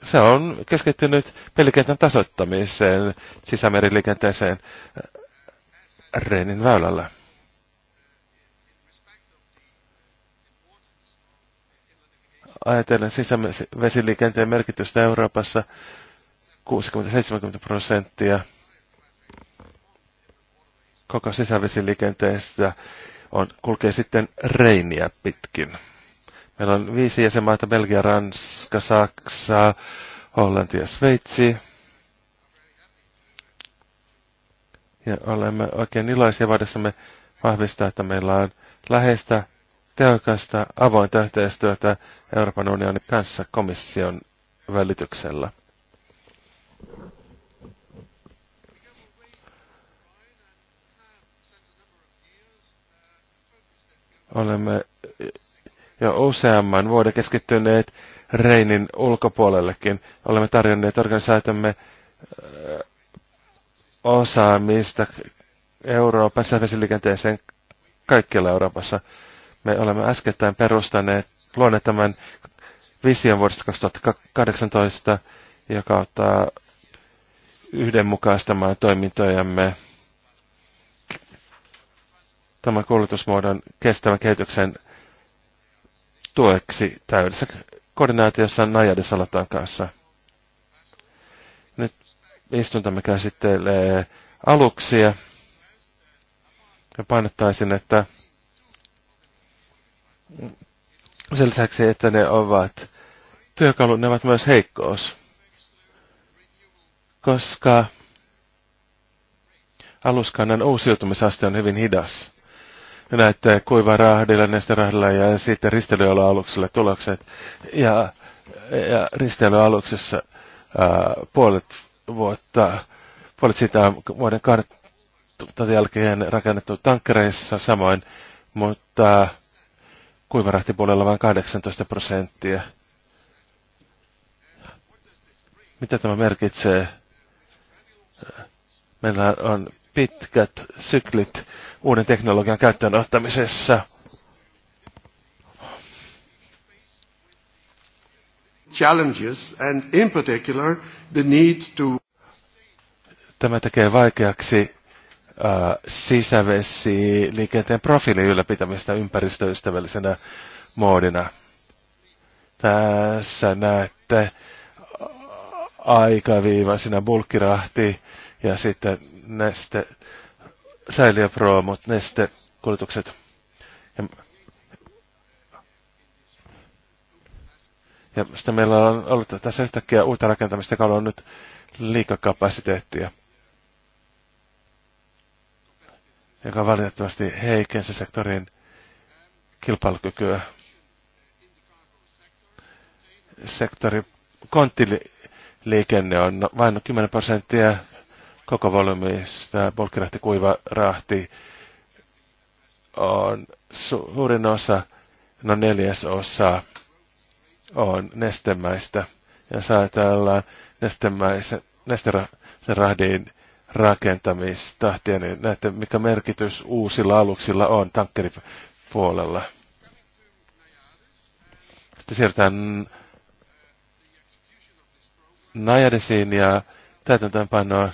se on keskittynyt pelikentän tasoittamiseen sisämeriliikenteeseen äh, reinin väylällä. Ajatellen sisävesiliikenteen merkitystä Euroopassa 60-70 prosenttia koko sisävesiliikenteestä on, kulkee sitten Reiniä pitkin. Meillä on viisi jäsenmaata, Belgia, Ranska, Saksa, Hollanti ja Sveitsi. Ja olemme oikein iloisia vaadessamme vahvistaa, että meillä on läheistä, tehokasta, avointa yhteistyötä Euroopan unionin kanssa komission välityksellä. Olemme jo useamman vuoden keskittyneet Reinin ulkopuolellekin. Olemme tarjonneet organisaatiomme äh, osaamista Euroopassa vesiliikenteeseen kaikkialla Euroopassa. Me olemme äskettäin perustaneet, luoneet tämän vision vuodesta 2018, joka ottaa yhdenmukaistamaan toimintojamme tämän koulutusmuodon kestävän kehityksen tueksi täydessä koordinaatiossa Najade Salatan kanssa. Nyt istuntamme käsittelee aluksia. Ja painottaisin, että sen lisäksi, että ne ovat työkalut, ne ovat myös heikkous. Koska aluskannan uusiutumisaste on hyvin hidas ja näette kuiva rahdilla, nesterahdilla ja sitten risteilyalueella tulokset. Ja, ja risteilyaluksessa puolet vuotta, puolet siitä vuoden kartan jälkeen rakennettu tankkereissa samoin, mutta kuivarahtipuolella vain 18 prosenttia. Mitä tämä merkitsee? Meillä on pitkät syklit uuden teknologian käyttöön ottamisessa. Challenges and in particular the need to Tämä tekee vaikeaksi äh, liikenteen profiilin ylläpitämistä ympäristöystävällisenä moodina. Tässä näette aikaviiva, sinä bulkkirahti, ja sitten neste, säiliöproomut, näistä kuljetukset. Ja, ja sitten meillä on ollut tässä yhtäkkiä uutta rakentamista, joka on nyt liikakapasiteettia, joka valitettavasti heikensi sektorin kilpailukykyä. Sektori konttiliikenne on vain 10 prosenttia koko volyymista bulkkirahti, kuiva rahti on suurin osa, no neljäs osa on nestemäistä. Ja saatellaan nestemäisen, nesterahdin rakentamistahtia, niin näette, mikä merkitys uusilla aluksilla on tankkeripuolella. Sitten siirrytään Najadesiin ja täytäntöönpanoon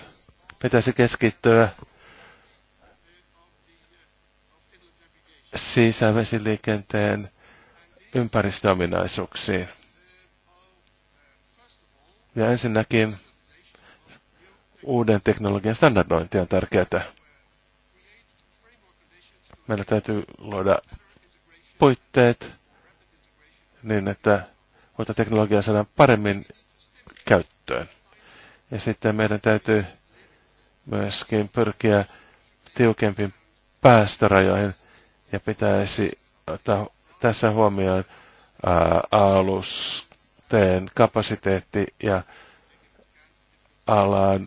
pitäisi keskittyä sisävesiliikenteen ympäristöominaisuuksiin. Ja ensinnäkin uuden teknologian standardointi on tärkeää. Meillä täytyy luoda puitteet niin, että uutta teknologiaa saadaan paremmin käyttöön. Ja sitten meidän täytyy myöskin pyrkiä tiukempiin päästörajoihin ja pitäisi ottaa tässä huomioon alusten alusteen kapasiteetti ja alan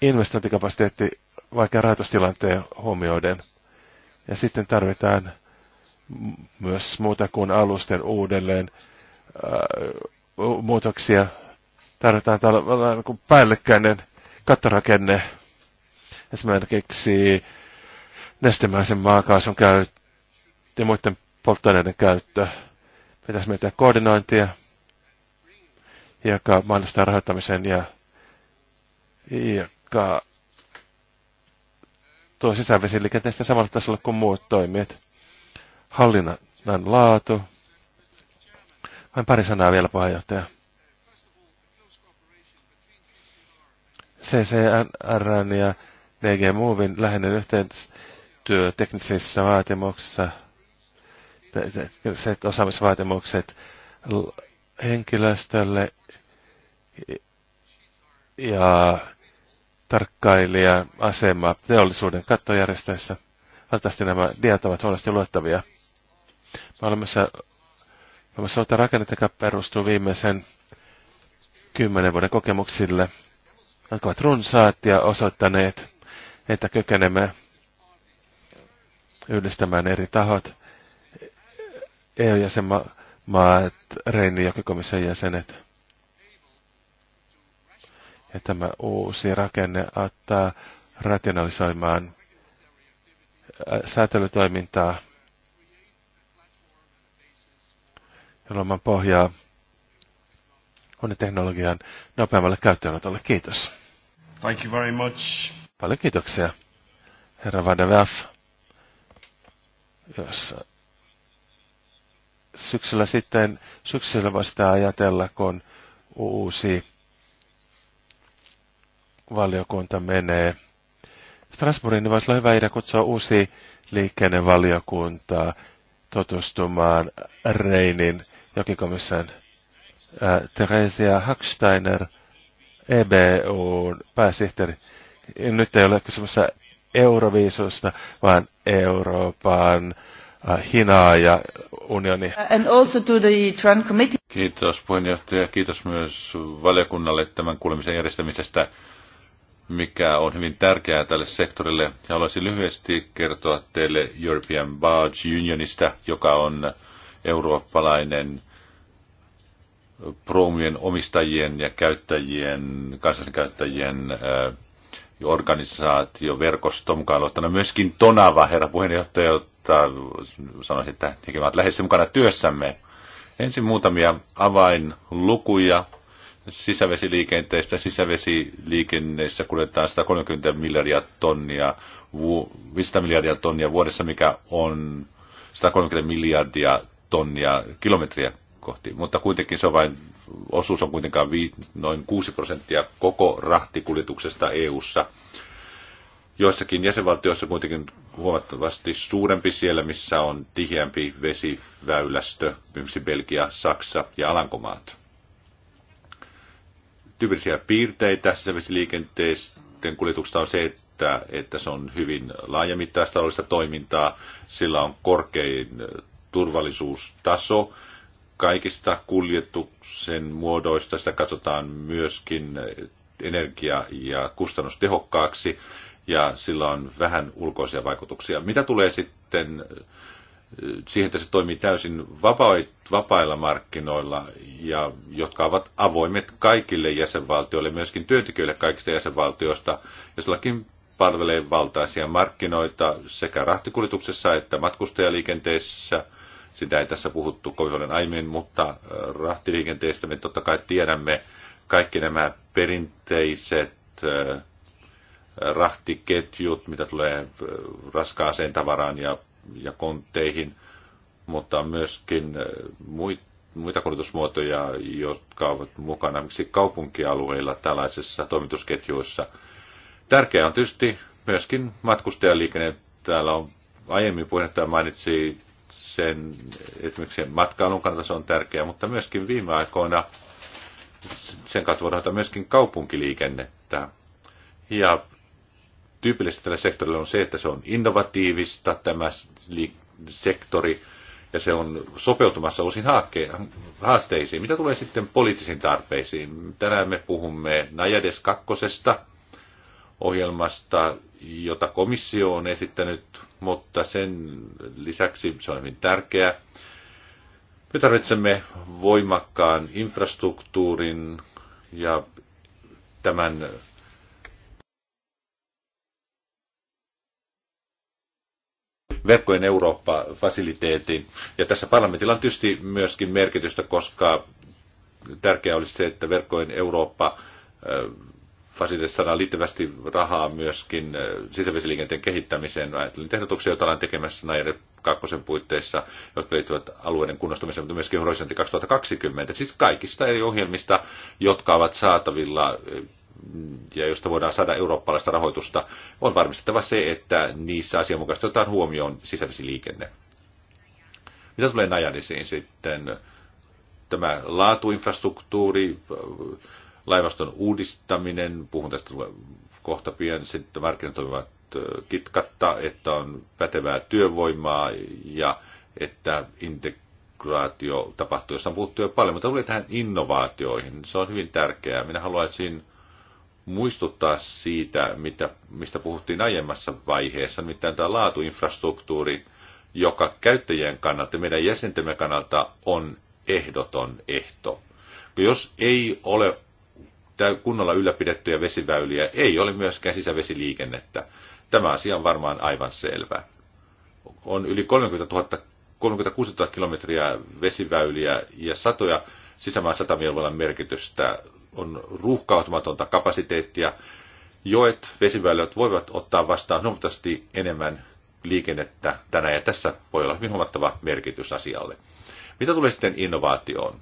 investointikapasiteetti vaikka rahoitustilanteen huomioiden. Ja sitten tarvitaan myös muuta kuin alusten uudelleen ää, muutoksia. Tarvitaan tällainen päällekkäinen kattorakenne Esimerkiksi nestemäisen maakaasun käyttö ja muiden polttoaineiden käyttö. Pitäisi miettiä koordinointia, joka mahdollistaa rahoittamisen ja joka tuo sisävesiliikenteestä samalla tasolla kuin muut toimijat. Hallinnan laatu. Vain pari sanaa vielä, puheenjohtaja. CCNR ja DG Movin läheinen yhteistyö teknisissä vaatimuksissa, tekniset osaamisvaatimukset henkilöstölle ja tarkkailija asema teollisuuden kattojärjestöissä. Valitettavasti nämä diat ovat huonosti luettavia. Me olemme olemassa olta rakennetta, joka perustuu viimeisen kymmenen vuoden kokemuksille, jotka ovat runsaat ja osoittaneet, että kykenemme yhdistämään eri tahot, EU-jäsenmaat, Reini ja komission jäsenet. Ja tämä uusi rakenne auttaa rationalisoimaan säätelytoimintaa ja luomaan pohjaa teknologian nopeammalle käyttöönotolle. Kiitos. Thank you very much. Paljon kiitoksia, herra Vadav. Jos syksyllä sitten, syksyllä voisi ajatella, kun uusi valiokunta menee. Strasbourgin niin voisi olla hyvä idea kutsua uusi liikennevaliokuntaa tutustumaan Reinin jokikomissaan. Äh, Theresia Hacksteiner, EBUn pääsihteeri, nyt ei ole kysymyssä euroviisusta, vaan Euroopan äh, Hinaa ja unioni. And also to the Trump committee. Kiitos puheenjohtaja, kiitos myös valiokunnalle tämän kuulemisen järjestämisestä, mikä on hyvin tärkeää tälle sektorille. Ja haluaisin lyhyesti kertoa teille European Barge Unionista, joka on eurooppalainen proomien omistajien ja käyttäjien, kansallisen käyttäjien äh, verkosto mukaan luottana myöskin Tonava, herra puheenjohtaja, jotta sanoisin, että hekin ovat lähes mukana työssämme. Ensin muutamia avainlukuja sisävesiliikenteestä. Sisävesiliikenneissä kuljetaan 130 miljardia tonnia, 500 miljardia tonnia vuodessa, mikä on 130 miljardia tonnia kilometriä kohti, mutta kuitenkin se on vain osuus on kuitenkaan vi, noin 6 prosenttia koko rahtikuljetuksesta EU:ssa. Joissakin jäsenvaltioissa kuitenkin huomattavasti suurempi siellä, missä on tiheämpi vesiväylästö, esimerkiksi Belgia, Saksa ja Alankomaat. Tyypillisiä piirteitä sisävesiliikenteisten kuljetuksesta on se, että, että se on hyvin laajamittaista taloudellista toimintaa, sillä on korkein turvallisuustaso, kaikista kuljetuksen muodoista. Sitä katsotaan myöskin energia- ja kustannustehokkaaksi ja sillä on vähän ulkoisia vaikutuksia. Mitä tulee sitten eh, siihen, että se toimii täysin vapailla markkinoilla, ja jotka ovat avoimet kaikille jäsenvaltioille, myöskin työntekijöille kaikista jäsenvaltioista, ja silläkin palvelee valtaisia markkinoita sekä rahtikuljetuksessa että matkustajaliikenteessä – sitä ei tässä puhuttu kovin paljon aiemmin, mutta äh, rahtiliikenteestä me totta kai tiedämme kaikki nämä perinteiset äh, rahtiketjut, mitä tulee äh, raskaaseen tavaraan ja, ja kontteihin, mutta myöskin muita kulutusmuotoja, jotka ovat mukana miksi kaupunkialueilla tällaisissa toimitusketjuissa. Tärkeää on tietysti myöskin matkustajaliikenne. Täällä on aiemmin puheenjohtaja mainitsi sen, esimerkiksi sen matkailun kannalta se on tärkeää, mutta myöskin viime aikoina sen kautta voidaan myöskin kaupunkiliikennettä. Ja tyypillistä tällä sektorilla on se, että se on innovatiivista tämä sektori ja se on sopeutumassa uusiin haasteisiin. Mitä tulee sitten poliittisiin tarpeisiin? Tänään me puhumme Najades kakkosesta ohjelmasta, jota komissio on esittänyt mutta sen lisäksi se on hyvin tärkeä. Me tarvitsemme voimakkaan infrastruktuurin ja tämän verkkojen Eurooppa-fasiliteetin. Ja tässä parlamentilla on tietysti myöskin merkitystä, koska tärkeää olisi se, että verkkojen Eurooppa Fasille saadaan liittyvästi rahaa myöskin sisävesiliikenteen kehittämiseen. Ajattelin ehdotuksia, joita ollaan tekemässä näiden kakkosen puitteissa, jotka liittyvät alueiden kunnostamiseen, mutta myöskin horisontti 2020. Siis kaikista eri ohjelmista, jotka ovat saatavilla ja josta voidaan saada eurooppalaista rahoitusta, on varmistettava se, että niissä asianmukaisesti otetaan huomioon sisävesiliikenne. Mitä tulee Najanisiin sitten? Tämä laatuinfrastruktuuri, Laivaston uudistaminen, puhun tästä kohta pian, sitten markkinat toimivat kitkatta, että on pätevää työvoimaa ja että integraatio tapahtuu, josta on puhuttu jo paljon, mutta tulee tähän innovaatioihin. Se on hyvin tärkeää. Minä haluaisin muistuttaa siitä, mitä, mistä puhuttiin aiemmassa vaiheessa, nimittäin tämä laatuinfrastruktuuri, joka käyttäjien kannalta, meidän jäsentemme kannalta on ehdoton ehto. Jos ei ole kunnolla ylläpidettyjä vesiväyliä, ei ole myöskään sisävesiliikennettä. Tämä asia on varmaan aivan selvä. On yli 30 000, 36 000 kilometriä vesiväyliä ja satoja sisämaan satamien merkitystä. On ruuhkautumatonta kapasiteettia. Joet, vesiväylät voivat ottaa vastaan huomattavasti enemmän liikennettä tänään ja tässä voi olla hyvin huomattava merkitys asialle. Mitä tulee sitten innovaatioon?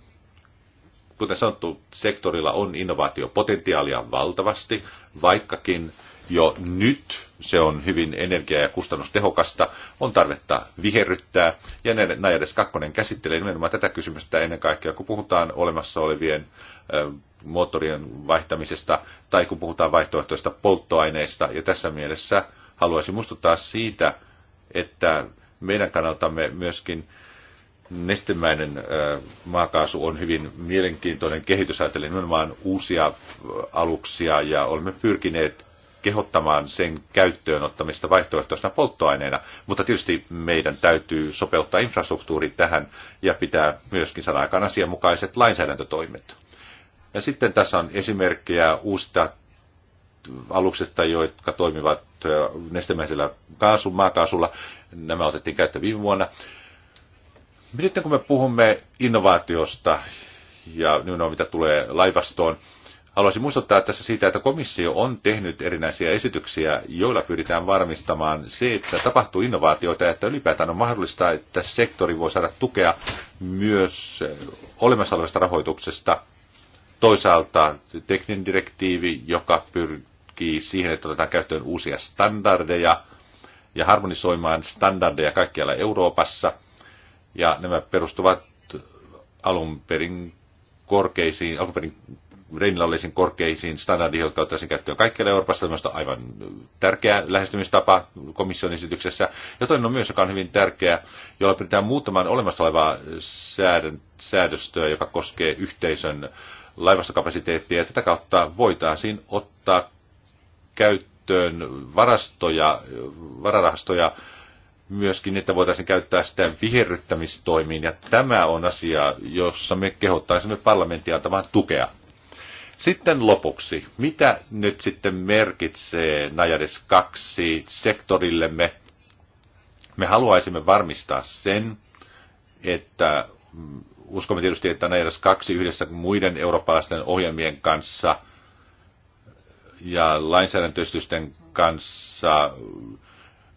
kuten sanottu, sektorilla on innovaatiopotentiaalia valtavasti, vaikkakin jo nyt se on hyvin energia- ja kustannustehokasta, on tarvetta viherryttää. Ja Najades 2 käsittelee nimenomaan tätä kysymystä ennen kaikkea, kun puhutaan olemassa olevien moottorien vaihtamisesta tai kun puhutaan vaihtoehtoista polttoaineista. Ja tässä mielessä haluaisin muistuttaa siitä, että meidän kannaltamme myöskin nestemäinen maakaasu on hyvin mielenkiintoinen kehitys, ajatellen nimenomaan uusia aluksia ja olemme pyrkineet kehottamaan sen käyttöön ottamista vaihtoehtoisena polttoaineena, mutta tietysti meidän täytyy sopeuttaa infrastruktuuri tähän ja pitää myöskin saada aikaan asianmukaiset lainsäädäntötoimet. Ja sitten tässä on esimerkkejä uusista aluksista, jotka toimivat nestemäisellä kaasun, maakaasulla. Nämä otettiin käyttöön viime vuonna. Sitten kun me puhumme innovaatiosta ja on mitä tulee laivastoon, haluaisin muistuttaa tässä siitä, että komissio on tehnyt erinäisiä esityksiä, joilla pyritään varmistamaan se, että tapahtuu innovaatioita ja että ylipäätään on mahdollista, että sektori voi saada tukea myös olemassa olevasta rahoituksesta. Toisaalta tekninen direktiivi, joka pyrkii siihen, että otetaan käyttöön uusia standardeja ja harmonisoimaan standardeja kaikkialla Euroopassa – ja nämä perustuvat alun perin korkeisiin, alun perin Reinillä korkeisiin standardiin, jotka ottaisiin käyttöön kaikkialla Euroopassa. Tämä on aivan tärkeä lähestymistapa komission esityksessä. Ja toinen on myös, joka on hyvin tärkeä, jolla pyritään muuttamaan olemassa olevaa säädöstöä, joka koskee yhteisön laivastokapasiteettia. Ja tätä kautta voitaisiin ottaa käyttöön varastoja, vararahastoja myöskin, että voitaisiin käyttää sitä viherryttämistoimiin. Ja tämä on asia, jossa me kehottaisimme parlamenttia antamaan tukea. Sitten lopuksi, mitä nyt sitten merkitsee Najades 2 sektorillemme? Me haluaisimme varmistaa sen, että mm, uskomme tietysti, että Najades 2 yhdessä muiden eurooppalaisten ohjelmien kanssa ja lainsäädäntöistysten kanssa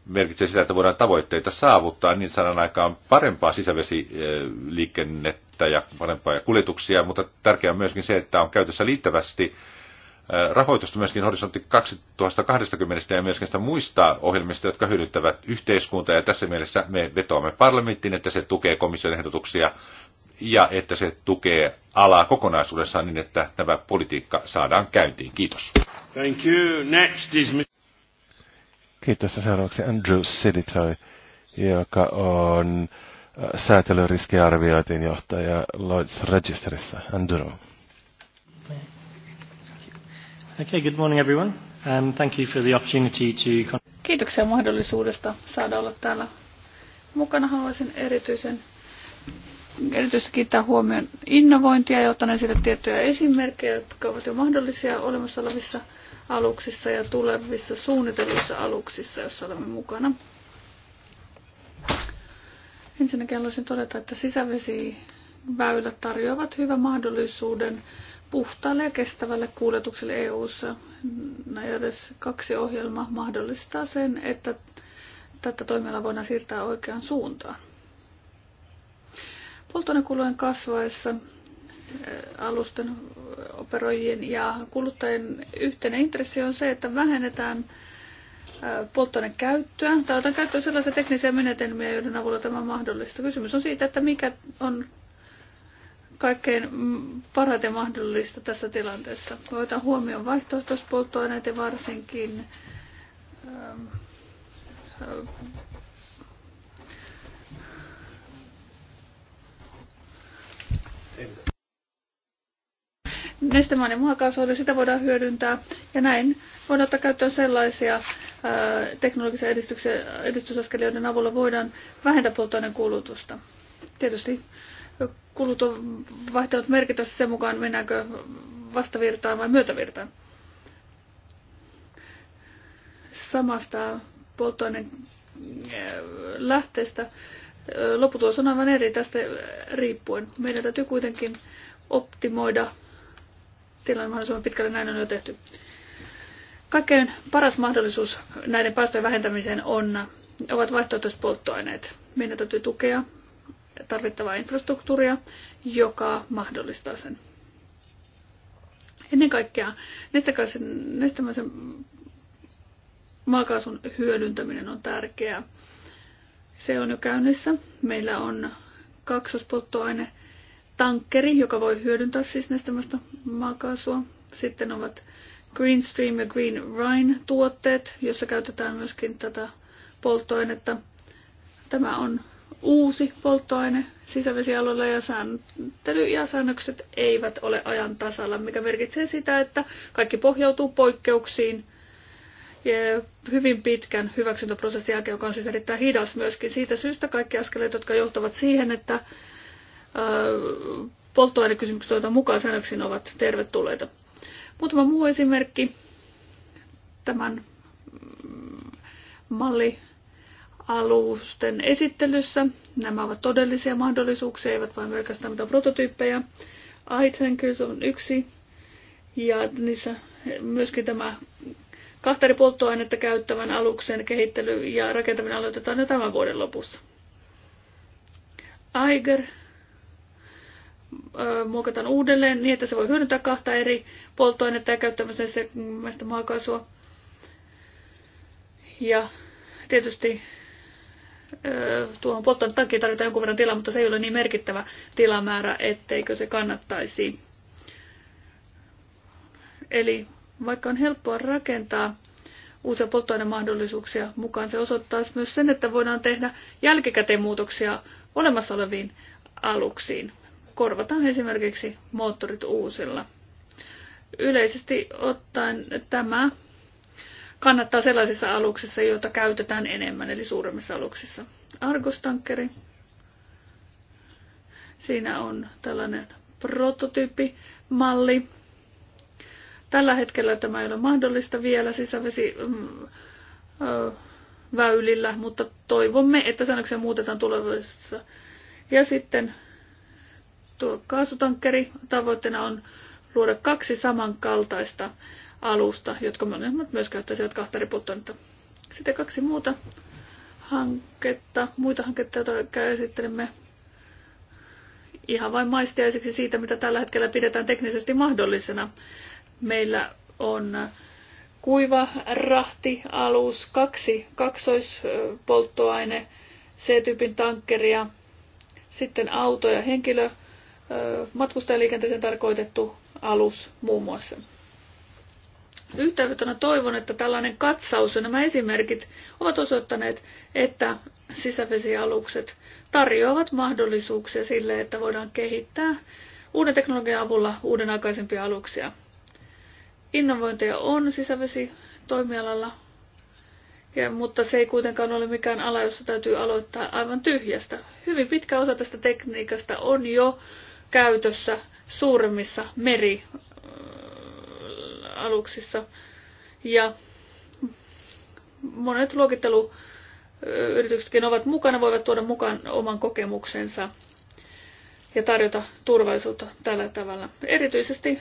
merkitsee sitä, että voidaan tavoitteita saavuttaa, niin saadaan aikaan parempaa sisävesiliikennettä ja parempaa kuljetuksia, mutta tärkeää on myöskin se, että on käytössä liittävästi rahoitusta myöskin horisontti 2020 ja myöskin sitä muista ohjelmista, jotka hyödyttävät yhteiskuntaa. Ja tässä mielessä me vetoamme parlamenttiin, että se tukee komission ehdotuksia ja että se tukee alaa kokonaisuudessaan niin, että tämä politiikka saadaan käyntiin. Kiitos. Thank you. Next is... Kiitos. Seuraavaksi Andrew Silitoi, joka on äh, säätelyriskiarvioitin johtaja Lloyds Registerissa. Andrew. Okay, good morning everyone. Um, thank you for the opportunity to... Kiitoksia mahdollisuudesta saada olla täällä mukana. Haluaisin erityisen erityisesti kiittää huomioon innovointia ja ottaneet sille tiettyjä esimerkkejä, jotka ovat jo mahdollisia olemassa olevissa aluksissa ja tulevissa suunnitelluissa aluksissa, joissa olemme mukana. Ensinnäkin haluaisin todeta, että sisävesiväylät tarjoavat hyvän mahdollisuuden puhtaalle ja kestävälle kuljetukselle EU-ssa. edes kaksi ohjelma mahdollistaa sen, että tätä toimialaa voidaan siirtää oikeaan suuntaan. Polttoainekulujen kasvaessa alusten operoijien ja kuluttajien yhteinen intressi on se, että vähennetään polttoaineen käyttöä tai otan käyttöön sellaisia teknisiä menetelmiä, joiden avulla tämä on mahdollista. Kysymys on siitä, että mikä on kaikkein parhaiten mahdollista tässä tilanteessa. Otan huomioon vaihtoehtoiset polttoaineet ja varsinkin nestemäinen maakaasuöljy, sitä voidaan hyödyntää ja näin voidaan ottaa käyttöön sellaisia ää, teknologisia edistysaskelia, joiden avulla voidaan vähentää polttoaineen kulutusta. Tietysti kulut on vaihtelevat merkittävästi sen mukaan, mennäänkö vastavirtaan vai myötävirtaan. Samasta polttoaineen lähteestä lopputulos on aivan eri tästä riippuen. Meidän täytyy kuitenkin optimoida tilanne mahdollisimman pitkälle. Näin on jo tehty. Kaikkein paras mahdollisuus näiden päästöjen vähentämiseen on, ovat vaihtoehtoiset polttoaineet. Meidän täytyy tukea tarvittavaa infrastruktuuria, joka mahdollistaa sen. Ennen kaikkea nestemäisen maakaasun hyödyntäminen on tärkeää. Se on jo käynnissä. Meillä on kaksospolttoaine tankkeri, joka voi hyödyntää siis nestemäistä maakaasua. Sitten ovat Green Stream ja Green Rhine tuotteet, jossa käytetään myöskin tätä polttoainetta. Tämä on uusi polttoaine sisävesialueella ja sääntely ja säännökset eivät ole ajan tasalla, mikä merkitsee sitä, että kaikki pohjautuu poikkeuksiin ja hyvin pitkän hyväksyntäprosessin jälkeen, joka on siis erittäin hidas myöskin. Siitä syystä kaikki askeleet, jotka johtavat siihen, että polttoainekysymykset, joita mukaan säännöksiin ovat tervetulleita. Muutama muu esimerkki tämän mm, malli alusten esittelyssä. Nämä ovat todellisia mahdollisuuksia, eivät vain pelkästään mitään prototyyppejä. Aitsenkys on yksi, ja niissä myöskin tämä kahtari polttoainetta käyttävän aluksen kehittely ja rakentaminen aloitetaan jo tämän vuoden lopussa. Aiger muokataan uudelleen niin, että se voi hyödyntää kahta eri polttoainetta ja käyttää myös maakaasua. Ja tietysti tuohon takia tarvitaan jonkun verran tilaa, mutta se ei ole niin merkittävä tilamäärä, etteikö se kannattaisi. Eli vaikka on helppoa rakentaa uusia polttoainemahdollisuuksia mukaan, se osoittaa myös sen, että voidaan tehdä jälkikäteen muutoksia olemassa oleviin aluksiin korvataan esimerkiksi moottorit uusilla. Yleisesti ottaen tämä kannattaa sellaisissa aluksissa, joita käytetään enemmän, eli suuremmissa aluksissa. Argostankkeri. Siinä on tällainen prototyyppimalli. Tällä hetkellä tämä ei ole mahdollista vielä sisävesi mm, väylillä, mutta toivomme, että säännöksiä muutetaan tulevaisuudessa. Ja sitten kaasutankkeri. Tavoitteena on luoda kaksi samankaltaista alusta, jotka monet myös käyttäisivät kahta riputonta. Sitten kaksi muuta hanketta, muita hanketta, joita käsittelemme ihan vain maistiaiseksi siitä, mitä tällä hetkellä pidetään teknisesti mahdollisena. Meillä on kuiva rahtialus, kaksi kaksoispolttoaine, C-tyypin tankkeria, sitten auto- ja henkilö matkustajaliikenteeseen tarkoitettu alus muun muassa. Yhteenvetona toivon, että tällainen katsaus ja nämä esimerkit ovat osoittaneet, että sisävesialukset tarjoavat mahdollisuuksia sille, että voidaan kehittää uuden teknologian avulla uuden aikaisempia aluksia. Innovointeja on sisävesitoimialalla, ja, mutta se ei kuitenkaan ole mikään ala, jossa täytyy aloittaa aivan tyhjästä. Hyvin pitkä osa tästä tekniikasta on jo käytössä suuremmissa merialuksissa. Äh, ja monet luokitteluyrityksetkin äh, ovat mukana, voivat tuoda mukaan oman kokemuksensa ja tarjota turvallisuutta tällä tavalla. Erityisesti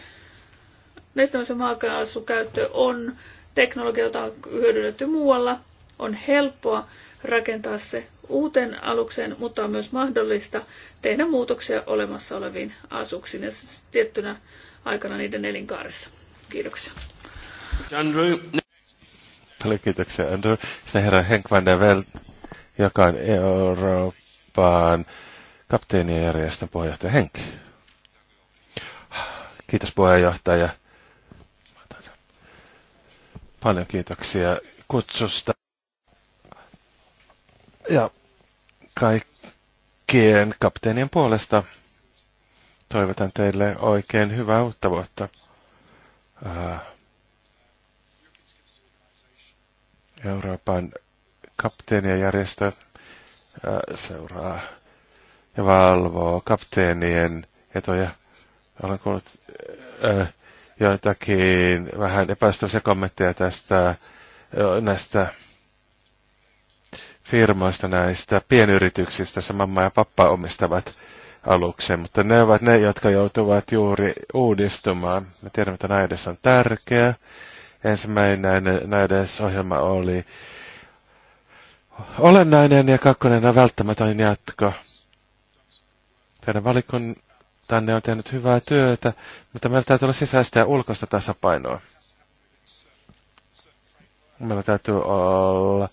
nestemäisen maakaasukäyttö käyttö on teknologia, jota on hyödynnetty muualla, on helppoa rakentaa se uuteen alukseen, mutta on myös mahdollista tehdä muutoksia olemassa oleviin asuksiin ja tiettynä aikana niiden elinkaarissa. Kiitoksia. Andrew. kiitoksia, Andrew. Se herra Henk van der Welt, joka on Euroopan kapteenien järjestön puheenjohtaja Henk. Kiitos puheenjohtaja. Paljon kiitoksia kutsusta. Ja kaikkien kapteenien puolesta toivotan teille oikein hyvää uutta vuotta. Äh, Euroopan kapteenien järjestö äh, seuraa ja valvoo kapteenien etoja. Olen kuullut äh, joitakin vähän epäistöllisiä kommentteja tästä näistä firmoista näistä pienyrityksistä se mamma ja pappa omistavat aluksen, mutta ne ovat ne, jotka joutuvat juuri uudistumaan. Me tiedämme, että näides on tärkeä. Ensimmäinen näides ohjelma oli olennainen ja kakkonen on välttämätön jatko. Teidän valikon tänne on tehnyt hyvää työtä, mutta meillä täytyy olla sisäistä ja ulkoista tasapainoa. Meillä täytyy olla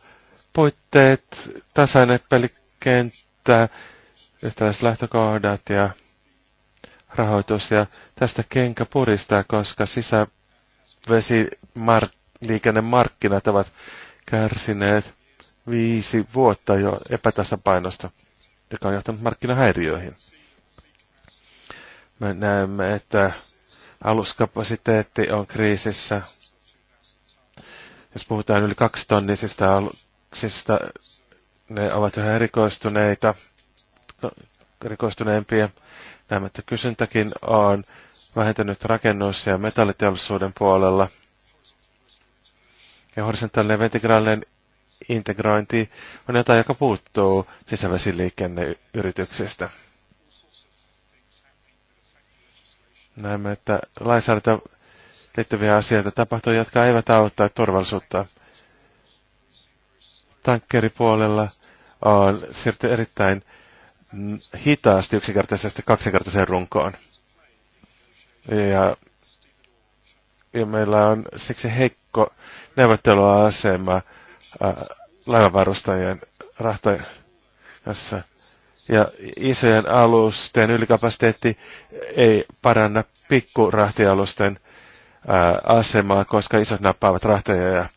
puitteet, tasainen pelikenttä, yhtäläiset lähtökohdat ja rahoitus. Ja tästä kenkä puristaa, koska sisävesiliikennemarkkinat ovat kärsineet viisi vuotta jo epätasapainosta, joka on johtanut markkinahäiriöihin. Me näemme, että aluskapasiteetti on kriisissä. Jos puhutaan yli tonnisista rikoksista. Ne ovat yhä erikoistuneita, erikoistuneempia. Näemme, että kysyntäkin on vähentynyt rakennus- ja metalliteollisuuden puolella. Ja horisontaalinen ventikraalinen integrointi on jotain, joka puuttuu sisävesiliikenneyrityksestä. Näemme, että lainsäädäntö liittyviä asioita tapahtuu, jotka eivät auttaa turvallisuutta tankkeripuolella on siirtynyt erittäin hitaasti yksinkertaisesti kaksinkertaiseen runkoon. Ja, ja meillä on siksi heikko neuvotteluasema äh, laivanvarustajien rahtajassa. Ja isojen alusten ylikapasiteetti ei paranna pikkurahtialusten äh, asemaa, koska isot nappaavat rahtajia ja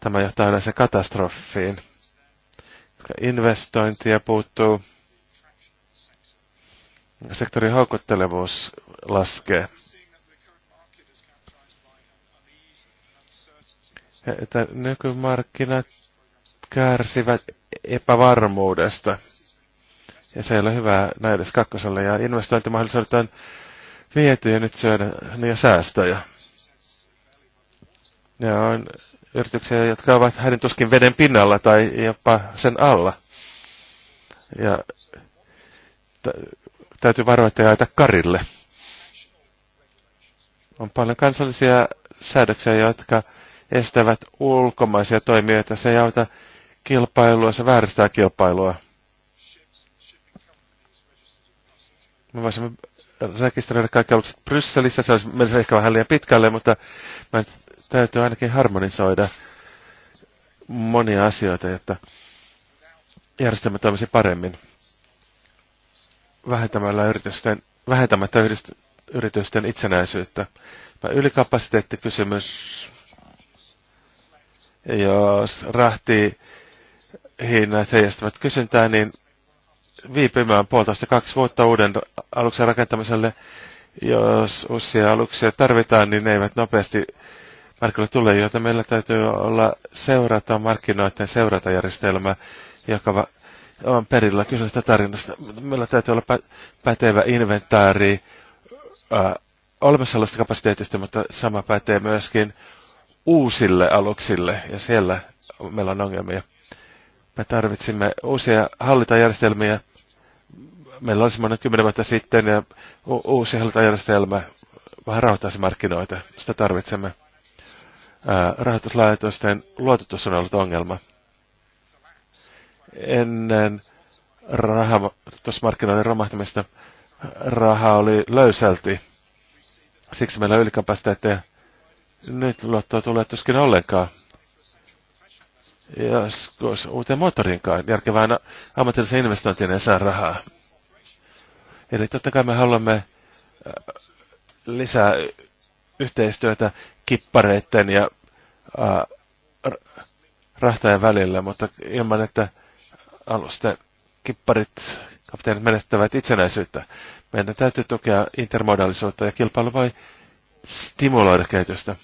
Tämä johtaa yleensä katastrofiin. Investointia puuttuu. Sektorin houkuttelevuus laskee. Että nykymarkkinat kärsivät epävarmuudesta. Ja se ei ole hyvää näille kakkoselle. Ja investointimahdollisuudet on viety ja nyt syödä niitä säästöjä. Ja on yrityksiä, jotka ovat hänen tuskin veden pinnalla tai jopa sen alla. Ja täytyy varoittaa ja karille. On paljon kansallisia säädöksiä, jotka estävät ulkomaisia toimijoita. Se ei auta kilpailua, se vääristää kilpailua. Me voisimme rekisteröidä kaikki alukset Brysselissä, se olisi mennyt ehkä vähän liian pitkälle, mutta mä en täytyy ainakin harmonisoida monia asioita, jotta järjestelmä toimisi paremmin vähentämällä yritysten, vähentämättä yritysten itsenäisyyttä. Tämä ylikapasiteettikysymys, jos rahti hinnat heijastavat kysyntää, niin viipymään puolitoista kaksi vuotta uuden aluksen rakentamiselle. Jos uusia aluksia tarvitaan, niin ne eivät nopeasti markkinoille tulee, joita meillä täytyy olla seurata markkinoiden seurantajärjestelmä, joka on perillä kyseistä tarinasta. Meillä täytyy olla pätevä inventaari äh, olemassa olevasta kapasiteetista, mutta sama pätee myöskin uusille aluksille, ja siellä meillä on ongelmia. Me tarvitsimme uusia hallintajärjestelmiä. Meillä oli semmoinen kymmenen vuotta sitten, ja uusi hallintajärjestelmä vähän rahoittaisi markkinoita. Sitä tarvitsemme rahoituslaitosten luotetus on ollut ongelma. Ennen rahoitusmarkkinoiden romahtamista raha oli löysälti. Siksi meillä on että Nyt luottoa tulee tuskin ollenkaan. Joskus uuteen moottorinkaan järkevään ammatillisen investointiin ei saa rahaa. Eli totta kai me haluamme lisää yhteistyötä kippareiden ja äh, rahtajan välillä, mutta ilman, että alusten kipparit, kapteenit menettävät itsenäisyyttä. Meidän täytyy tukea intermodaalisuutta ja kilpailu voi stimuloida kehitystä.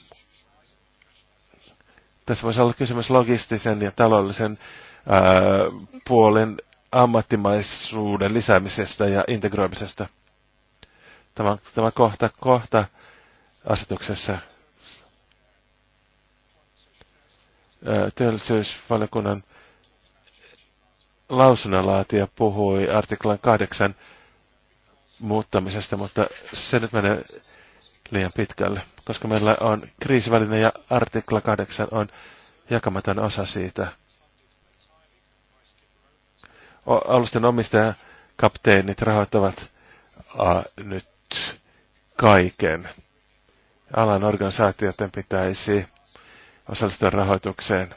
Tässä voisi olla kysymys logistisen ja taloudellisen äh, puolen ammattimaisuuden lisäämisestä ja integroimisesta. Tämä, tämä kohta, kohta asetuksessa teollisuusvaliokunnan lausunnonlaatija puhui artiklan 8 muuttamisesta, mutta se nyt menee liian pitkälle, koska meillä on kriisiväline ja artikla 8 on jakamaton osa siitä. Alusten omistaja kapteenit rahoittavat a, nyt kaiken. Alan organisaatioiden pitäisi osallistua rahoitukseen.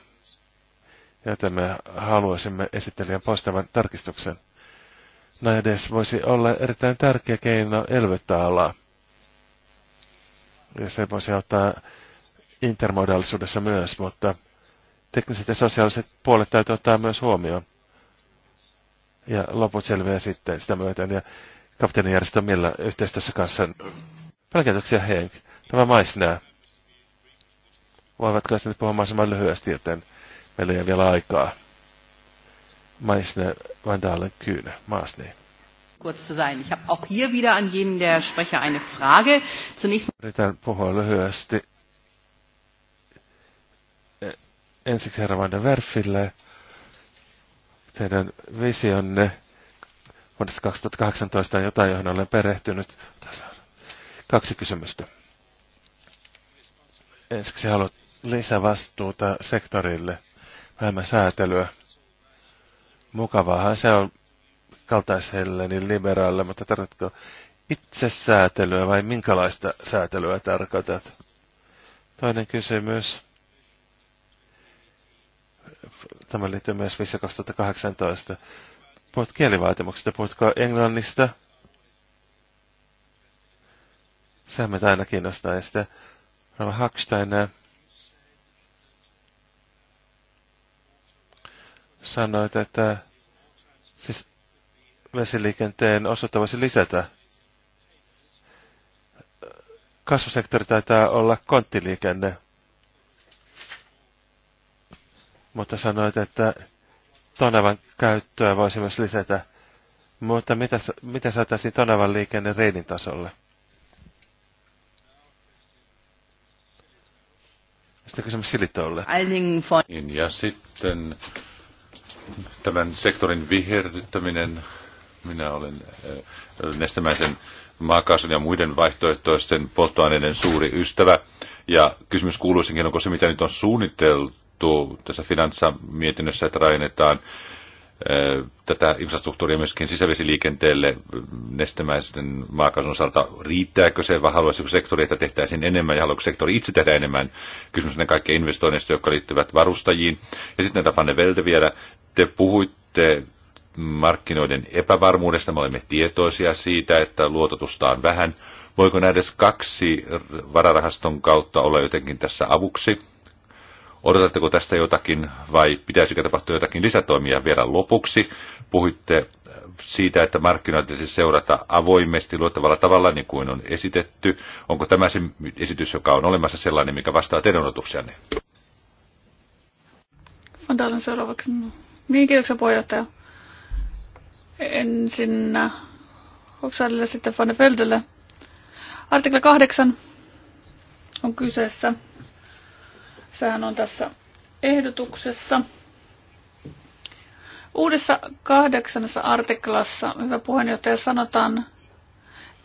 Ja että me haluaisimme esittelijän poistavan tarkistuksen. No edes voisi olla erittäin tärkeä keino elvyttää alaa. Ja se voisi auttaa intermodaalisuudessa myös, mutta tekniset ja sosiaaliset puolet täytyy ottaa myös huomioon. Ja loput selviää sitten sitä myöten. Ja kapteenijärjestö millä yhteistyössä kanssa. Paljon Henk. Tämä maisnää voivatko se nyt puhua mahdollisimman lyhyesti, joten meillä ei ole vielä aikaa. Meissner, Vandalen Dalen, Maasne. Maasni. Kurz zu sein. Ich habe auch hier wieder an jeden der Sprecher eine Frage. Zunächst Yritän puhua lyhyesti. Ensiksi herra Vanda Werfille. Teidän visionne vuodesta 2018 on jotain, johon olen perehtynyt. Tässä on kaksi kysymystä. Ensiksi haluat lisävastuuta sektorille, vähemmän säätelyä. Mukavaahan se on kaltaiselle niin liberaalille, mutta tarvitko itse säätelyä vai minkälaista säätelyä tarkoitat? Toinen kysymys. Tämä liittyy myös 5 2018. Puhut kielivaatimuksista, puhutko englannista? Sehän meitä aina kiinnostaa. Ja sitten Rava Hackstein sanoit, että siis vesiliikenteen osuutta voisi lisätä. Kasvusektori taitaa olla konttiliikenne. Mutta sanoit, että Tonavan käyttöä voisi myös lisätä. Mutta mitä, mitä saataisiin Tonavan liikenne reinin tasolle? Sitten kysymys Silitolle. Niin, ja sitten tämän sektorin viherryttäminen. Minä olen äh, nestemäisen maakaasun ja muiden vaihtoehtoisten polttoaineiden suuri ystävä. Ja kysymys kuuluisinkin, onko se mitä nyt on suunniteltu tässä finanssamietinnössä, että rajennetaan äh, tätä infrastruktuuria myöskin sisävesiliikenteelle nestemäisen maakaasun osalta. Riittääkö se vai haluaisiko sektori, että tehtäisiin enemmän ja haluaisiko sektori itse tehdä enemmän? Kysymys on kaikkea investoinneista, jotka liittyvät varustajiin. Ja sitten Fanne Velde vielä. Te puhuitte markkinoiden epävarmuudesta, me olemme tietoisia siitä, että luototusta on vähän. Voiko näiden kaksi vararahaston kautta olla jotenkin tässä avuksi? Odotatteko tästä jotakin vai pitäisikö tapahtua jotakin lisätoimia vielä lopuksi? Puhuitte siitä, että markkinoita pitäisi seurata avoimesti luottavalla tavalla, niin kuin on esitetty. Onko tämä se esitys, joka on olemassa sellainen, mikä vastaa teidän odotuksianne? Vandalen seuraavaksi. Niin, kiitoksia puheenjohtaja. Ensin Hopsalille sitten Fanny Feldelle. Artikla 8 on kyseessä. Sehän on tässä ehdotuksessa. Uudessa kahdeksannessa artiklassa, hyvä puheenjohtaja, sanotaan,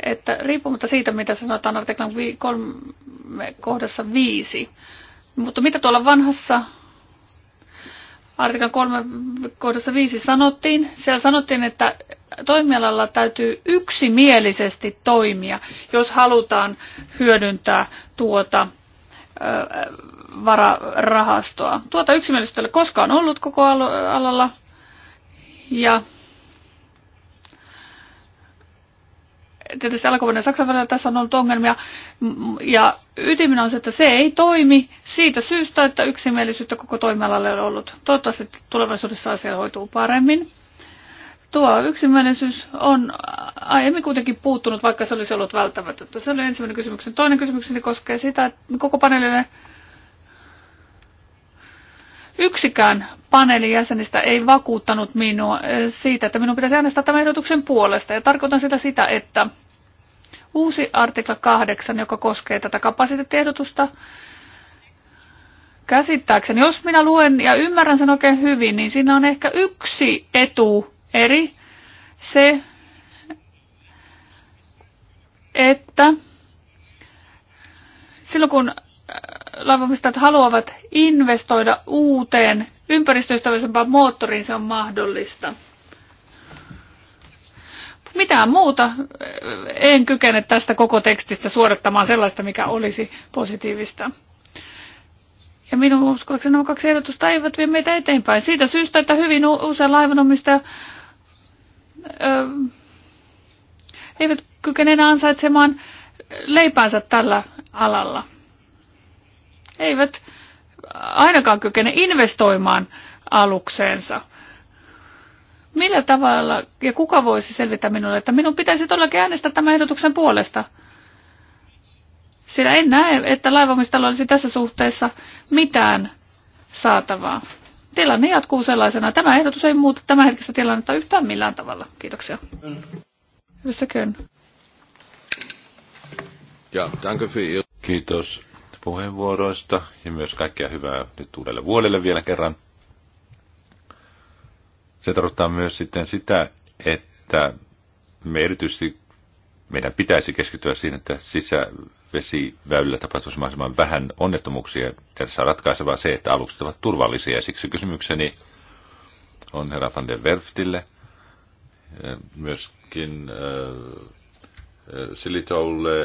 että riippumatta siitä, mitä sanotaan artiklan 3 kohdassa 5, mutta mitä tuolla vanhassa artikan 3 kohdassa 5 sanottiin, siellä sanottiin, että toimialalla täytyy yksimielisesti toimia, jos halutaan hyödyntää tuota vararahastoa. Tuota yksimielisyyttä ei ole koskaan ollut koko alalla. Ja tietysti alkuvuoden Saksan välillä tässä on ollut ongelmia. Ja ytimenä on se, että se ei toimi siitä syystä, että yksimielisyyttä koko toimialalle on ollut. Toivottavasti tulevaisuudessa asia hoituu paremmin. Tuo yksimielisyys on aiemmin kuitenkin puuttunut, vaikka se olisi ollut välttämätöntä. Se oli ensimmäinen kysymys. Toinen kysymys koskee sitä, että koko paneelinen yksikään paneelin jäsenistä ei vakuuttanut minua siitä, että minun pitäisi äänestää tämän ehdotuksen puolesta. Ja tarkoitan sitä sitä, että uusi artikla 8, joka koskee tätä kapasiteettiehdotusta. Käsittääkseni, jos minä luen ja ymmärrän sen oikein hyvin, niin siinä on ehkä yksi etu eri. Se, että silloin kun äh, laivanomistajat haluavat investoida uuteen ympäristöystävällisempään moottoriin, se on mahdollista mitään muuta en kykene tästä koko tekstistä suorittamaan sellaista, mikä olisi positiivista. Ja minun uskoakseni nämä kaksi ehdotusta eivät vie meitä eteenpäin. Siitä syystä, että hyvin usein laivanomista eivät kykene enää ansaitsemaan leipäänsä tällä alalla. Eivät ainakaan kykene investoimaan alukseensa. Millä tavalla ja kuka voisi selvittää minulle, että minun pitäisi todellakin äänestää tämän ehdotuksen puolesta? Sillä en näe, että laivamistalo olisi tässä suhteessa mitään saatavaa. Tilanne jatkuu sellaisena. Tämä ehdotus ei muuta hetkessä tilannetta yhtään millään tavalla. Kiitoksia. Ja, Kiitos puheenvuoroista ja myös kaikkea hyvää nyt uudelle vuodelle vielä kerran. Se tarkoittaa myös sitten sitä, että me erityisesti meidän pitäisi keskittyä siihen, että sisävesiväylillä tapahtuisi mahdollisimman vähän onnettomuuksia. Tässä on ratkaisevaa se, että alukset ovat turvallisia. Siksi kysymykseni on herra van der Werftille, myöskin äh, äh Silitoulle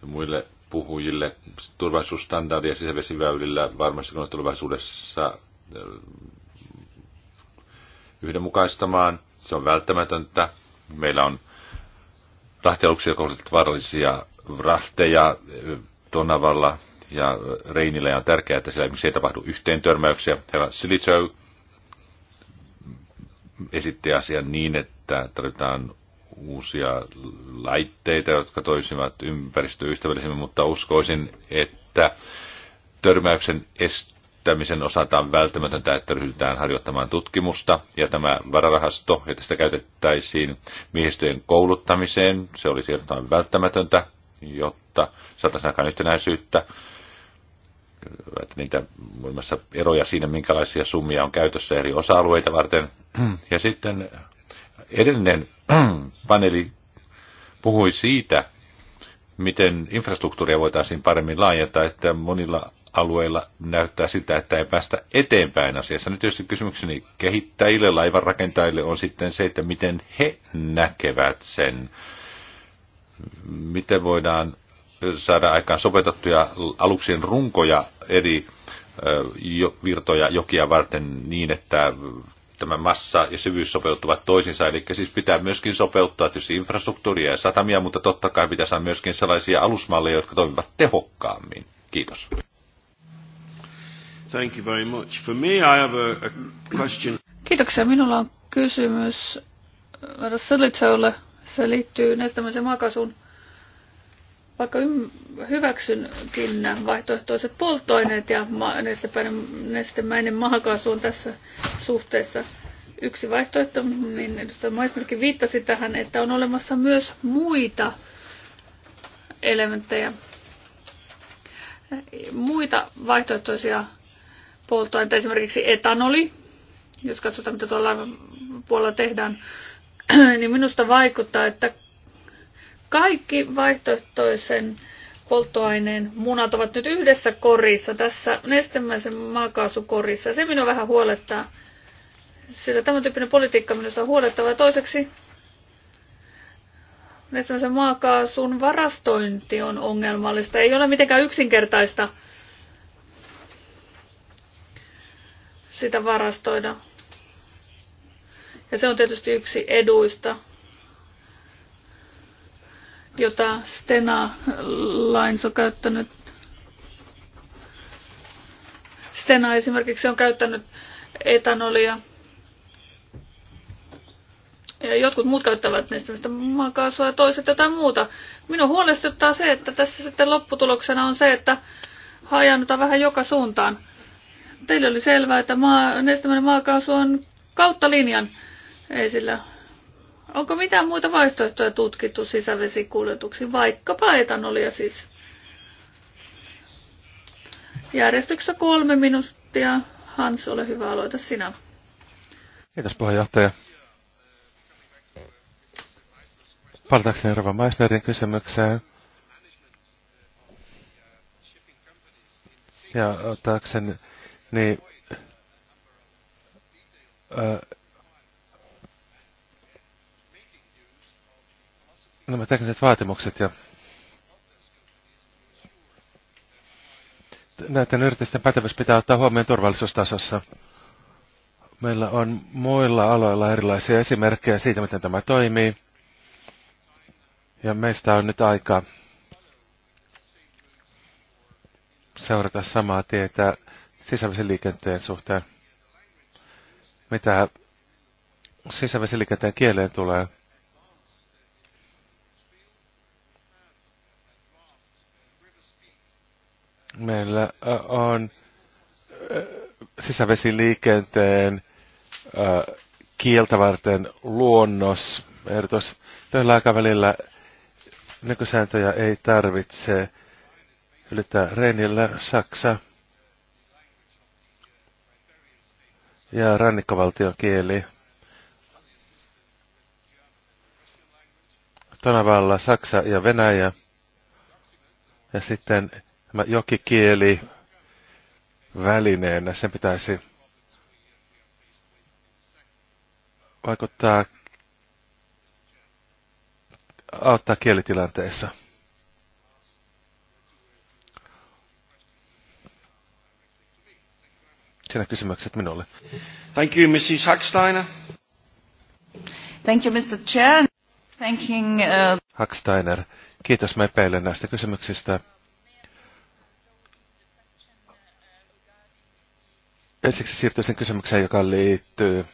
ja muille puhujille. Turvallisuusstandardia sisävesiväylillä varmasti on tulevaisuudessa yhdenmukaistamaan. Se on välttämätöntä. Meillä on rahtialuksia kohdalliset vaarallisia rahteja Tonavalla ja Reinillä ja on tärkeää, että siellä ei tapahdu yhteen törmäyksiä. Herra Silichow esitti asian niin, että tarvitaan uusia laitteita, jotka toisivat ympäristöystävällisemmin, mutta uskoisin, että törmäyksen estämisen osalta on välttämätöntä, että ryhdytään harjoittamaan tutkimusta, ja tämä vararahasto, että sitä käytettäisiin miehistöjen kouluttamiseen, se olisi ehdottoman välttämätöntä, jotta saataisiin aikaan yhtenäisyyttä, että niitä muun muassa eroja siinä, minkälaisia summia on käytössä eri osa-alueita varten. Ja sitten Edellinen paneeli puhui siitä, miten infrastruktuuria voitaisiin paremmin laajentaa, että monilla alueilla näyttää siltä, että ei päästä eteenpäin asiassa. Nyt tietysti kysymykseni kehittäjille, laivanrakentajille on sitten se, että miten he näkevät sen. Miten voidaan saada aikaan sopetettuja aluksien runkoja eri virtoja jokia varten niin, että tämä massa ja syvyys sopeutuvat toisiinsa, eli siis pitää myöskin sopeuttaa tietysti infrastruktuuria ja satamia, mutta totta kai pitää saada myöskin sellaisia alusmalleja, jotka toimivat tehokkaammin. Kiitos. Thank you very much. For me, I have a, a question. Kiitoksia. Minulla on kysymys Rasselicalle. Se liittyy nestemäisen maakasun. Vaikka hyväksynkin nämä vaihtoehtoiset polttoaineet ja nestemäinen maakaasu on tässä suhteessa yksi vaihtoehto, niin edustaja Maismerkin viittasi tähän, että on olemassa myös muita elementtejä, muita vaihtoehtoisia polttoaineita, esimerkiksi etanoli, jos katsotaan mitä tuolla puolella tehdään, niin minusta vaikuttaa, että kaikki vaihtoehtoisen polttoaineen munat ovat nyt yhdessä korissa, tässä nestemäisen maakaasukorissa. Se minua vähän huolettaa, sillä tämän tyyppinen politiikka minusta on huolettava. toiseksi nestemäisen maakaasun varastointi on ongelmallista. Ei ole mitenkään yksinkertaista sitä varastoida. Ja se on tietysti yksi eduista jota Stena Lines on käyttänyt. Stena esimerkiksi on käyttänyt etanolia. Ja jotkut muut käyttävät nestemäistä maakaasua ja toiset jotain muuta. Minun huolestuttaa se, että tässä sitten lopputuloksena on se, että hajannutaan vähän joka suuntaan. Teille oli selvää, että maa, nestemäinen maakaasu on kautta linjan. Ei sillä Onko mitään muita vaihtoehtoja tutkittu sisävesikuljetuksiin, vaikkapa etanolia siis? Järjestyksessä kolme minuuttia. Hans, ole hyvä, aloita sinä. Kiitos puheenjohtaja. Palataakseni Rova Meissnerin kysymykseen. Ja ottaakseni niin, nämä tekniset vaatimukset ja näiden yritysten pätevyys pitää ottaa huomioon turvallisuustasossa. Meillä on muilla aloilla erilaisia esimerkkejä siitä, miten tämä toimii. Ja meistä on nyt aika seurata samaa tietä sisävesiliikenteen suhteen. Mitä sisävesiliikenteen kieleen tulee, Meillä on sisävesiliikenteen kieltä varten luonnos. Ehdotus lyhyellä aikavälillä nykysääntöjä ei tarvitse ylittää Reinillä Saksa ja kieli, Tonavalla Saksa ja Venäjä. Ja sitten jokin kieli välineenä, sen pitäisi vaikuttaa auttaa kielitilanteessa. Sinä kysymykset minulle. Thank you, Mrs. Hacksteiner. Thank you, Mr. Chair. Thanking, uh... Hacksteiner, kiitos mepeille näistä kysymyksistä. ensiksi sen kysymykseen, joka liittyy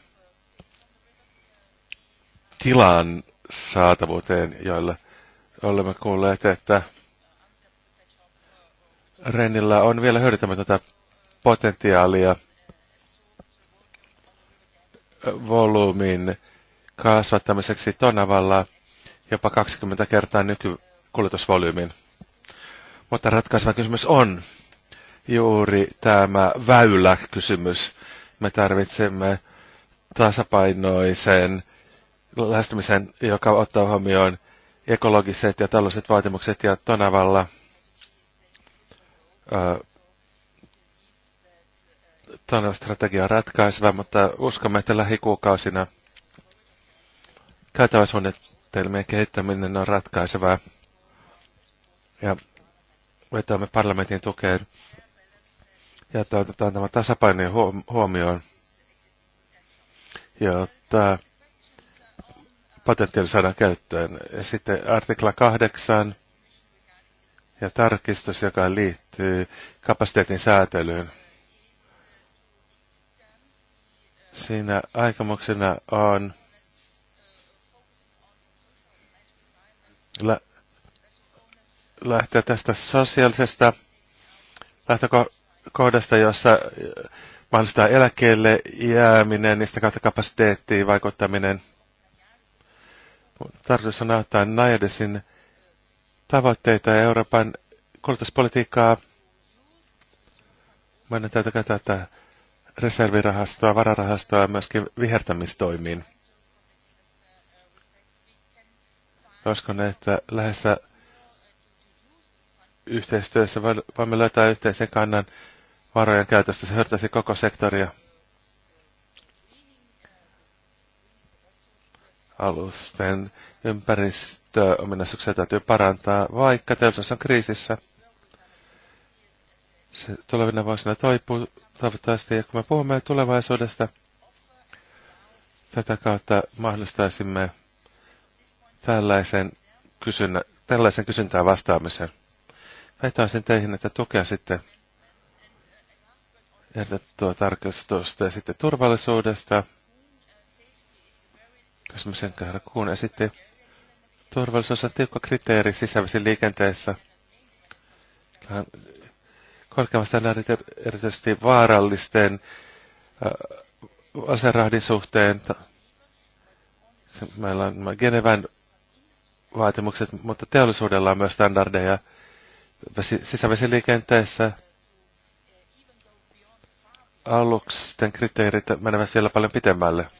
tilan saatavuuteen, joilla olemme kuulleet, että Renillä on vielä hyödyntämätöntä potentiaalia volyymin kasvattamiseksi tonavalla jopa 20 kertaa nykykuljetusvolyymin. Mutta ratkaiseva kysymys on, juuri tämä väyläkysymys. Me tarvitsemme tasapainoisen lähestymisen, joka ottaa huomioon ekologiset ja taloudelliset vaatimukset ja Tonavalla Tonavan strategia on ratkaiseva, mutta uskomme, että lähikuukausina suunnitelmien kehittäminen on ratkaisevaa. Ja vetoamme parlamentin tukeen ja otetaan tämä tasapaino huomioon, ja että patentti saadaan käyttöön. Ja sitten artikla 8 ja tarkistus, joka liittyy kapasiteetin säätelyyn. Siinä aikomuksena on lähteä tästä sosiaalisesta lähtökohdasta kohdasta, jossa äh, mahdollistaa eläkkeelle jääminen, niistä kautta kapasiteettiin vaikuttaminen. Tarkoitus on auttaa Najadesin tavoitteita ja Euroopan kulutuspolitiikkaa. Meidän täytyy käyttää tätä reservirahastoa, vararahastoa ja myöskin vihertämistoimiin. Uskon, että lähes yhteistyössä voimme löytää yhteisen kannan varojen käytöstä. Se hyödyttäisi koko sektoria. Alusten ympäristöominaisuuksia täytyy parantaa, vaikka teollisuus on kriisissä. Se tulevina vuosina toipuu toivottavasti, ja kun me puhumme tulevaisuudesta, tätä kautta mahdollistaisimme tällaisen, kysynnä, tällaisen kysyntään vastaamisen. Vetoisin teihin, että tukea sitten ehdotettua tarkastusta ja sitten turvallisuudesta. Kysymyksen enkä kuun esitti. Turvallisuus on tiukka kriteeri sisävesi liikenteessä. Korkeammasta lähdet er-, erityisesti vaarallisten aserahdin suhteen. Meillä on genevän vaatimukset, mutta teollisuudella on myös standardeja sisävesiliikenteessä. liikenteessä alusten kriteerit menevät siellä paljon pitemmälle.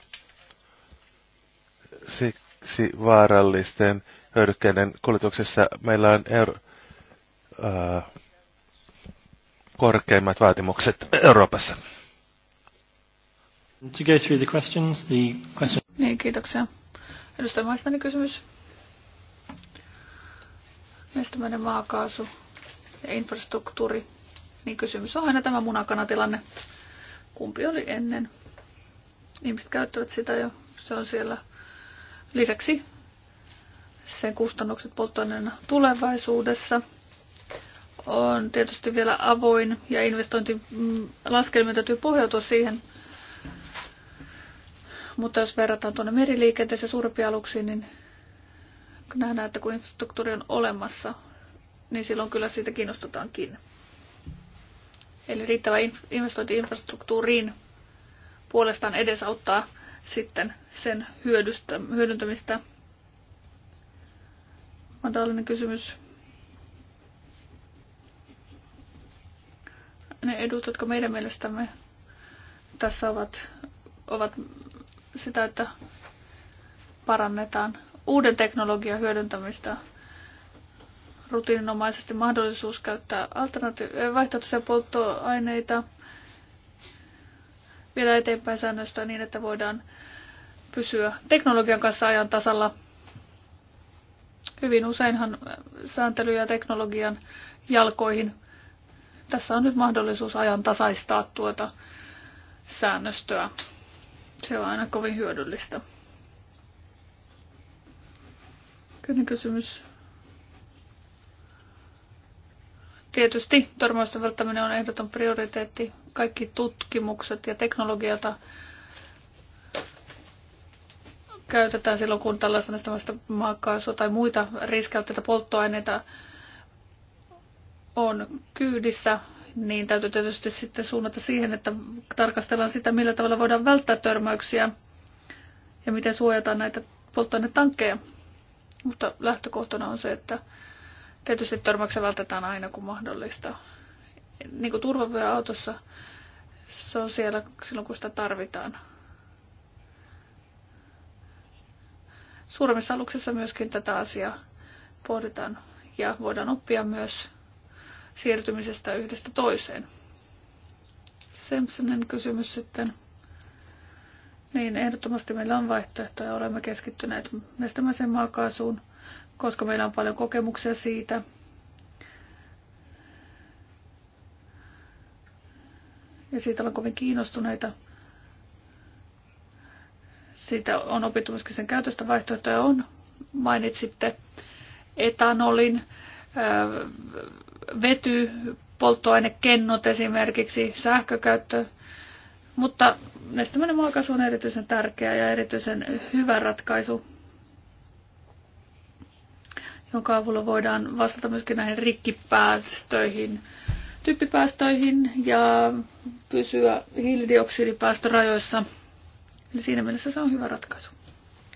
Siksi vaarallisten hyödykkeiden kuljetuksessa meillä on euro, ää, korkeimmat vaatimukset Euroopassa. To go through the questions, the question... Niin, kiitoksia. Edustaja Maistani kysymys. Nestemäinen maakaasu ja infrastruktuuri. Niin kysymys on aina tämä munakanatilanne. tilanne Kumpi oli ennen? Ihmiset käyttävät sitä jo. Se on siellä. Lisäksi sen kustannukset polttoaineena tulevaisuudessa on tietysti vielä avoin ja investointilaskelmien mm, täytyy pohjautua siihen. Mutta jos verrataan tuonne meriliikenteeseen suurempiin aluksiin, niin nähdään, että kun infrastruktuuri on olemassa, niin silloin kyllä siitä kiinnostutaankin. Eli riittävä investointi infrastruktuuriin puolestaan edesauttaa sitten sen hyödystä, hyödyntämistä. On tällainen kysymys. Ne edut, jotka meidän mielestämme tässä ovat, ovat sitä, että parannetaan uuden teknologian hyödyntämistä rutiininomaisesti mahdollisuus käyttää alternati- eh, vaihtoehtoisia polttoaineita, vielä eteenpäin säännöstä niin, että voidaan pysyä teknologian kanssa ajan tasalla. Hyvin useinhan sääntely ja teknologian jalkoihin. Tässä on nyt mahdollisuus ajan tasaistaa tuota säännöstöä. Se on aina kovin hyödyllistä. Kyllä kysymys Tietysti tormoista välttäminen on ehdoton prioriteetti. Kaikki tutkimukset ja teknologiata käytetään silloin, kun tällaista maakaasua tai muita riskialtteita polttoaineita on kyydissä, niin täytyy tietysti sitten suunnata siihen, että tarkastellaan sitä, millä tavalla voidaan välttää törmäyksiä ja miten suojataan näitä polttoainetankkeja. Mutta lähtökohtana on se, että Tietysti törmäyksen vältetään aina kun mahdollista. Niin kuin turvavyö autossa, se on siellä silloin kun sitä tarvitaan. Suuremmissa aluksissa myöskin tätä asiaa pohditaan ja voidaan oppia myös siirtymisestä yhdestä toiseen. Simpsonin kysymys sitten. Niin, ehdottomasti meillä on vaihtoehtoja. Olemme keskittyneet nestemäiseen maakaasuun – koska meillä on paljon kokemuksia siitä. Ja siitä ollaan kovin kiinnostuneita. Siitä on opittu myöskin sen käytöstä vaihtoehtoja on. Mainitsitte etanolin, vety, polttoainekennot esimerkiksi, sähkökäyttö. Mutta nestemäinen maakaasu on erityisen tärkeä ja erityisen hyvä ratkaisu jonka avulla voidaan vastata myöskin näihin rikkipäästöihin, typpipäästöihin ja pysyä hiilidioksidipäästörajoissa. Eli siinä mielessä se on hyvä ratkaisu.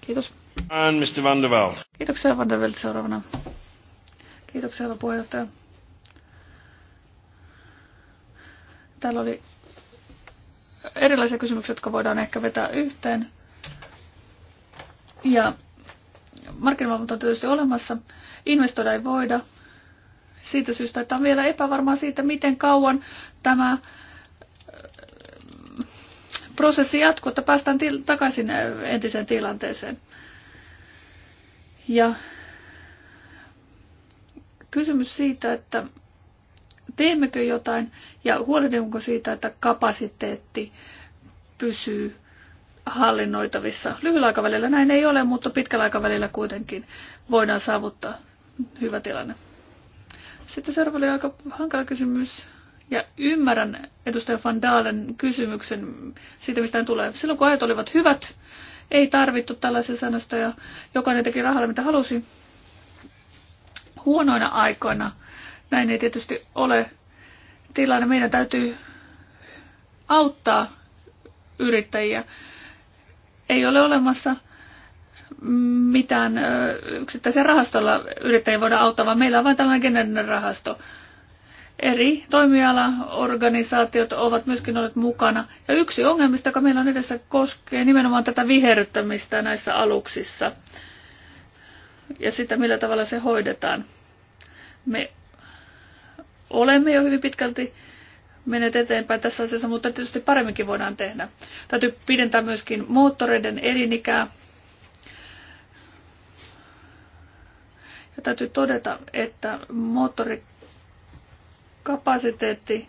Kiitos. And Mr. Van der Welt. Kiitoksia Van der Welt seuraavana. Kiitoksia hyvä puheenjohtaja. Täällä oli erilaisia kysymyksiä, jotka voidaan ehkä vetää yhteen. Ja Markkinavalvonta on tietysti olemassa. Investoida ei voida siitä syystä, että on vielä epävarmaa siitä, miten kauan tämä äh, prosessi jatkuu, että päästään til- takaisin äh, entiseen tilanteeseen. Ja kysymys siitä, että teemmekö jotain ja huolehdimmeko siitä, että kapasiteetti pysyy hallinnoitavissa. Lyhyellä aikavälillä näin ei ole, mutta pitkällä aikavälillä kuitenkin voidaan saavuttaa hyvä tilanne. Sitten seuraava oli aika hankala kysymys. Ja ymmärrän edustaja Van Daalen kysymyksen siitä, mistä tulee. Silloin kun ajat olivat hyvät, ei tarvittu tällaisia sanoista ja jokainen teki rahalla mitä halusi. Huonoina aikoina näin ei tietysti ole tilanne. Meidän täytyy auttaa yrittäjiä ei ole olemassa mitään yksittäisiä rahastolla yrittäjiä voida auttaa, vaan meillä on vain tällainen generinen rahasto. Eri toimialaorganisaatiot ovat myöskin olleet mukana. Ja yksi ongelmista, joka meillä on edessä, koskee nimenomaan tätä viherryttämistä näissä aluksissa ja sitä, millä tavalla se hoidetaan. Me olemme jo hyvin pitkälti menet eteenpäin tässä asiassa, mutta tietysti paremminkin voidaan tehdä. Täytyy pidentää myöskin moottoreiden elinikää. Ja täytyy todeta, että moottorikapasiteetti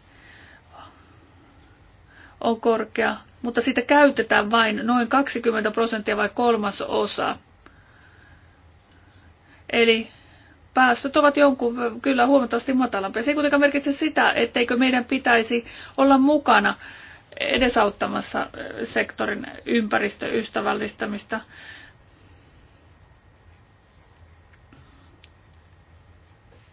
on korkea, mutta sitä käytetään vain noin 20 prosenttia vai kolmas osa. Eli päästöt ovat jonkun kyllä huomattavasti matalampia. Se ei kuitenkaan merkitse sitä, etteikö meidän pitäisi olla mukana edesauttamassa eh, sektorin ympäristöystävällistämistä.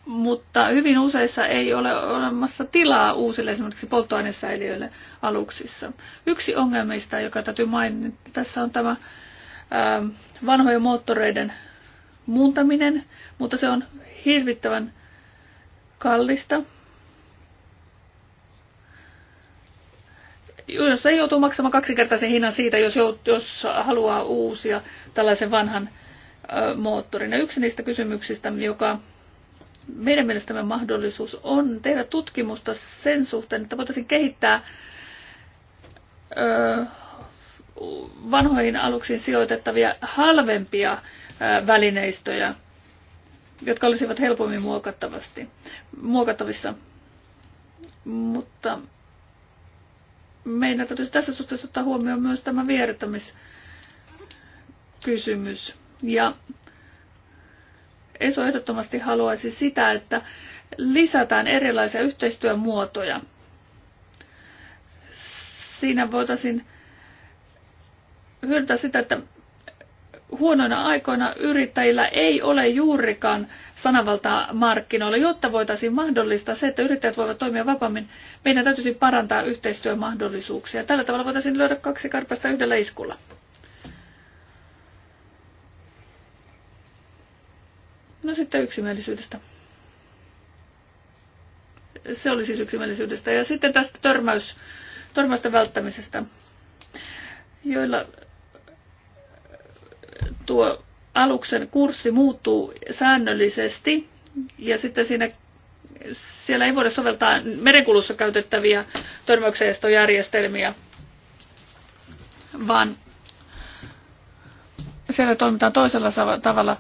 Mutta hyvin useissa ei ole olemassa tilaa uusille esimerkiksi polttoainesäiliöille aluksissa. Yksi ongelmista, joka täytyy mainita, tässä on tämä eh, vanhojen moottoreiden muuntaminen, mutta se on hirvittävän kallista. Jos ei joutuu maksamaan kaksinkertaisen hinnan siitä, jos, jos haluaa uusia tällaisen vanhan ö, moottorin. Ja yksi niistä kysymyksistä, joka meidän mielestämme mahdollisuus on tehdä tutkimusta sen suhteen, että voitaisiin kehittää ö, vanhoihin aluksiin sijoitettavia halvempia välineistöjä, jotka olisivat helpommin muokattavasti, muokattavissa. Mutta meidän täytyisi tässä suhteessa ottaa huomioon myös tämä vierittämiskysymys. Ja ESO ehdottomasti haluaisi sitä, että lisätään erilaisia yhteistyömuotoja. Siinä voitaisiin hyödyntää sitä, että huonoina aikoina yrittäjillä ei ole juurikaan sananvaltaa markkinoilla. Jotta voitaisiin mahdollistaa se, että yrittäjät voivat toimia vapaammin, meidän täytyisi parantaa yhteistyömahdollisuuksia. Tällä tavalla voitaisiin löydä kaksi karpasta yhdellä iskulla. No sitten yksimielisyydestä. Se oli siis yksimielisyydestä. Ja sitten tästä törmäys, törmäysten välttämisestä, joilla tuo aluksen kurssi muuttuu säännöllisesti ja sitten siinä siellä ei voida soveltaa merenkulussa käytettäviä törmäyksenestojärjestelmiä, vaan siellä toimitaan toisella tavalla.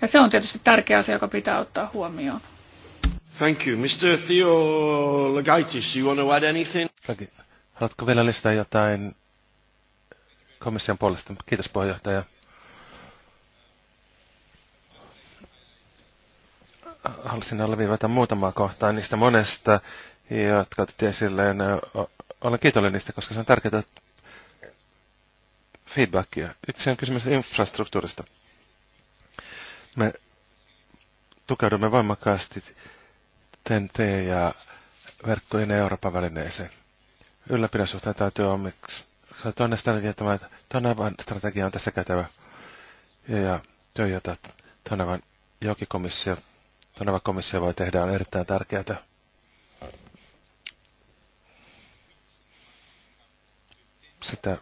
Ja se on tietysti tärkeä asia, joka pitää ottaa huomioon. Thank you. Mr. Theo Legaitis, you want to add anything? Haluatko vielä lisätä jotain komission puolesta? Kiitos puheenjohtaja. halusin alleviivata muutamaa kohtaa niistä monesta, jotka otettiin esille. olen kiitollinen niistä, koska se on tärkeää feedbackia. Yksi on kysymys infrastruktuurista. Me tukeudumme voimakkaasti TNT ja verkkojen ja Euroopan välineeseen. Ylläpidosuhteen suhteen täytyy omiksi. Toinen strategia, tämä toinen strategia on tässä kätevä. Ja, ja Toyota, Tanavan jokikomissio Tonava komissio voi tehdä on erittäin tärkeää. Sitä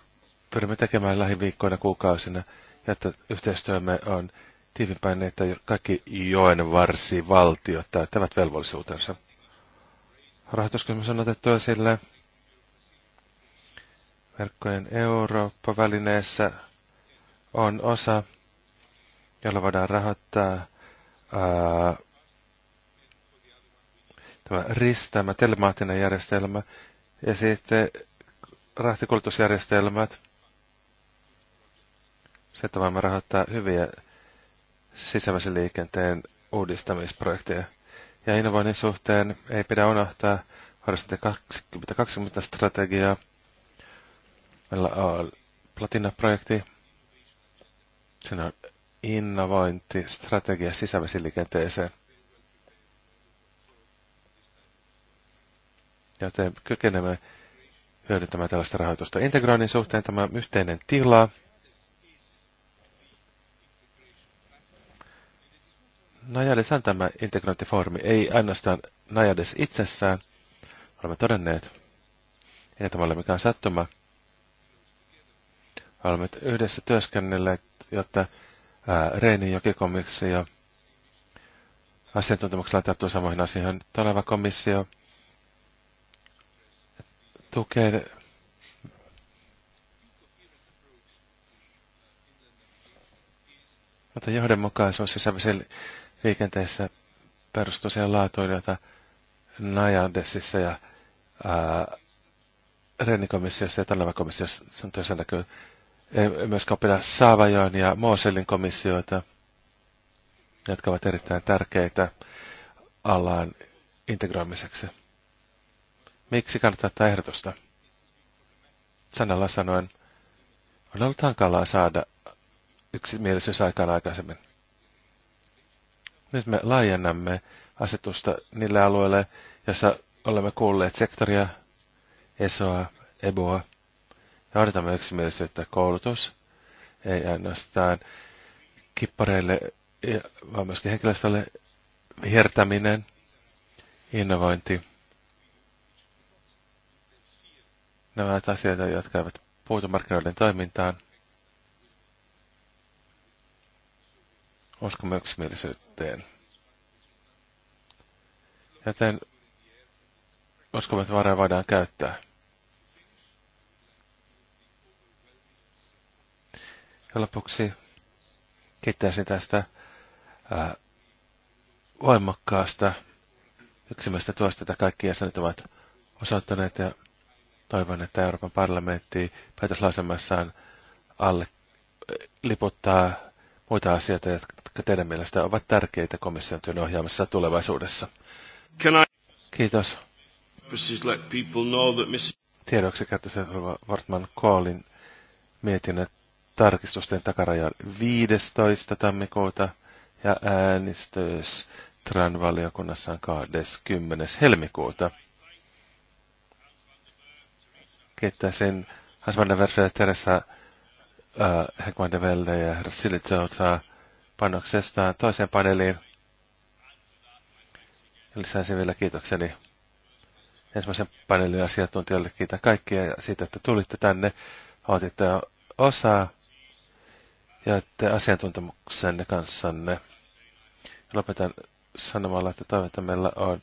pyrimme tekemään lähiviikkoina kuukausina, jotta yhteistyömme on tiivimpään, niin, että kaikki joen varsi valtiot täyttävät velvollisuutensa. Rahoituskysymys on otettu esille verkkojen Eurooppa-välineessä on osa, jolla voidaan rahoittaa ää, tämä ristämä, telemaattinen järjestelmä ja sitten rahtikuljetusjärjestelmät. Se, että voimme rahoittaa hyviä sisävisen liikenteen uudistamisprojekteja. Ja innovoinnin suhteen ei pidä unohtaa Horisontti 2020 strategiaa. Meillä on Platina-projekti. Siinä on innovointistrategia sisävesiliikenteeseen. ja te kykenemme hyödyntämään tällaista rahoitusta. Integroinnin suhteen tämä yhteinen tila. Najades on tämä integrointifoorumi, ei ainoastaan Najades itsessään. Olemme todenneet, ei tämä ole mikään sattuma. Olemme yhdessä työskennelleet, jotta Reini jokikomissio asiantuntemuksella tarttuu samoihin asioihin. Tuleva komissio tukee Mutta johdonmukaisuus sisävisen liikenteessä perustuu siihen laatuun, jota Najadesissa ja Rennikomissiossa ja komissiossa on työssä näkyy. Ei myöskään pidä Saavajoen ja Mooselin komissioita, jotka ovat erittäin tärkeitä alan integroimiseksi miksi kannattaa tätä ehdotusta. Sanalla sanoen, on ollut hankalaa saada yksimielisyys aikaan aikaisemmin. Nyt me laajennamme asetusta niille alueille, jossa olemme kuulleet sektoria, ESOa, EBOa, ja odotamme yksimielisyyttä koulutus, ei ainoastaan kippareille, vaan myöskin henkilöstölle hiertäminen, innovointi, Ne ovat asioita, jotka eivät puutu markkinoiden toimintaan. Uskomme yksimielisyyteen. Joten uskomme, että varoja voidaan käyttää. Ja lopuksi kiittäisin tästä ää, voimakkaasta yksimäistä tuosta, että kaikki jäsenet ovat osoittaneet ja Toivon, että Euroopan parlamentti päätöslaisemmassaan alle eh, liputtaa muita asioita, jotka teidän mielestä ovat tärkeitä komission työn ohjaamassa tulevaisuudessa. Kiitos. Tiedoksi käyttäisi Wartman Koolin mietinnön tarkistusten takaraja 15. tammikuuta ja äänestys Tran valiokunnassa on 20. helmikuuta kiittäisin Hans van der Teresa äh, de Velde ja herra Silitseutsaa panoksestaan toiseen paneeliin. Lisäisin vielä kiitokseni ensimmäisen paneelin asiantuntijoille. Kiitän kaikkia siitä, että tulitte tänne, otitte osaa ja että asiantuntemuksenne kanssanne. Lopetan sanomalla, että toivottavasti meillä on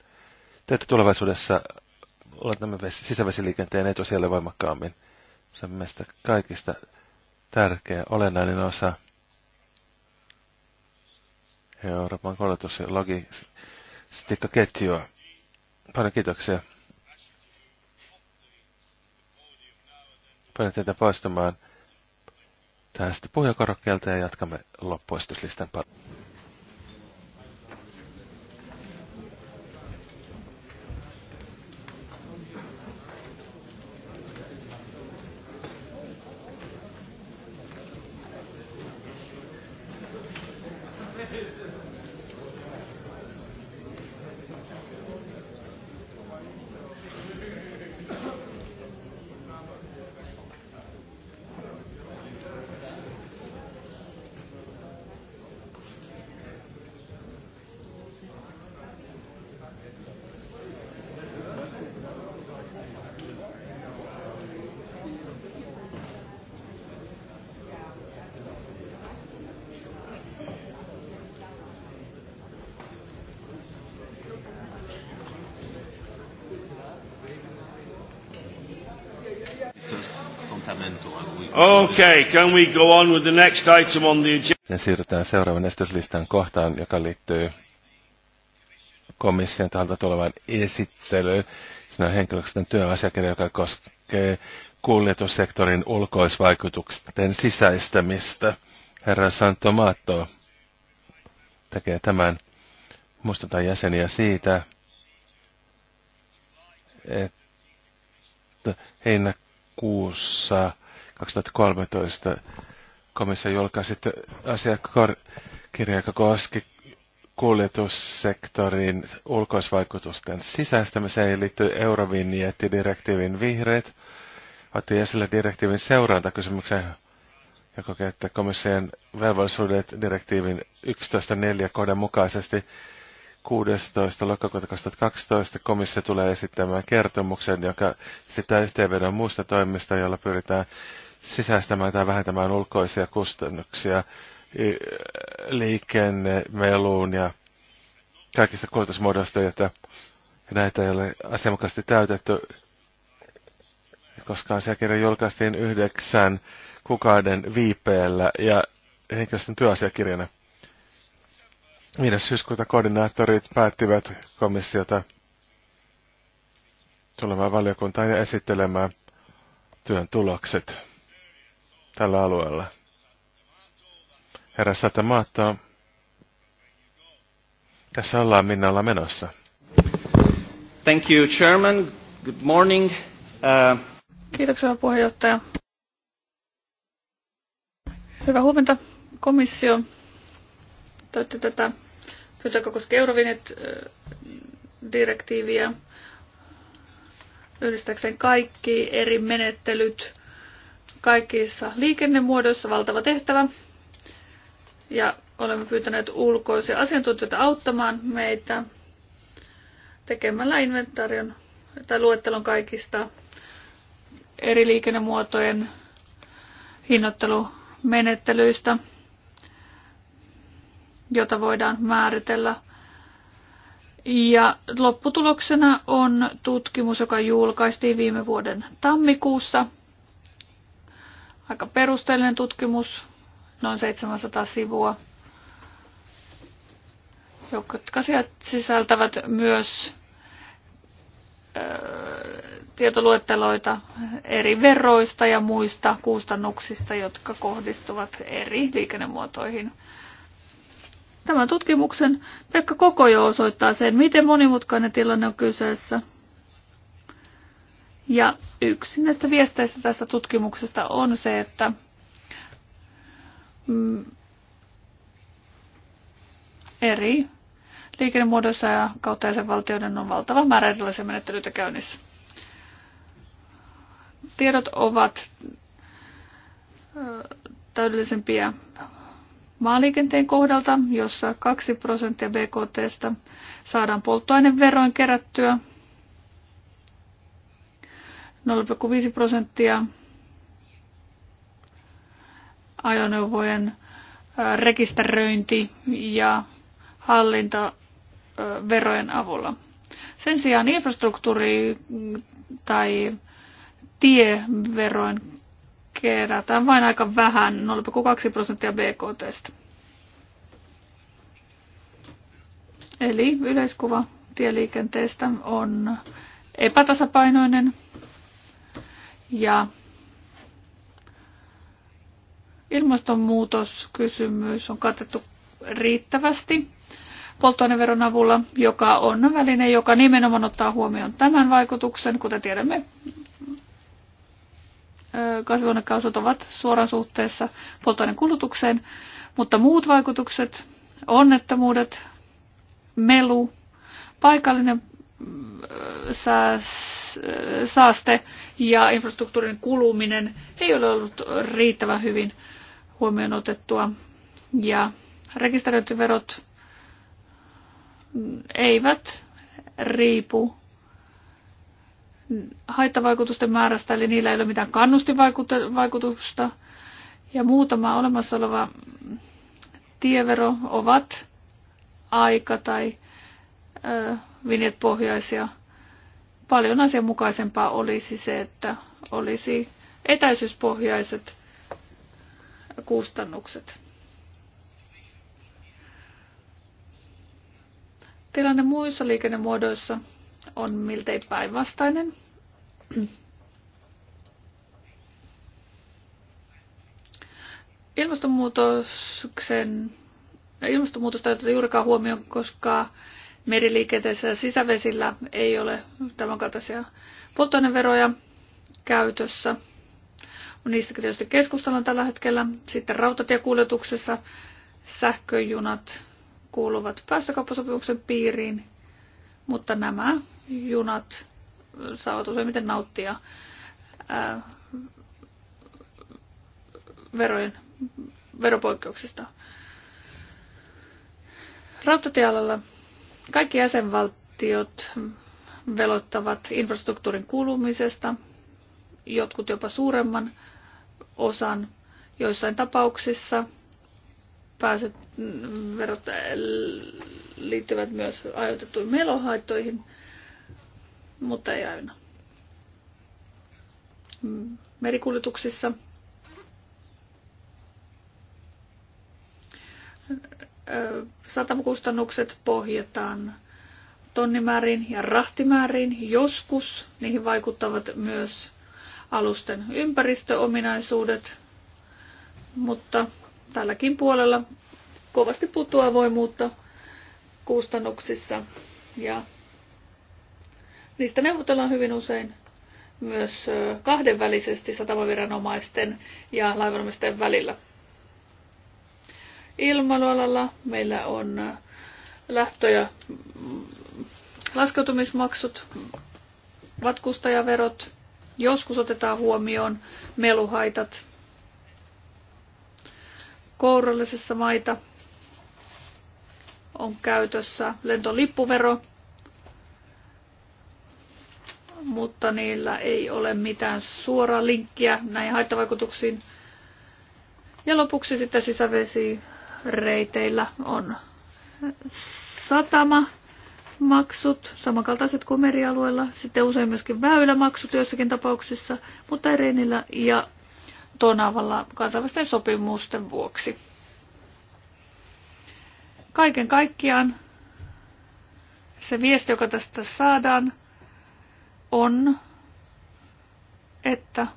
teitä tulevaisuudessa laitamme sisävesiliikenteen etusijalle voimakkaammin. Se on mielestäni kaikista tärkeä, olennainen osa Euroopan koulutus- ja logistiikkaketjua. Paljon kiitoksia. Paljon teitä poistumaan tästä puhujakorokkeelta ja jatkamme loppuistuslistan pari. Okay, can we go on with the next item on the agenda? Ja siirrytään seuraavan esityslistan kohtaan, joka liittyy komission taholta tulevaan esittelyyn. Siinä on henkilökohtainen työasiakirja, joka koskee kuljetussektorin ulkoisvaikutusten sisäistämistä. Herra Santomato tekee tämän. Muistutan jäseniä siitä, että heinäkuussa 2013 komissio julkaisi asiakirja, joka koski kuljetussektorin ulkoisvaikutusten sisäistämiseen liittyy Eurovinjettidirektiivin vihreät. Otti esille direktiivin seurantakysymyksen, joka käyttää komission velvollisuudet direktiivin 11.4 kohdan mukaisesti 16. lokakuuta 2012 komissio tulee esittämään kertomuksen, joka sitä yhteenvedon muusta toimista, jolla pyritään sisäistämään tai vähentämään ulkoisia kustannuksia liikenne, meluun ja kaikista kulutusmuodoista, että näitä ei ole asianmukaisesti täytetty, koska asiakirja julkaistiin yhdeksän kuukauden viipeellä ja henkilöstön työasiakirjana. 5. syyskuuta koordinaattorit päättivät komissiota tulemaan valiokuntaan ja esittelemään työn tulokset tällä alueella. Herra Satamaatto, tässä ollaan ollaan menossa. Thank you, Chairman. Good morning. Uh... Kiitoksia puheenjohtaja. Hyvää huomenta. Komissio Toitte tätä pyytää Eurovinet-direktiiviä yhdistääkseen kaikki eri menettelyt kaikissa liikennemuodoissa valtava tehtävä. Ja olemme pyytäneet ulkoisia asiantuntijoita auttamaan meitä tekemällä inventaarion tai luettelon kaikista eri liikennemuotojen hinnoittelumenettelyistä, jota voidaan määritellä. Ja lopputuloksena on tutkimus, joka julkaistiin viime vuoden tammikuussa – Aika perusteellinen tutkimus, noin 700 sivua, jotka sisältävät myös tietoluetteloita eri veroista ja muista kustannuksista, jotka kohdistuvat eri liikennemuotoihin. Tämän tutkimuksen Pekka Kokojo osoittaa sen, miten monimutkainen tilanne on kyseessä – ja yksi näistä viesteistä tästä tutkimuksesta on se, että mm, eri liikennemuodoissa ja kautta jäsenvaltioiden on valtava määrä erilaisia menettelyitä käynnissä. Tiedot ovat täydellisempiä maaliikenteen kohdalta, jossa 2 prosenttia BKTstä saadaan polttoaineveroin kerättyä 0,5 prosenttia ajoneuvojen rekisteröinti ja verojen avulla. Sen sijaan infrastruktuuri tai tieveroin kerätään vain aika vähän, 0,2 prosenttia BKTstä. Eli yleiskuva tieliikenteestä on epätasapainoinen ja ilmastonmuutoskysymys on katettu riittävästi polttoaineveron avulla, joka on väline, joka nimenomaan ottaa huomioon tämän vaikutuksen. Kuten tiedämme, kasvihuonekaasut ovat suoraan suhteessa polttoaineen kulutukseen, mutta muut vaikutukset, onnettomuudet, melu, paikallinen saaste ja infrastruktuurin kuluminen ei ole ollut riittävän hyvin huomioon otettua. Ja rekisteröintiverot eivät riipu haittavaikutusten määrästä, eli niillä ei ole mitään kannustinvaikutusta. Ja muutama olemassa oleva tievero ovat aika tai ö, vinjetpohjaisia. Paljon asianmukaisempaa olisi se, että olisi etäisyyspohjaiset kustannukset. Tilanne muissa liikennemuodoissa on miltei päinvastainen. Ilmastonmuutoksen, ilmastonmuutosta ei oteta juurikaan huomioon, koska meriliikenteessä ja sisävesillä ei ole tämänkaltaisia polttoaineveroja käytössä. Niistä tietysti keskustellaan tällä hetkellä. Sitten rautatiekuljetuksessa sähköjunat kuuluvat päästökauppasopimuksen piiriin, mutta nämä junat saavat useimmiten nauttia ää, verojen, veropoikkeuksista. Rautatiealalla kaikki jäsenvaltiot velottavat infrastruktuurin kulumisesta, jotkut jopa suuremman osan. Joissain tapauksissa pääset mm, verot äh, liittyvät myös ajoitettuihin melohaittoihin, mutta ei aina. Mm, merikuljetuksissa – satamakustannukset pohjataan tonnimääriin ja rahtimääriin. Joskus niihin vaikuttavat myös alusten ympäristöominaisuudet, mutta tälläkin puolella kovasti putoavoimuutta kustannuksissa ja niistä neuvotellaan hyvin usein myös kahdenvälisesti satamaviranomaisten ja laivanomistajien välillä ilmailualalla. Meillä on äh, lähtö- ja laskeutumismaksut, matkustajaverot, joskus otetaan huomioon meluhaitat, kourallisessa maita on käytössä lentolippuvero, mutta niillä ei ole mitään suoraa linkkiä näihin haittavaikutuksiin. Ja lopuksi sitten sisävesi reiteillä on satama, maksut, samankaltaiset kuin merialueilla, sitten usein myöskin väylämaksut joissakin tapauksissa, mutta ei Reinillä ja Tonavalla kansainvälisten sopimusten vuoksi. Kaiken kaikkiaan se viesti, joka tästä saadaan, on, että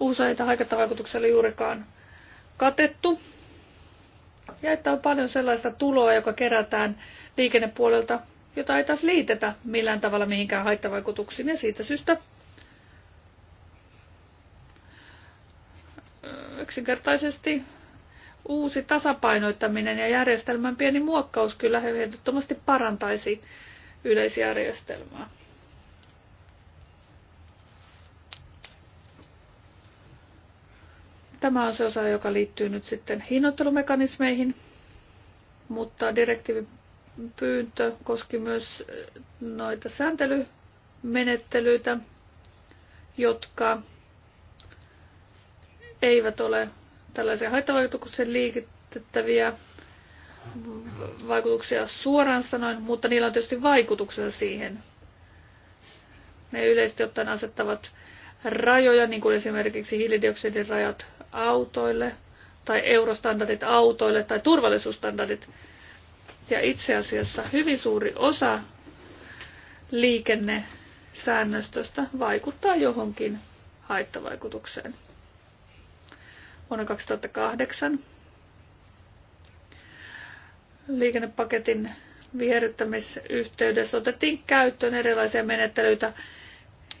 useita haikattavaikutuksia oli juurikaan katettu ja että on paljon sellaista tuloa, joka kerätään liikennepuolelta, jota ei taas liitetä millään tavalla mihinkään haittavaikutuksiin ja siitä syystä yksinkertaisesti uusi tasapainoittaminen ja järjestelmän pieni muokkaus kyllä ehdottomasti parantaisi yleisjärjestelmää. Tämä on se osa, joka liittyy nyt sitten hinnoittelumekanismeihin, mutta direktiivin pyyntö koski myös eh, noita sääntelymenettelyitä, jotka eivät ole tällaisia haittavaikutuksen liikettäviä vaikutuksia suoraan sanoen, mutta niillä on tietysti vaikutuksia siihen. Ne yleisesti ottaen asettavat rajoja, niin kuin esimerkiksi hiilidioksidin rajat autoille tai eurostandardit autoille tai turvallisuusstandardit. Ja itse asiassa hyvin suuri osa liikennesäännöstöstä vaikuttaa johonkin haittavaikutukseen. Vuonna 2008 liikennepaketin viherryttämisyhteydessä otettiin käyttöön erilaisia menettelyitä,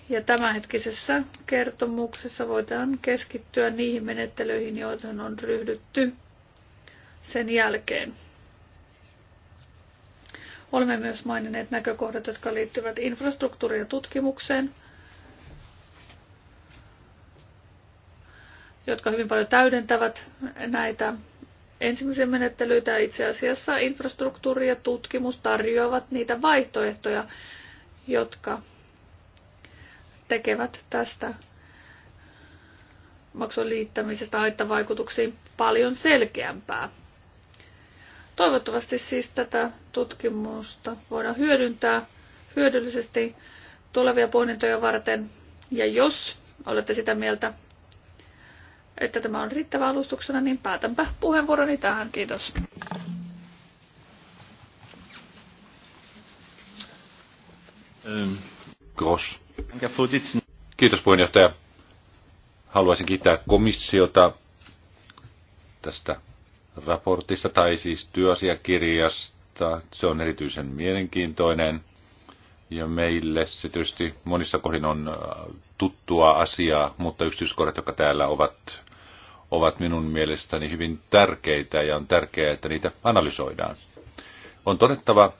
ja tämänhetkisessä kertomuksessa voidaan keskittyä niihin menettelyihin, joihin on ryhdytty sen jälkeen. Olemme myös maininneet näkökohdat, jotka liittyvät infrastruktuuriin ja tutkimukseen, jotka hyvin paljon täydentävät näitä ensimmäisiä menettelyitä. Itse asiassa infrastruktuuri ja tutkimus tarjoavat niitä vaihtoehtoja, jotka tekevät tästä maksun liittämisestä haittavaikutuksiin paljon selkeämpää. Toivottavasti siis tätä tutkimusta voidaan hyödyntää hyödyllisesti tulevia pohdintoja varten. Ja jos olette sitä mieltä, että tämä on riittävä alustuksena, niin päätänpä puheenvuoroni tähän. Kiitos. Um, Kiitos puheenjohtaja. Haluaisin kiittää komissiota tästä raportista tai siis työasiakirjasta. Se on erityisen mielenkiintoinen ja meille se tietysti monissa kohdin on äh, tuttua asiaa, mutta yksityiskohdat, jotka täällä ovat, ovat minun mielestäni hyvin tärkeitä ja on tärkeää, että niitä analysoidaan. On todettava,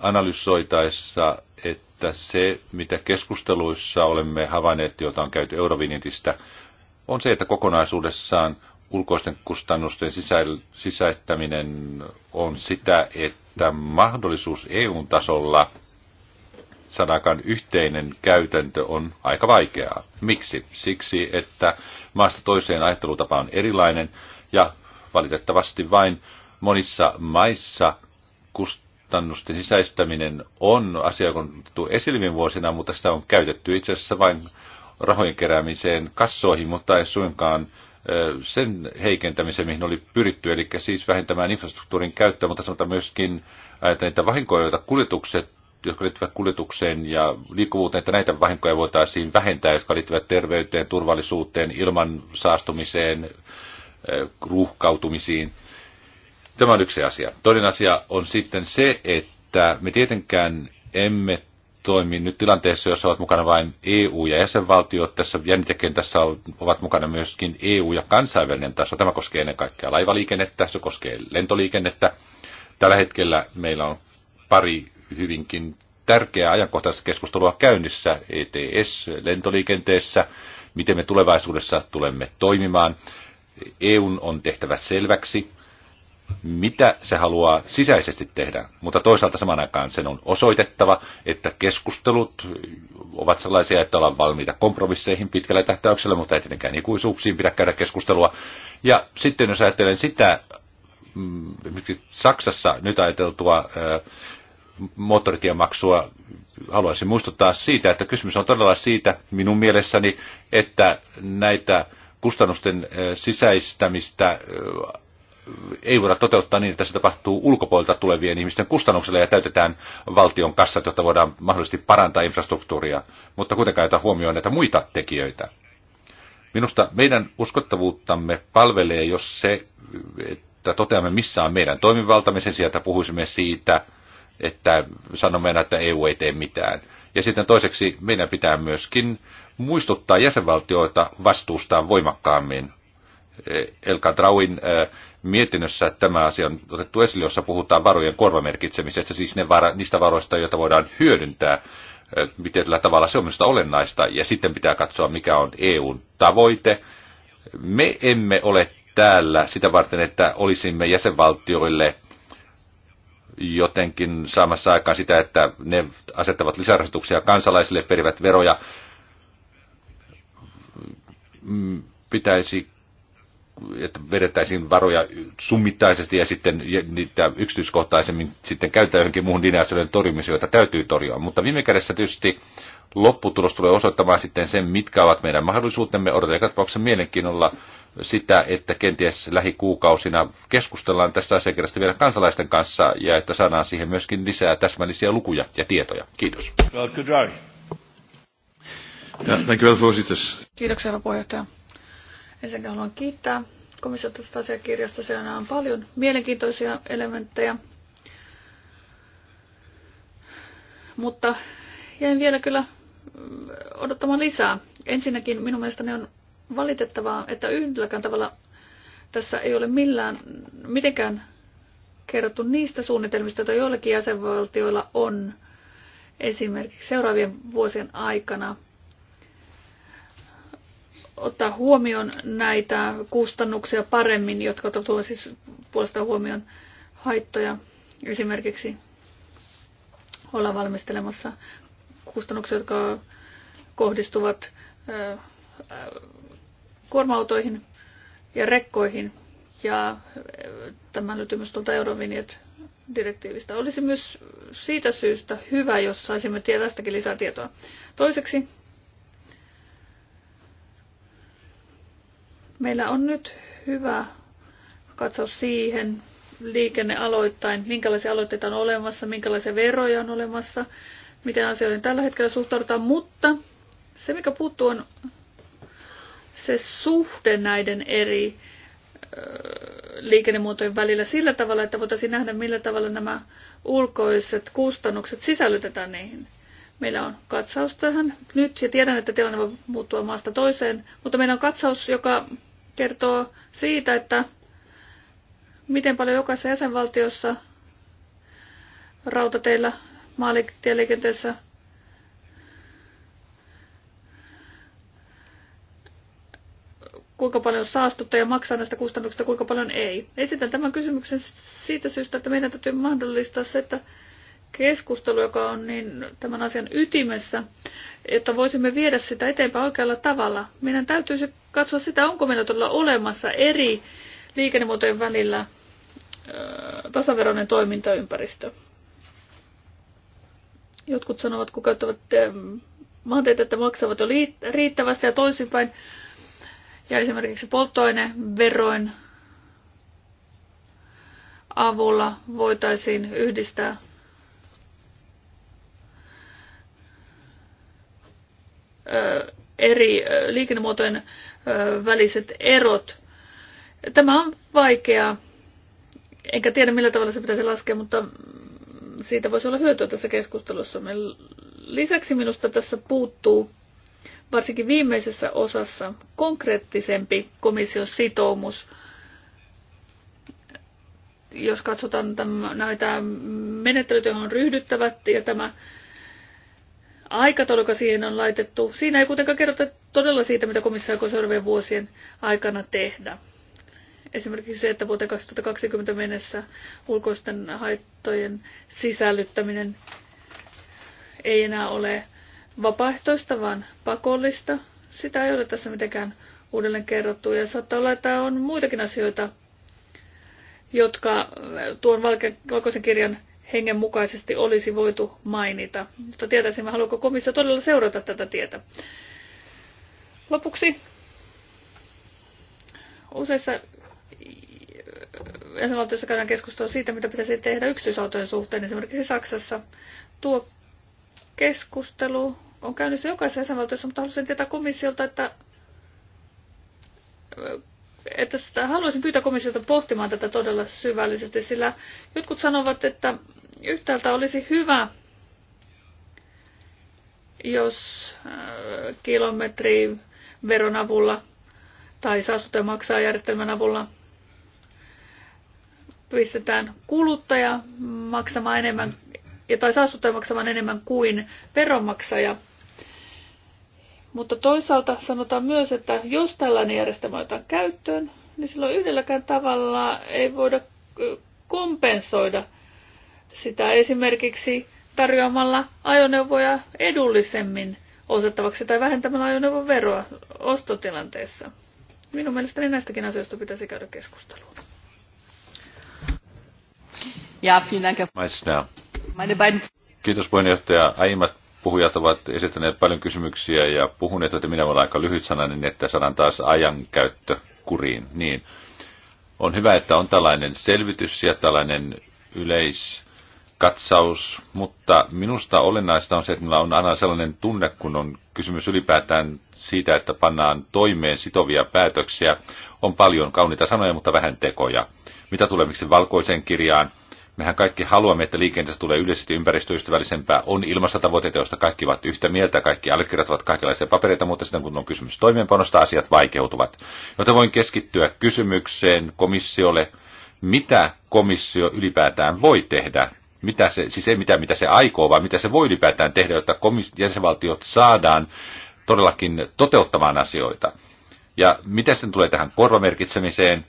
analysoitaessa, että se, mitä keskusteluissa olemme havainneet, joita on käyty Eurovinitistä, on se, että kokonaisuudessaan ulkoisten kustannusten sisäistäminen on sitä, että mahdollisuus EU-tasolla sanakaan yhteinen käytäntö on aika vaikeaa. Miksi? Siksi, että maasta toiseen ajattelutapa on erilainen ja valitettavasti vain monissa maissa kust- kustannusten sisäistäminen on asia, joka on tullut esille vuosina, mutta sitä on käytetty itse asiassa vain rahojen keräämiseen kassoihin, mutta ei suinkaan sen heikentämiseen, mihin oli pyritty, eli siis vähentämään infrastruktuurin käyttöä, mutta sanotaan myöskin että niitä vahinkoja, joita kuljetukset, jotka liittyvät kuljetukseen ja liikkuvuuteen, että näitä vahinkoja voitaisiin vähentää, jotka liittyvät terveyteen, turvallisuuteen, ilman saastumiseen, ruuhkautumisiin. Tämä on yksi asia. Toinen asia on sitten se, että me tietenkään emme toimi nyt tilanteessa, jossa ovat mukana vain EU ja jäsenvaltiot. Tässä jännitekentässä ovat mukana myöskin EU ja kansainvälinen taso. Tämä koskee ennen kaikkea laivaliikennettä, se koskee lentoliikennettä. Tällä hetkellä meillä on pari hyvinkin tärkeää ajankohtaista keskustelua käynnissä ETS-lentoliikenteessä, miten me tulevaisuudessa tulemme toimimaan. EUn on tehtävä selväksi, mitä se haluaa sisäisesti tehdä, mutta toisaalta saman aikaan sen on osoitettava, että keskustelut ovat sellaisia, että ollaan valmiita kompromisseihin pitkällä tähtäyksellä, mutta ei tietenkään ikuisuuksiin pidä käydä keskustelua. Ja sitten jos ajattelen sitä, mm, Saksassa nyt ajateltua moottoritiemaksua, haluaisin muistuttaa siitä, että kysymys on todella siitä minun mielessäni, että näitä kustannusten sisäistämistä ei voida toteuttaa niin, että se tapahtuu ulkopuolelta tulevien ihmisten kustannuksella ja täytetään valtion kassat, jotta voidaan mahdollisesti parantaa infrastruktuuria, mutta kuitenkaan jota huomioon näitä muita tekijöitä. Minusta meidän uskottavuuttamme palvelee, jos se, että toteamme missä on meidän toimivaltamme sen sijaan, että puhuisimme siitä, että sanomme että EU ei tee mitään. Ja sitten toiseksi meidän pitää myöskin muistuttaa jäsenvaltioita vastuustaan voimakkaammin. Elka Drauin mietinnössä tämä asia on otettu esille, jossa puhutaan varojen korvamerkitsemisestä, siis ne var- niistä varoista, joita voidaan hyödyntää miten tällä tavalla. Se on minusta olennaista ja sitten pitää katsoa, mikä on EUn tavoite. Me emme ole täällä sitä varten, että olisimme jäsenvaltioille jotenkin saamassa aikaan sitä, että ne asettavat lisärasituksia kansalaisille, perivät veroja. Mm, pitäisi että vedettäisiin varoja summittaisesti ja sitten niitä yksityiskohtaisemmin sitten käytetään johonkin muuhun dinastioiden torjumiseen, joita täytyy torjua. Mutta viime kädessä tietysti lopputulos tulee osoittamaan sitten sen, mitkä ovat meidän mahdollisuutemme. Odotan tapauksessa mielenkiinnolla sitä, että kenties lähikuukausina keskustellaan tästä asiakirjasta vielä kansalaisten kanssa ja että saadaan siihen myöskin lisää täsmällisiä lukuja ja tietoja. Kiitos. Kiitoksia, herra puheenjohtaja. Ensinnäkin haluan kiittää komissiota tästä asiakirjasta. Se on paljon mielenkiintoisia elementtejä. Mutta jäin vielä kyllä mm, odottamaan lisää. Ensinnäkin minun mielestäni on valitettavaa, että yhdelläkään tavalla tässä ei ole millään mitenkään kerrottu niistä suunnitelmista, joita joillakin jäsenvaltioilla on esimerkiksi seuraavien vuosien aikana – ottaa huomioon näitä kustannuksia paremmin, jotka tuovat siis puolestaan huomioon haittoja. Esimerkiksi ollaan valmistelemassa kustannuksia, jotka kohdistuvat kuorma-autoihin ja rekkoihin. Ja tämä löytyy myös tuolta Eurovinjet-direktiivistä. Olisi myös siitä syystä hyvä, jos saisimme tästäkin lisää tietoa. Toiseksi Meillä on nyt hyvä katsoa siihen liikennealoittain, minkälaisia aloitteita on olemassa, minkälaisia veroja on olemassa, miten asioihin tällä hetkellä suhtaudutaan, mutta se mikä puuttuu on se suhde näiden eri liikennemuotojen välillä sillä tavalla, että voitaisiin nähdä, millä tavalla nämä ulkoiset kustannukset sisällytetään niihin. Meillä on katsaus tähän nyt, ja tiedän, että tilanne voi muuttua maasta toiseen, mutta meillä on katsaus, joka kertoo siitä, että miten paljon jokaisessa jäsenvaltiossa rautateillä, maalitieliikenteessä kuinka paljon saastuttaa ja maksaa näistä kustannuksista, kuinka paljon ei. Esitän tämän kysymyksen siitä syystä, että meidän täytyy mahdollistaa se, että keskustelu, joka on niin tämän asian ytimessä, että voisimme viedä sitä eteenpäin oikealla tavalla. Meidän täytyisi katsoa sitä, onko meillä todella olemassa eri liikennemuotojen välillä tasaveroinen toimintaympäristö. Jotkut sanovat, kun käyttävät maanteita, että maksavat jo riittävästi ja toisinpäin. Ja esimerkiksi polttoaineveroin avulla voitaisiin yhdistää eri liikennemuotojen väliset erot. Tämä on vaikeaa, enkä tiedä millä tavalla se pitäisi laskea, mutta siitä voisi olla hyötyä tässä keskustelussa. Lisäksi minusta tässä puuttuu varsinkin viimeisessä osassa konkreettisempi komission sitoumus. Jos katsotaan tämän, näitä menettelyitä, joihin on ryhdyttävät ja tämä aikataulu, joka siihen on laitettu. Siinä ei kuitenkaan kerrota todella siitä, mitä komissio aikoo seuraavien vuosien aikana tehdä. Esimerkiksi se, että vuoteen 2020 mennessä ulkoisten haittojen sisällyttäminen ei enää ole vapaaehtoista, vaan pakollista. Sitä ei ole tässä mitenkään uudelleen kerrottu ja saattaa olla, että on muitakin asioita, jotka tuon valkoisen kirjan hengen mukaisesti olisi voitu mainita. Mutta tietäisin, haluaako komissio todella seurata tätä tietä. Lopuksi useissa jäsenvaltioissa käydään keskustelua siitä, mitä pitäisi tehdä yksityisautojen suhteen. Esimerkiksi Saksassa tuo keskustelu on käynnissä jokaisessa jäsenvaltiossa, mutta haluaisin tietää komissiolta, että että sitä haluaisin pyytää komissiota pohtimaan tätä todella syvällisesti, sillä jotkut sanovat, että yhtäältä olisi hyvä, jos äh, kilometri veron avulla tai saastuttaja maksaa järjestelmän avulla pistetään kuluttaja maksamaan enemmän, tai saastuttaja maksamaan enemmän kuin veronmaksaja – mutta toisaalta sanotaan myös, että jos tällainen järjestelmä otetaan käyttöön, niin silloin yhdelläkään tavalla ei voida kompensoida sitä esimerkiksi tarjoamalla ajoneuvoja edullisemmin ostettavaksi tai vähentämällä ajoneuvon veroa ostotilanteessa. Minun mielestäni näistäkin asioista pitäisi käydä keskustelua. Ja, vielen Dank. Meine beiden... Kiitos puheenjohtaja. Aiemmat puhujat ovat esittäneet paljon kysymyksiä ja puhuneet, että minä olen aika lyhyt sananen, että saadaan taas käyttö kuriin. Niin. On hyvä, että on tällainen selvitys ja tällainen yleiskatsaus, mutta minusta olennaista on se, että on aina sellainen tunne, kun on kysymys ylipäätään siitä, että pannaan toimeen sitovia päätöksiä. On paljon kauniita sanoja, mutta vähän tekoja. Mitä tulee miksi valkoiseen kirjaan, Mehän kaikki haluamme, että liikenteestä tulee yleisesti ympäristöystävällisempää. On ilmastotavoitteita, joista kaikki ovat yhtä mieltä, kaikki allekirjoittavat kaikenlaisia papereita, mutta sitten kun on kysymys toimeenpanosta, asiat vaikeutuvat. Joten voin keskittyä kysymykseen komissiolle, mitä komissio ylipäätään voi tehdä. Mitä se, siis ei mitä, mitä se aikoo, vaan mitä se voi ylipäätään tehdä, jotta komis- jäsenvaltiot saadaan todellakin toteuttamaan asioita. Ja mitä sitten tulee tähän korvamerkitsemiseen,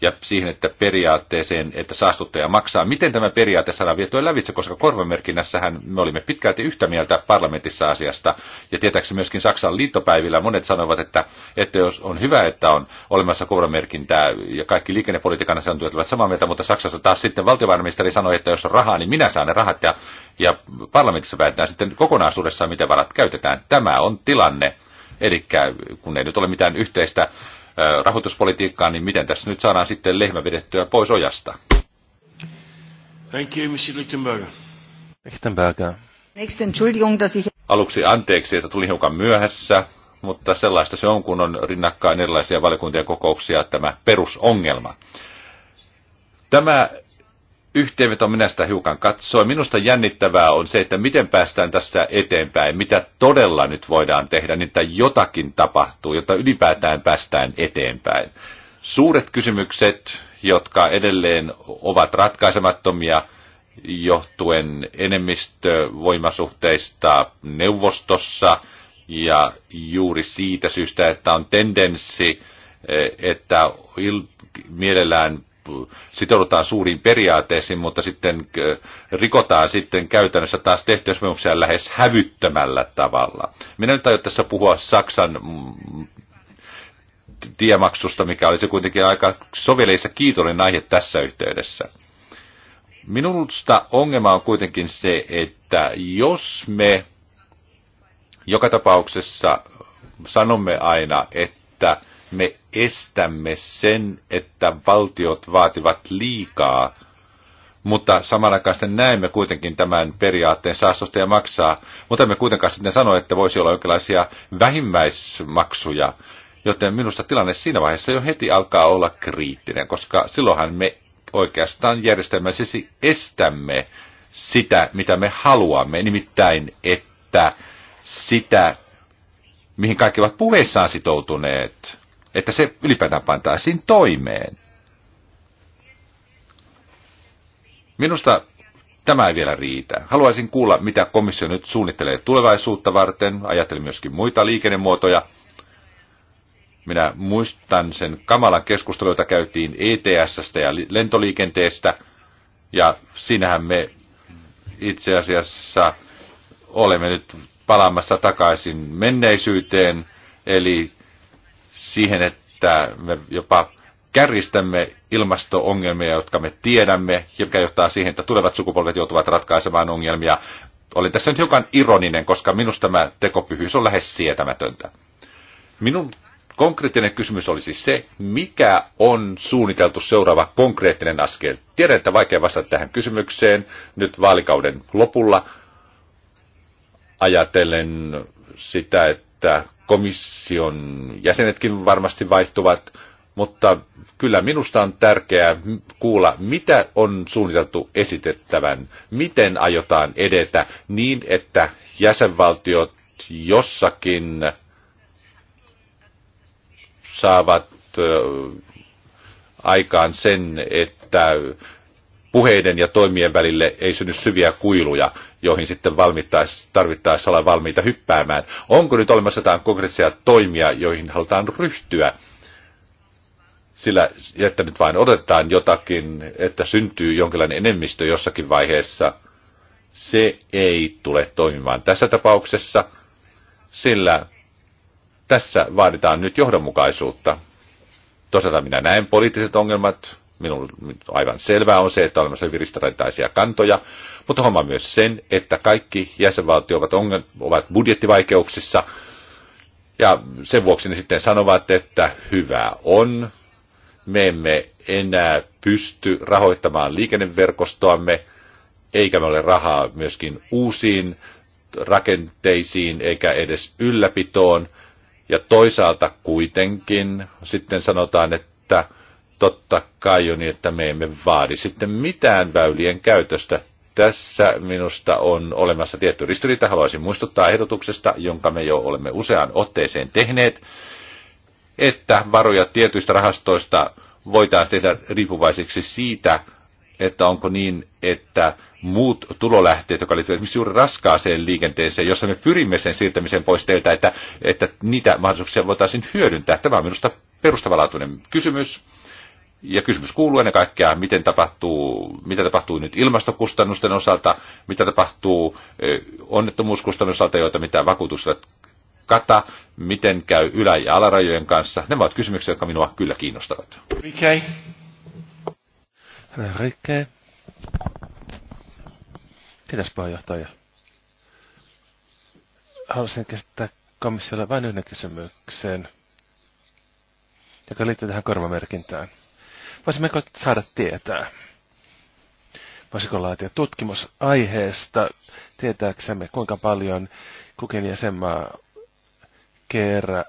ja siihen, että periaatteeseen, että saastuttaja maksaa. Miten tämä periaate saadaan vietyä lävitse, koska korvamerkinnässähän me olimme pitkälti yhtä mieltä parlamentissa asiasta. Ja tietääkseni myöskin Saksan liittopäivillä monet sanovat, että, että jos on hyvä, että on olemassa korvamerkintää ja kaikki liikennepolitiikan asiantuntijat ovat samaa mieltä, mutta Saksassa taas sitten valtiovarainministeri sanoi, että jos on rahaa, niin minä saan ne rahat ja, ja parlamentissa päätetään sitten kokonaisuudessaan, miten varat käytetään. Tämä on tilanne. Eli kun ei nyt ole mitään yhteistä rahoituspolitiikkaan, niin miten tässä nyt saadaan sitten lehmä vedettyä pois ojasta? Thank you, Mr. Lichtenberger. Lichtenberger. Aluksi anteeksi, että tuli hiukan myöhässä, mutta sellaista se on, kun on rinnakkain erilaisia valiokuntien kokouksia tämä perusongelma. Tämä yhteenveto minä sitä hiukan katsoin. Minusta jännittävää on se, että miten päästään tässä eteenpäin, mitä todella nyt voidaan tehdä, niin että jotakin tapahtuu, jotta ylipäätään päästään eteenpäin. Suuret kysymykset, jotka edelleen ovat ratkaisemattomia, johtuen enemmistövoimasuhteista neuvostossa ja juuri siitä syystä, että on tendenssi, eh, että mielellään sitoudutaan suuriin periaatteisiin, mutta sitten äh, rikotaan sitten käytännössä taas tehtyä sopimuksia lähes hävyttämällä tavalla. Minä nyt aion tässä puhua Saksan mm, tiemaksusta, mikä olisi kuitenkin aika sovelleissa kiitollinen aihe tässä yhteydessä. Minusta ongelma on kuitenkin se, että jos me joka tapauksessa sanomme aina, että me estämme sen, että valtiot vaativat liikaa, mutta samaan näemme kuitenkin tämän periaatteen saastosta ja maksaa, mutta me kuitenkaan sitten sano, että voisi olla jonkinlaisia vähimmäismaksuja, joten minusta tilanne siinä vaiheessa jo heti alkaa olla kriittinen, koska silloinhan me oikeastaan järjestelmällisesti estämme sitä, mitä me haluamme, nimittäin, että sitä, mihin kaikki ovat puheissaan sitoutuneet, että se ylipäätään pantaisiin toimeen. Minusta tämä ei vielä riitä. Haluaisin kuulla, mitä komissio nyt suunnittelee tulevaisuutta varten. Ajattelin myöskin muita liikennemuotoja. Minä muistan sen kamalan keskustelun, jota käytiin ETS: ja lentoliikenteestä. Ja siinähän me itse asiassa olemme nyt palaamassa takaisin menneisyyteen, eli siihen, että me jopa kärjistämme ilmasto-ongelmia, jotka me tiedämme, joka johtaa siihen, että tulevat sukupolvet joutuvat ratkaisemaan ongelmia. Oli tässä nyt hiukan ironinen, koska minusta tämä tekopyhyys on lähes sietämätöntä. Minun konkreettinen kysymys olisi siis se, mikä on suunniteltu seuraava konkreettinen askel. Tiedän, että vaikea vastata tähän kysymykseen nyt vaalikauden lopulla, ajatellen sitä, että että komission jäsenetkin varmasti vaihtuvat, mutta kyllä minusta on tärkeää kuulla, mitä on suunniteltu esitettävän, miten aiotaan edetä niin, että jäsenvaltiot jossakin saavat aikaan sen, että puheiden ja toimien välille ei synny syviä kuiluja, joihin sitten tarvittaessa olla valmiita hyppäämään. Onko nyt olemassa jotain konkreettisia toimia, joihin halutaan ryhtyä? Sillä, että nyt vain odotetaan jotakin, että syntyy jonkinlainen enemmistö jossakin vaiheessa, se ei tule toimimaan tässä tapauksessa, sillä tässä vaaditaan nyt johdonmukaisuutta. Toisaalta minä näen poliittiset ongelmat, minulle aivan selvää on se, että on olemassa viristaraitaisia kantoja, mutta homma myös sen, että kaikki jäsenvaltiot ovat, ongel- ovat budjettivaikeuksissa, ja sen vuoksi ne sitten sanovat, että hyvä on, me emme enää pysty rahoittamaan liikenneverkostoamme, eikä me ole rahaa myöskin uusiin rakenteisiin eikä edes ylläpitoon. Ja toisaalta kuitenkin sitten sanotaan, että totta kai on niin, että me emme vaadi sitten mitään väylien käytöstä. Tässä minusta on olemassa tietty ristiriita. Haluaisin muistuttaa ehdotuksesta, jonka me jo olemme useaan otteeseen tehneet, että varoja tietyistä rahastoista voitaisiin tehdä riippuvaisiksi siitä, että onko niin, että muut tulolähteet, jotka liittyvät esimerkiksi juuri raskaaseen liikenteeseen, jossa me pyrimme sen siirtämiseen pois teiltä, että, että niitä mahdollisuuksia voitaisiin hyödyntää. Tämä on minusta perustavanlaatuinen kysymys. Ja kysymys kuuluu ennen kaikkea, miten tapahtuu, mitä tapahtuu nyt ilmastokustannusten osalta, mitä tapahtuu onnettomuuskustannusten osalta, joita mitä vakuutukset kata, miten käy ylä- ja alarajojen kanssa. Nämä ovat kysymyksiä, jotka minua kyllä kiinnostavat. Rike. Rike. Kiitos puheenjohtaja. Haluaisin käsittää komissiolle vain yhden kysymyksen, joka liittyy tähän korvamerkintään. Voisimmeko saada tietää? Voisiko laatia tutkimus aiheesta tietääksemme, kuinka paljon kukin jäsenmaa kerää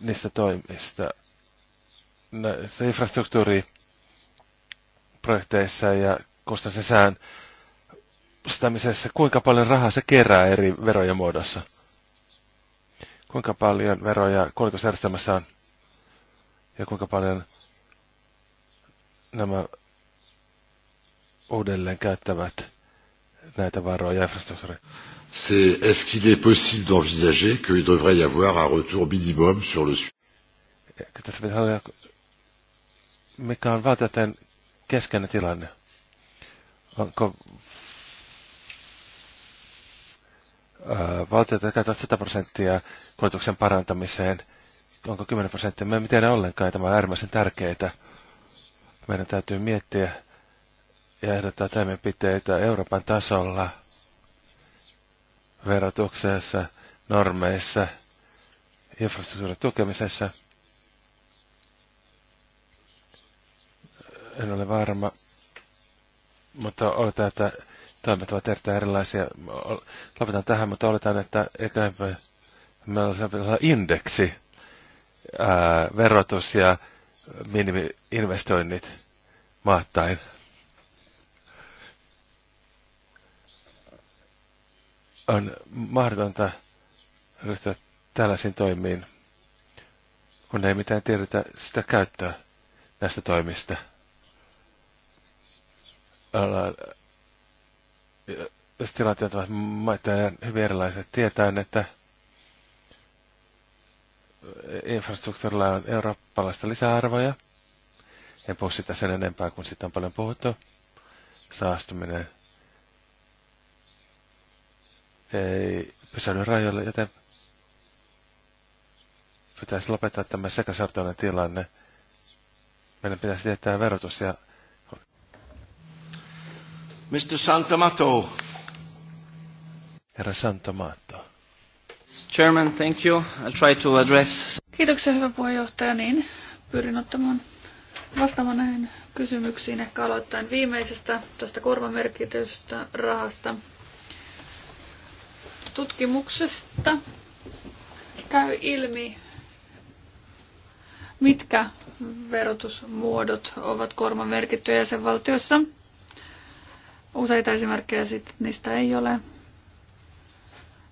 niistä toimista näissä infrastruktuuriprojekteissa ja kustannusten sään ostamisessa, kuinka paljon rahaa se kerää eri verojen muodossa? Kuinka paljon veroja kulutusjärjestelmässä on? Ja kuinka paljon nämä uudelleen käyttävät näitä varoja infrastruktuuria? C'est est-ce qu'il est possible d'envisager qu'il devrait y avoir un retour minimum sur le sujet? Mikä on valtioiden keskeinen tilanne? Onko valtioita käytetään 100 prosenttia kulutuksen parantamiseen, onko 10 prosenttia, me emme tiedä ollenkaan, tämä on äärimmäisen tärkeää. Meidän täytyy miettiä ja ehdottaa toimenpiteitä Euroopan tasolla, verotuksessa, normeissa, infrastruktuurin tukemisessa. En ole varma, mutta oletan, että toimet ovat erittäin erilaisia. Lopetan tähän, mutta oletan, että eikö meillä on indeksi, ää, verotus ja minimi-investoinnit maattain. On mahdotonta ryhtyä tällaisiin toimiin, kun ei mitään tiedetä sitä käyttää näistä toimista. Ollaan, jos tilanteet ovat maittain hyvin erilaiset, tietäen, että infrastruktuurilla on eurooppalaista lisäarvoja. En puhu sitä sen enempää, kun sitä on paljon puhuttu. Saastuminen ei pysäydy rajoille, joten pitäisi lopettaa tämä sekasortoinen tilanne. Meidän pitäisi tietää verotus ja... Mr. Santamato. Herra Santamato. Chairman, thank you. I'll try to address... Kiitoksia hyvä puheenjohtaja. Niin, pyrin ottamaan vastaamaan näihin kysymyksiin ehkä aloittain viimeisestä tästä korvamerkitystä rahasta. Tutkimuksesta käy ilmi, mitkä verotusmuodot ovat korvamerkittyjä jäsenvaltiossa. Useita esimerkkejä sit niistä ei ole.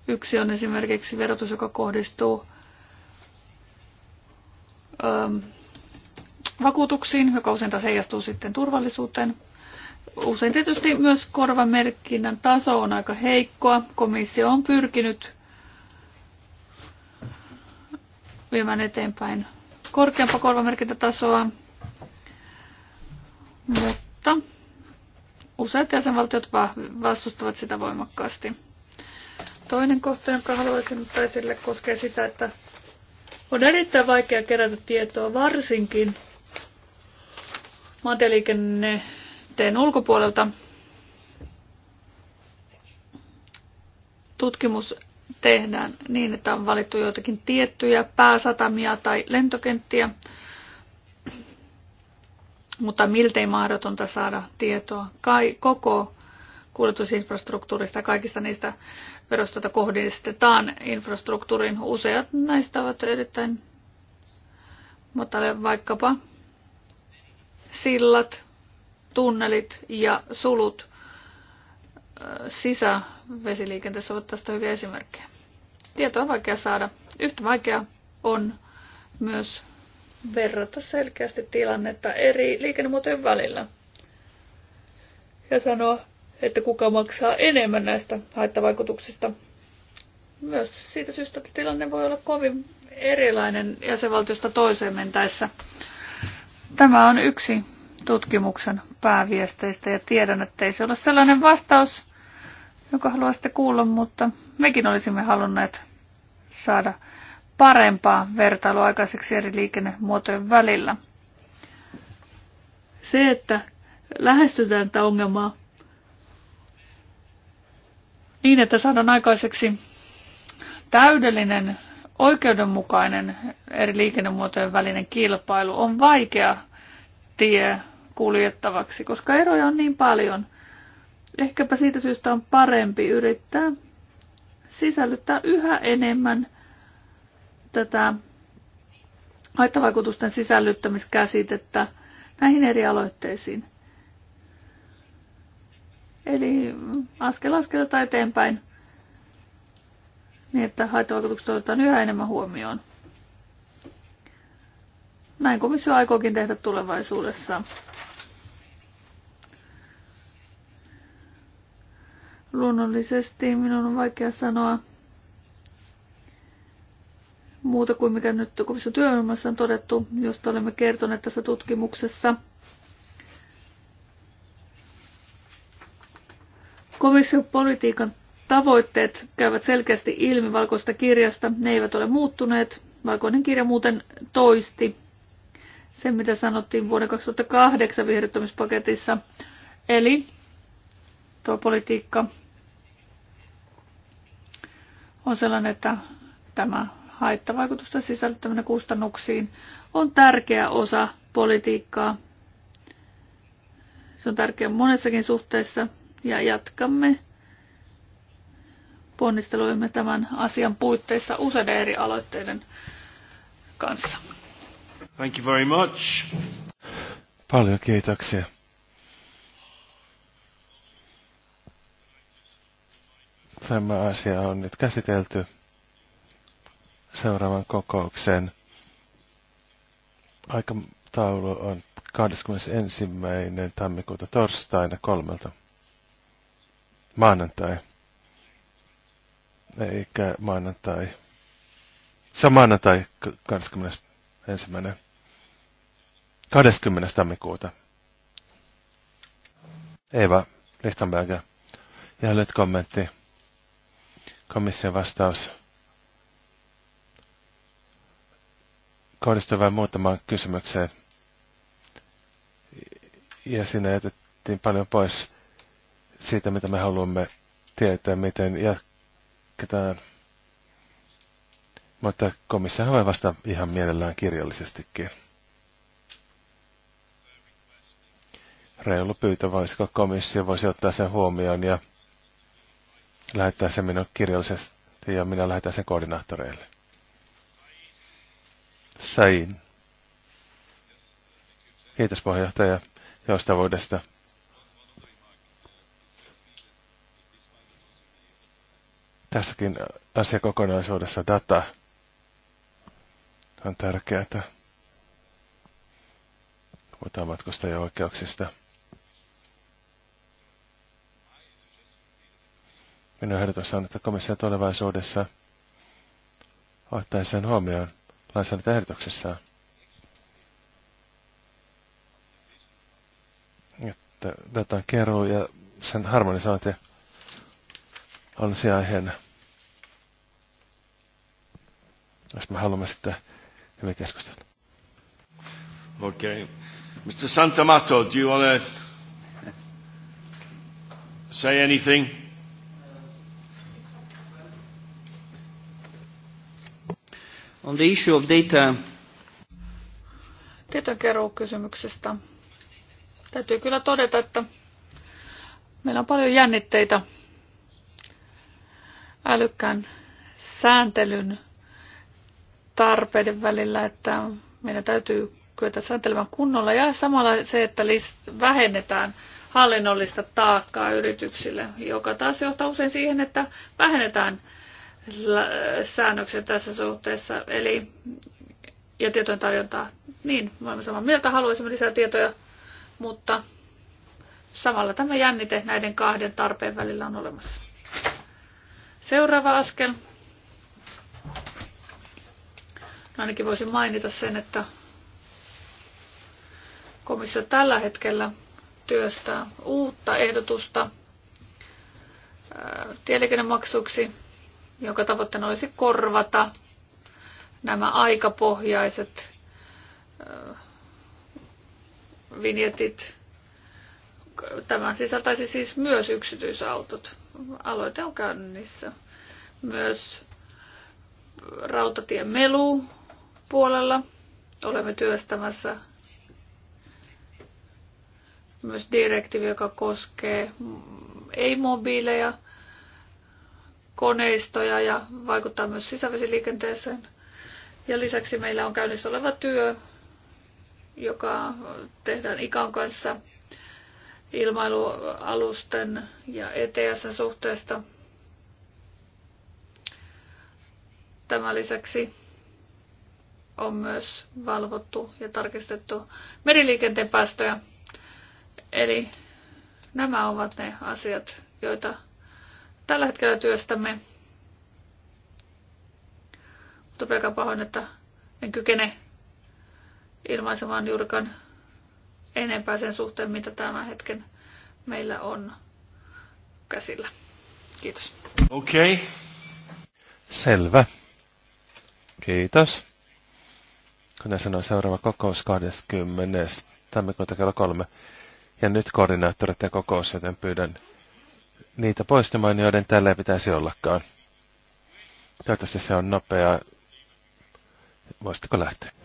Yksi on esimerkiksi verotus, joka kohdistuu ähm, vakuutuksiin, joka usein taas heijastuu sitten turvallisuuteen. Usein tietysti myös korvamerkinnän taso on aika heikkoa. Komissio on pyrkinyt viemään eteenpäin korkeampaa korvamerkintätasoa, mutta useat jäsenvaltiot vastustavat sitä voimakkaasti. Toinen kohta, jonka haluaisin ottaa esille, koskee sitä, että on erittäin vaikea kerätä tietoa, varsinkin maantieliikenteen ulkopuolelta. Tutkimus tehdään niin, että on valittu joitakin tiettyjä pääsatamia tai lentokenttiä, mutta miltei mahdotonta saada tietoa kai koko kuljetusinfrastruktuurista kaikista niistä verosta kohdistetaan infrastruktuuriin. Useat näistä ovat erittäin matalia, vaikkapa sillat, tunnelit ja sulut äh, sisävesiliikenteessä ovat tästä hyviä esimerkkejä. Tietoa on vaikea saada. Yhtä vaikea on myös verrata selkeästi tilannetta eri liikennemuotojen välillä ja sanoa, että kuka maksaa enemmän näistä haittavaikutuksista. Myös siitä syystä, että tilanne voi olla kovin erilainen jäsenvaltiosta toiseen mentäessä. Tämä on yksi tutkimuksen pääviesteistä ja tiedän, että ei se ole sellainen vastaus, jonka haluaisitte kuulla, mutta mekin olisimme halunneet saada parempaa vertailua aikaiseksi eri liikennemuotojen välillä. Se, että lähestytään tätä ongelmaa niin, että saadaan aikaiseksi täydellinen, oikeudenmukainen eri liikennemuotojen välinen kilpailu on vaikea tie kuljettavaksi, koska eroja on niin paljon. Ehkäpä siitä syystä on parempi yrittää sisällyttää yhä enemmän tätä haittavaikutusten sisällyttämiskäsitettä näihin eri aloitteisiin. Eli askel askelta eteenpäin niin, että haittavaikutukset otetaan yhä enemmän huomioon. Näin komissio aikookin tehdä tulevaisuudessa. Luonnollisesti minun on vaikea sanoa muuta kuin mikä nyt komission työryhmässä on todettu, josta olemme kertoneet tässä tutkimuksessa – Komission politiikan tavoitteet käyvät selkeästi ilmi valkoista kirjasta. Ne eivät ole muuttuneet. Valkoinen kirja muuten toisti sen, mitä sanottiin vuoden 2008 viherryttämispaketissa. Eli tuo politiikka on sellainen, että tämä haittavaikutusta sisällyttäminen kustannuksiin on tärkeä osa politiikkaa. Se on tärkeä monessakin suhteessa, ja jatkamme ponnistelujemme tämän asian puitteissa useiden eri aloitteiden kanssa. Thank you very much. Paljon kiitoksia. Tämä asia on nyt käsitelty seuraavan kokouksen. Aikataulu on 21. tammikuuta torstaina kolmelta maanantai. Eikä maanantai. Se on maanantai 21. 20. tammikuuta. Eva Lichtenberger. Ja nyt kommentti. Komission vastaus. Kohdistuu vain muutamaan kysymykseen. Ja siinä jätettiin paljon pois siitä, mitä me haluamme tietää, miten jatketaan. Mutta komissahan voi vasta ihan mielellään kirjallisestikin. Reilu pyytä, voisiko komissio voisi ottaa sen huomioon ja lähettää sen minun kirjallisesti ja minä lähetän sen koordinaattoreille. Sain. Kiitos puheenjohtaja joustavuudesta. tässäkin asiakokonaisuudessa data on tärkeää. Puhutaan oikeuksista. Minun ehdotus on, että komissio tulevaisuudessa ottaisi sen huomioon lainsäädäntöehdotuksessaan. Että datan keruu ja sen harmonisointi on se aiheena jos me haluamme sitä hyvin keskustella. Okay. Mr. Santamato, do you want to say anything? On the issue of data. Tietokeruukysymyksestä. Täytyy kyllä todeta, että meillä on paljon jännitteitä älykkään sääntelyn tarpeiden välillä, että meidän täytyy kyetä sääntelemään kunnolla ja samalla se, että vähennetään hallinnollista taakkaa yrityksille, joka taas johtaa usein siihen, että vähennetään säännöksiä tässä suhteessa. Eli ja tietojen tarjontaa. Niin, me olemme samaa mieltä, haluaisimme lisää tietoja, mutta samalla tämä jännite näiden kahden tarpeen välillä on olemassa. Seuraava askel Ainakin voisin mainita sen, että komissio tällä hetkellä työstää uutta ehdotusta tieliikennemaksuksi, jonka tavoitteena olisi korvata nämä aikapohjaiset vinjetit. Tämä sisältäisi siis myös yksityisautot. Aloite on käynnissä. Myös rautatie melu puolella. Olemme työstämässä myös direktiivi, joka koskee ei-mobiileja, koneistoja ja vaikuttaa myös sisävesiliikenteeseen. Ja lisäksi meillä on käynnissä oleva työ, joka tehdään ikan kanssa ilmailualusten ja ETS-suhteesta. Tämän lisäksi on myös valvottu ja tarkistettu meriliikenteen päästöjä. Eli nämä ovat ne asiat, joita tällä hetkellä työstämme. Mutta pelkään pahoin, että en kykene ilmaisemaan juurikaan enempää sen suhteen, mitä tämän hetken meillä on käsillä. Kiitos. Okei. Okay. Selvä. Kiitos. Minä sanoin, seuraava kokous 20. tammikuuta kello kolme. Ja nyt ja kokous, joten pyydän niitä poistamaan, joiden tällä ei pitäisi ollakaan. Toivottavasti se on nopeaa, Voisitko lähteä?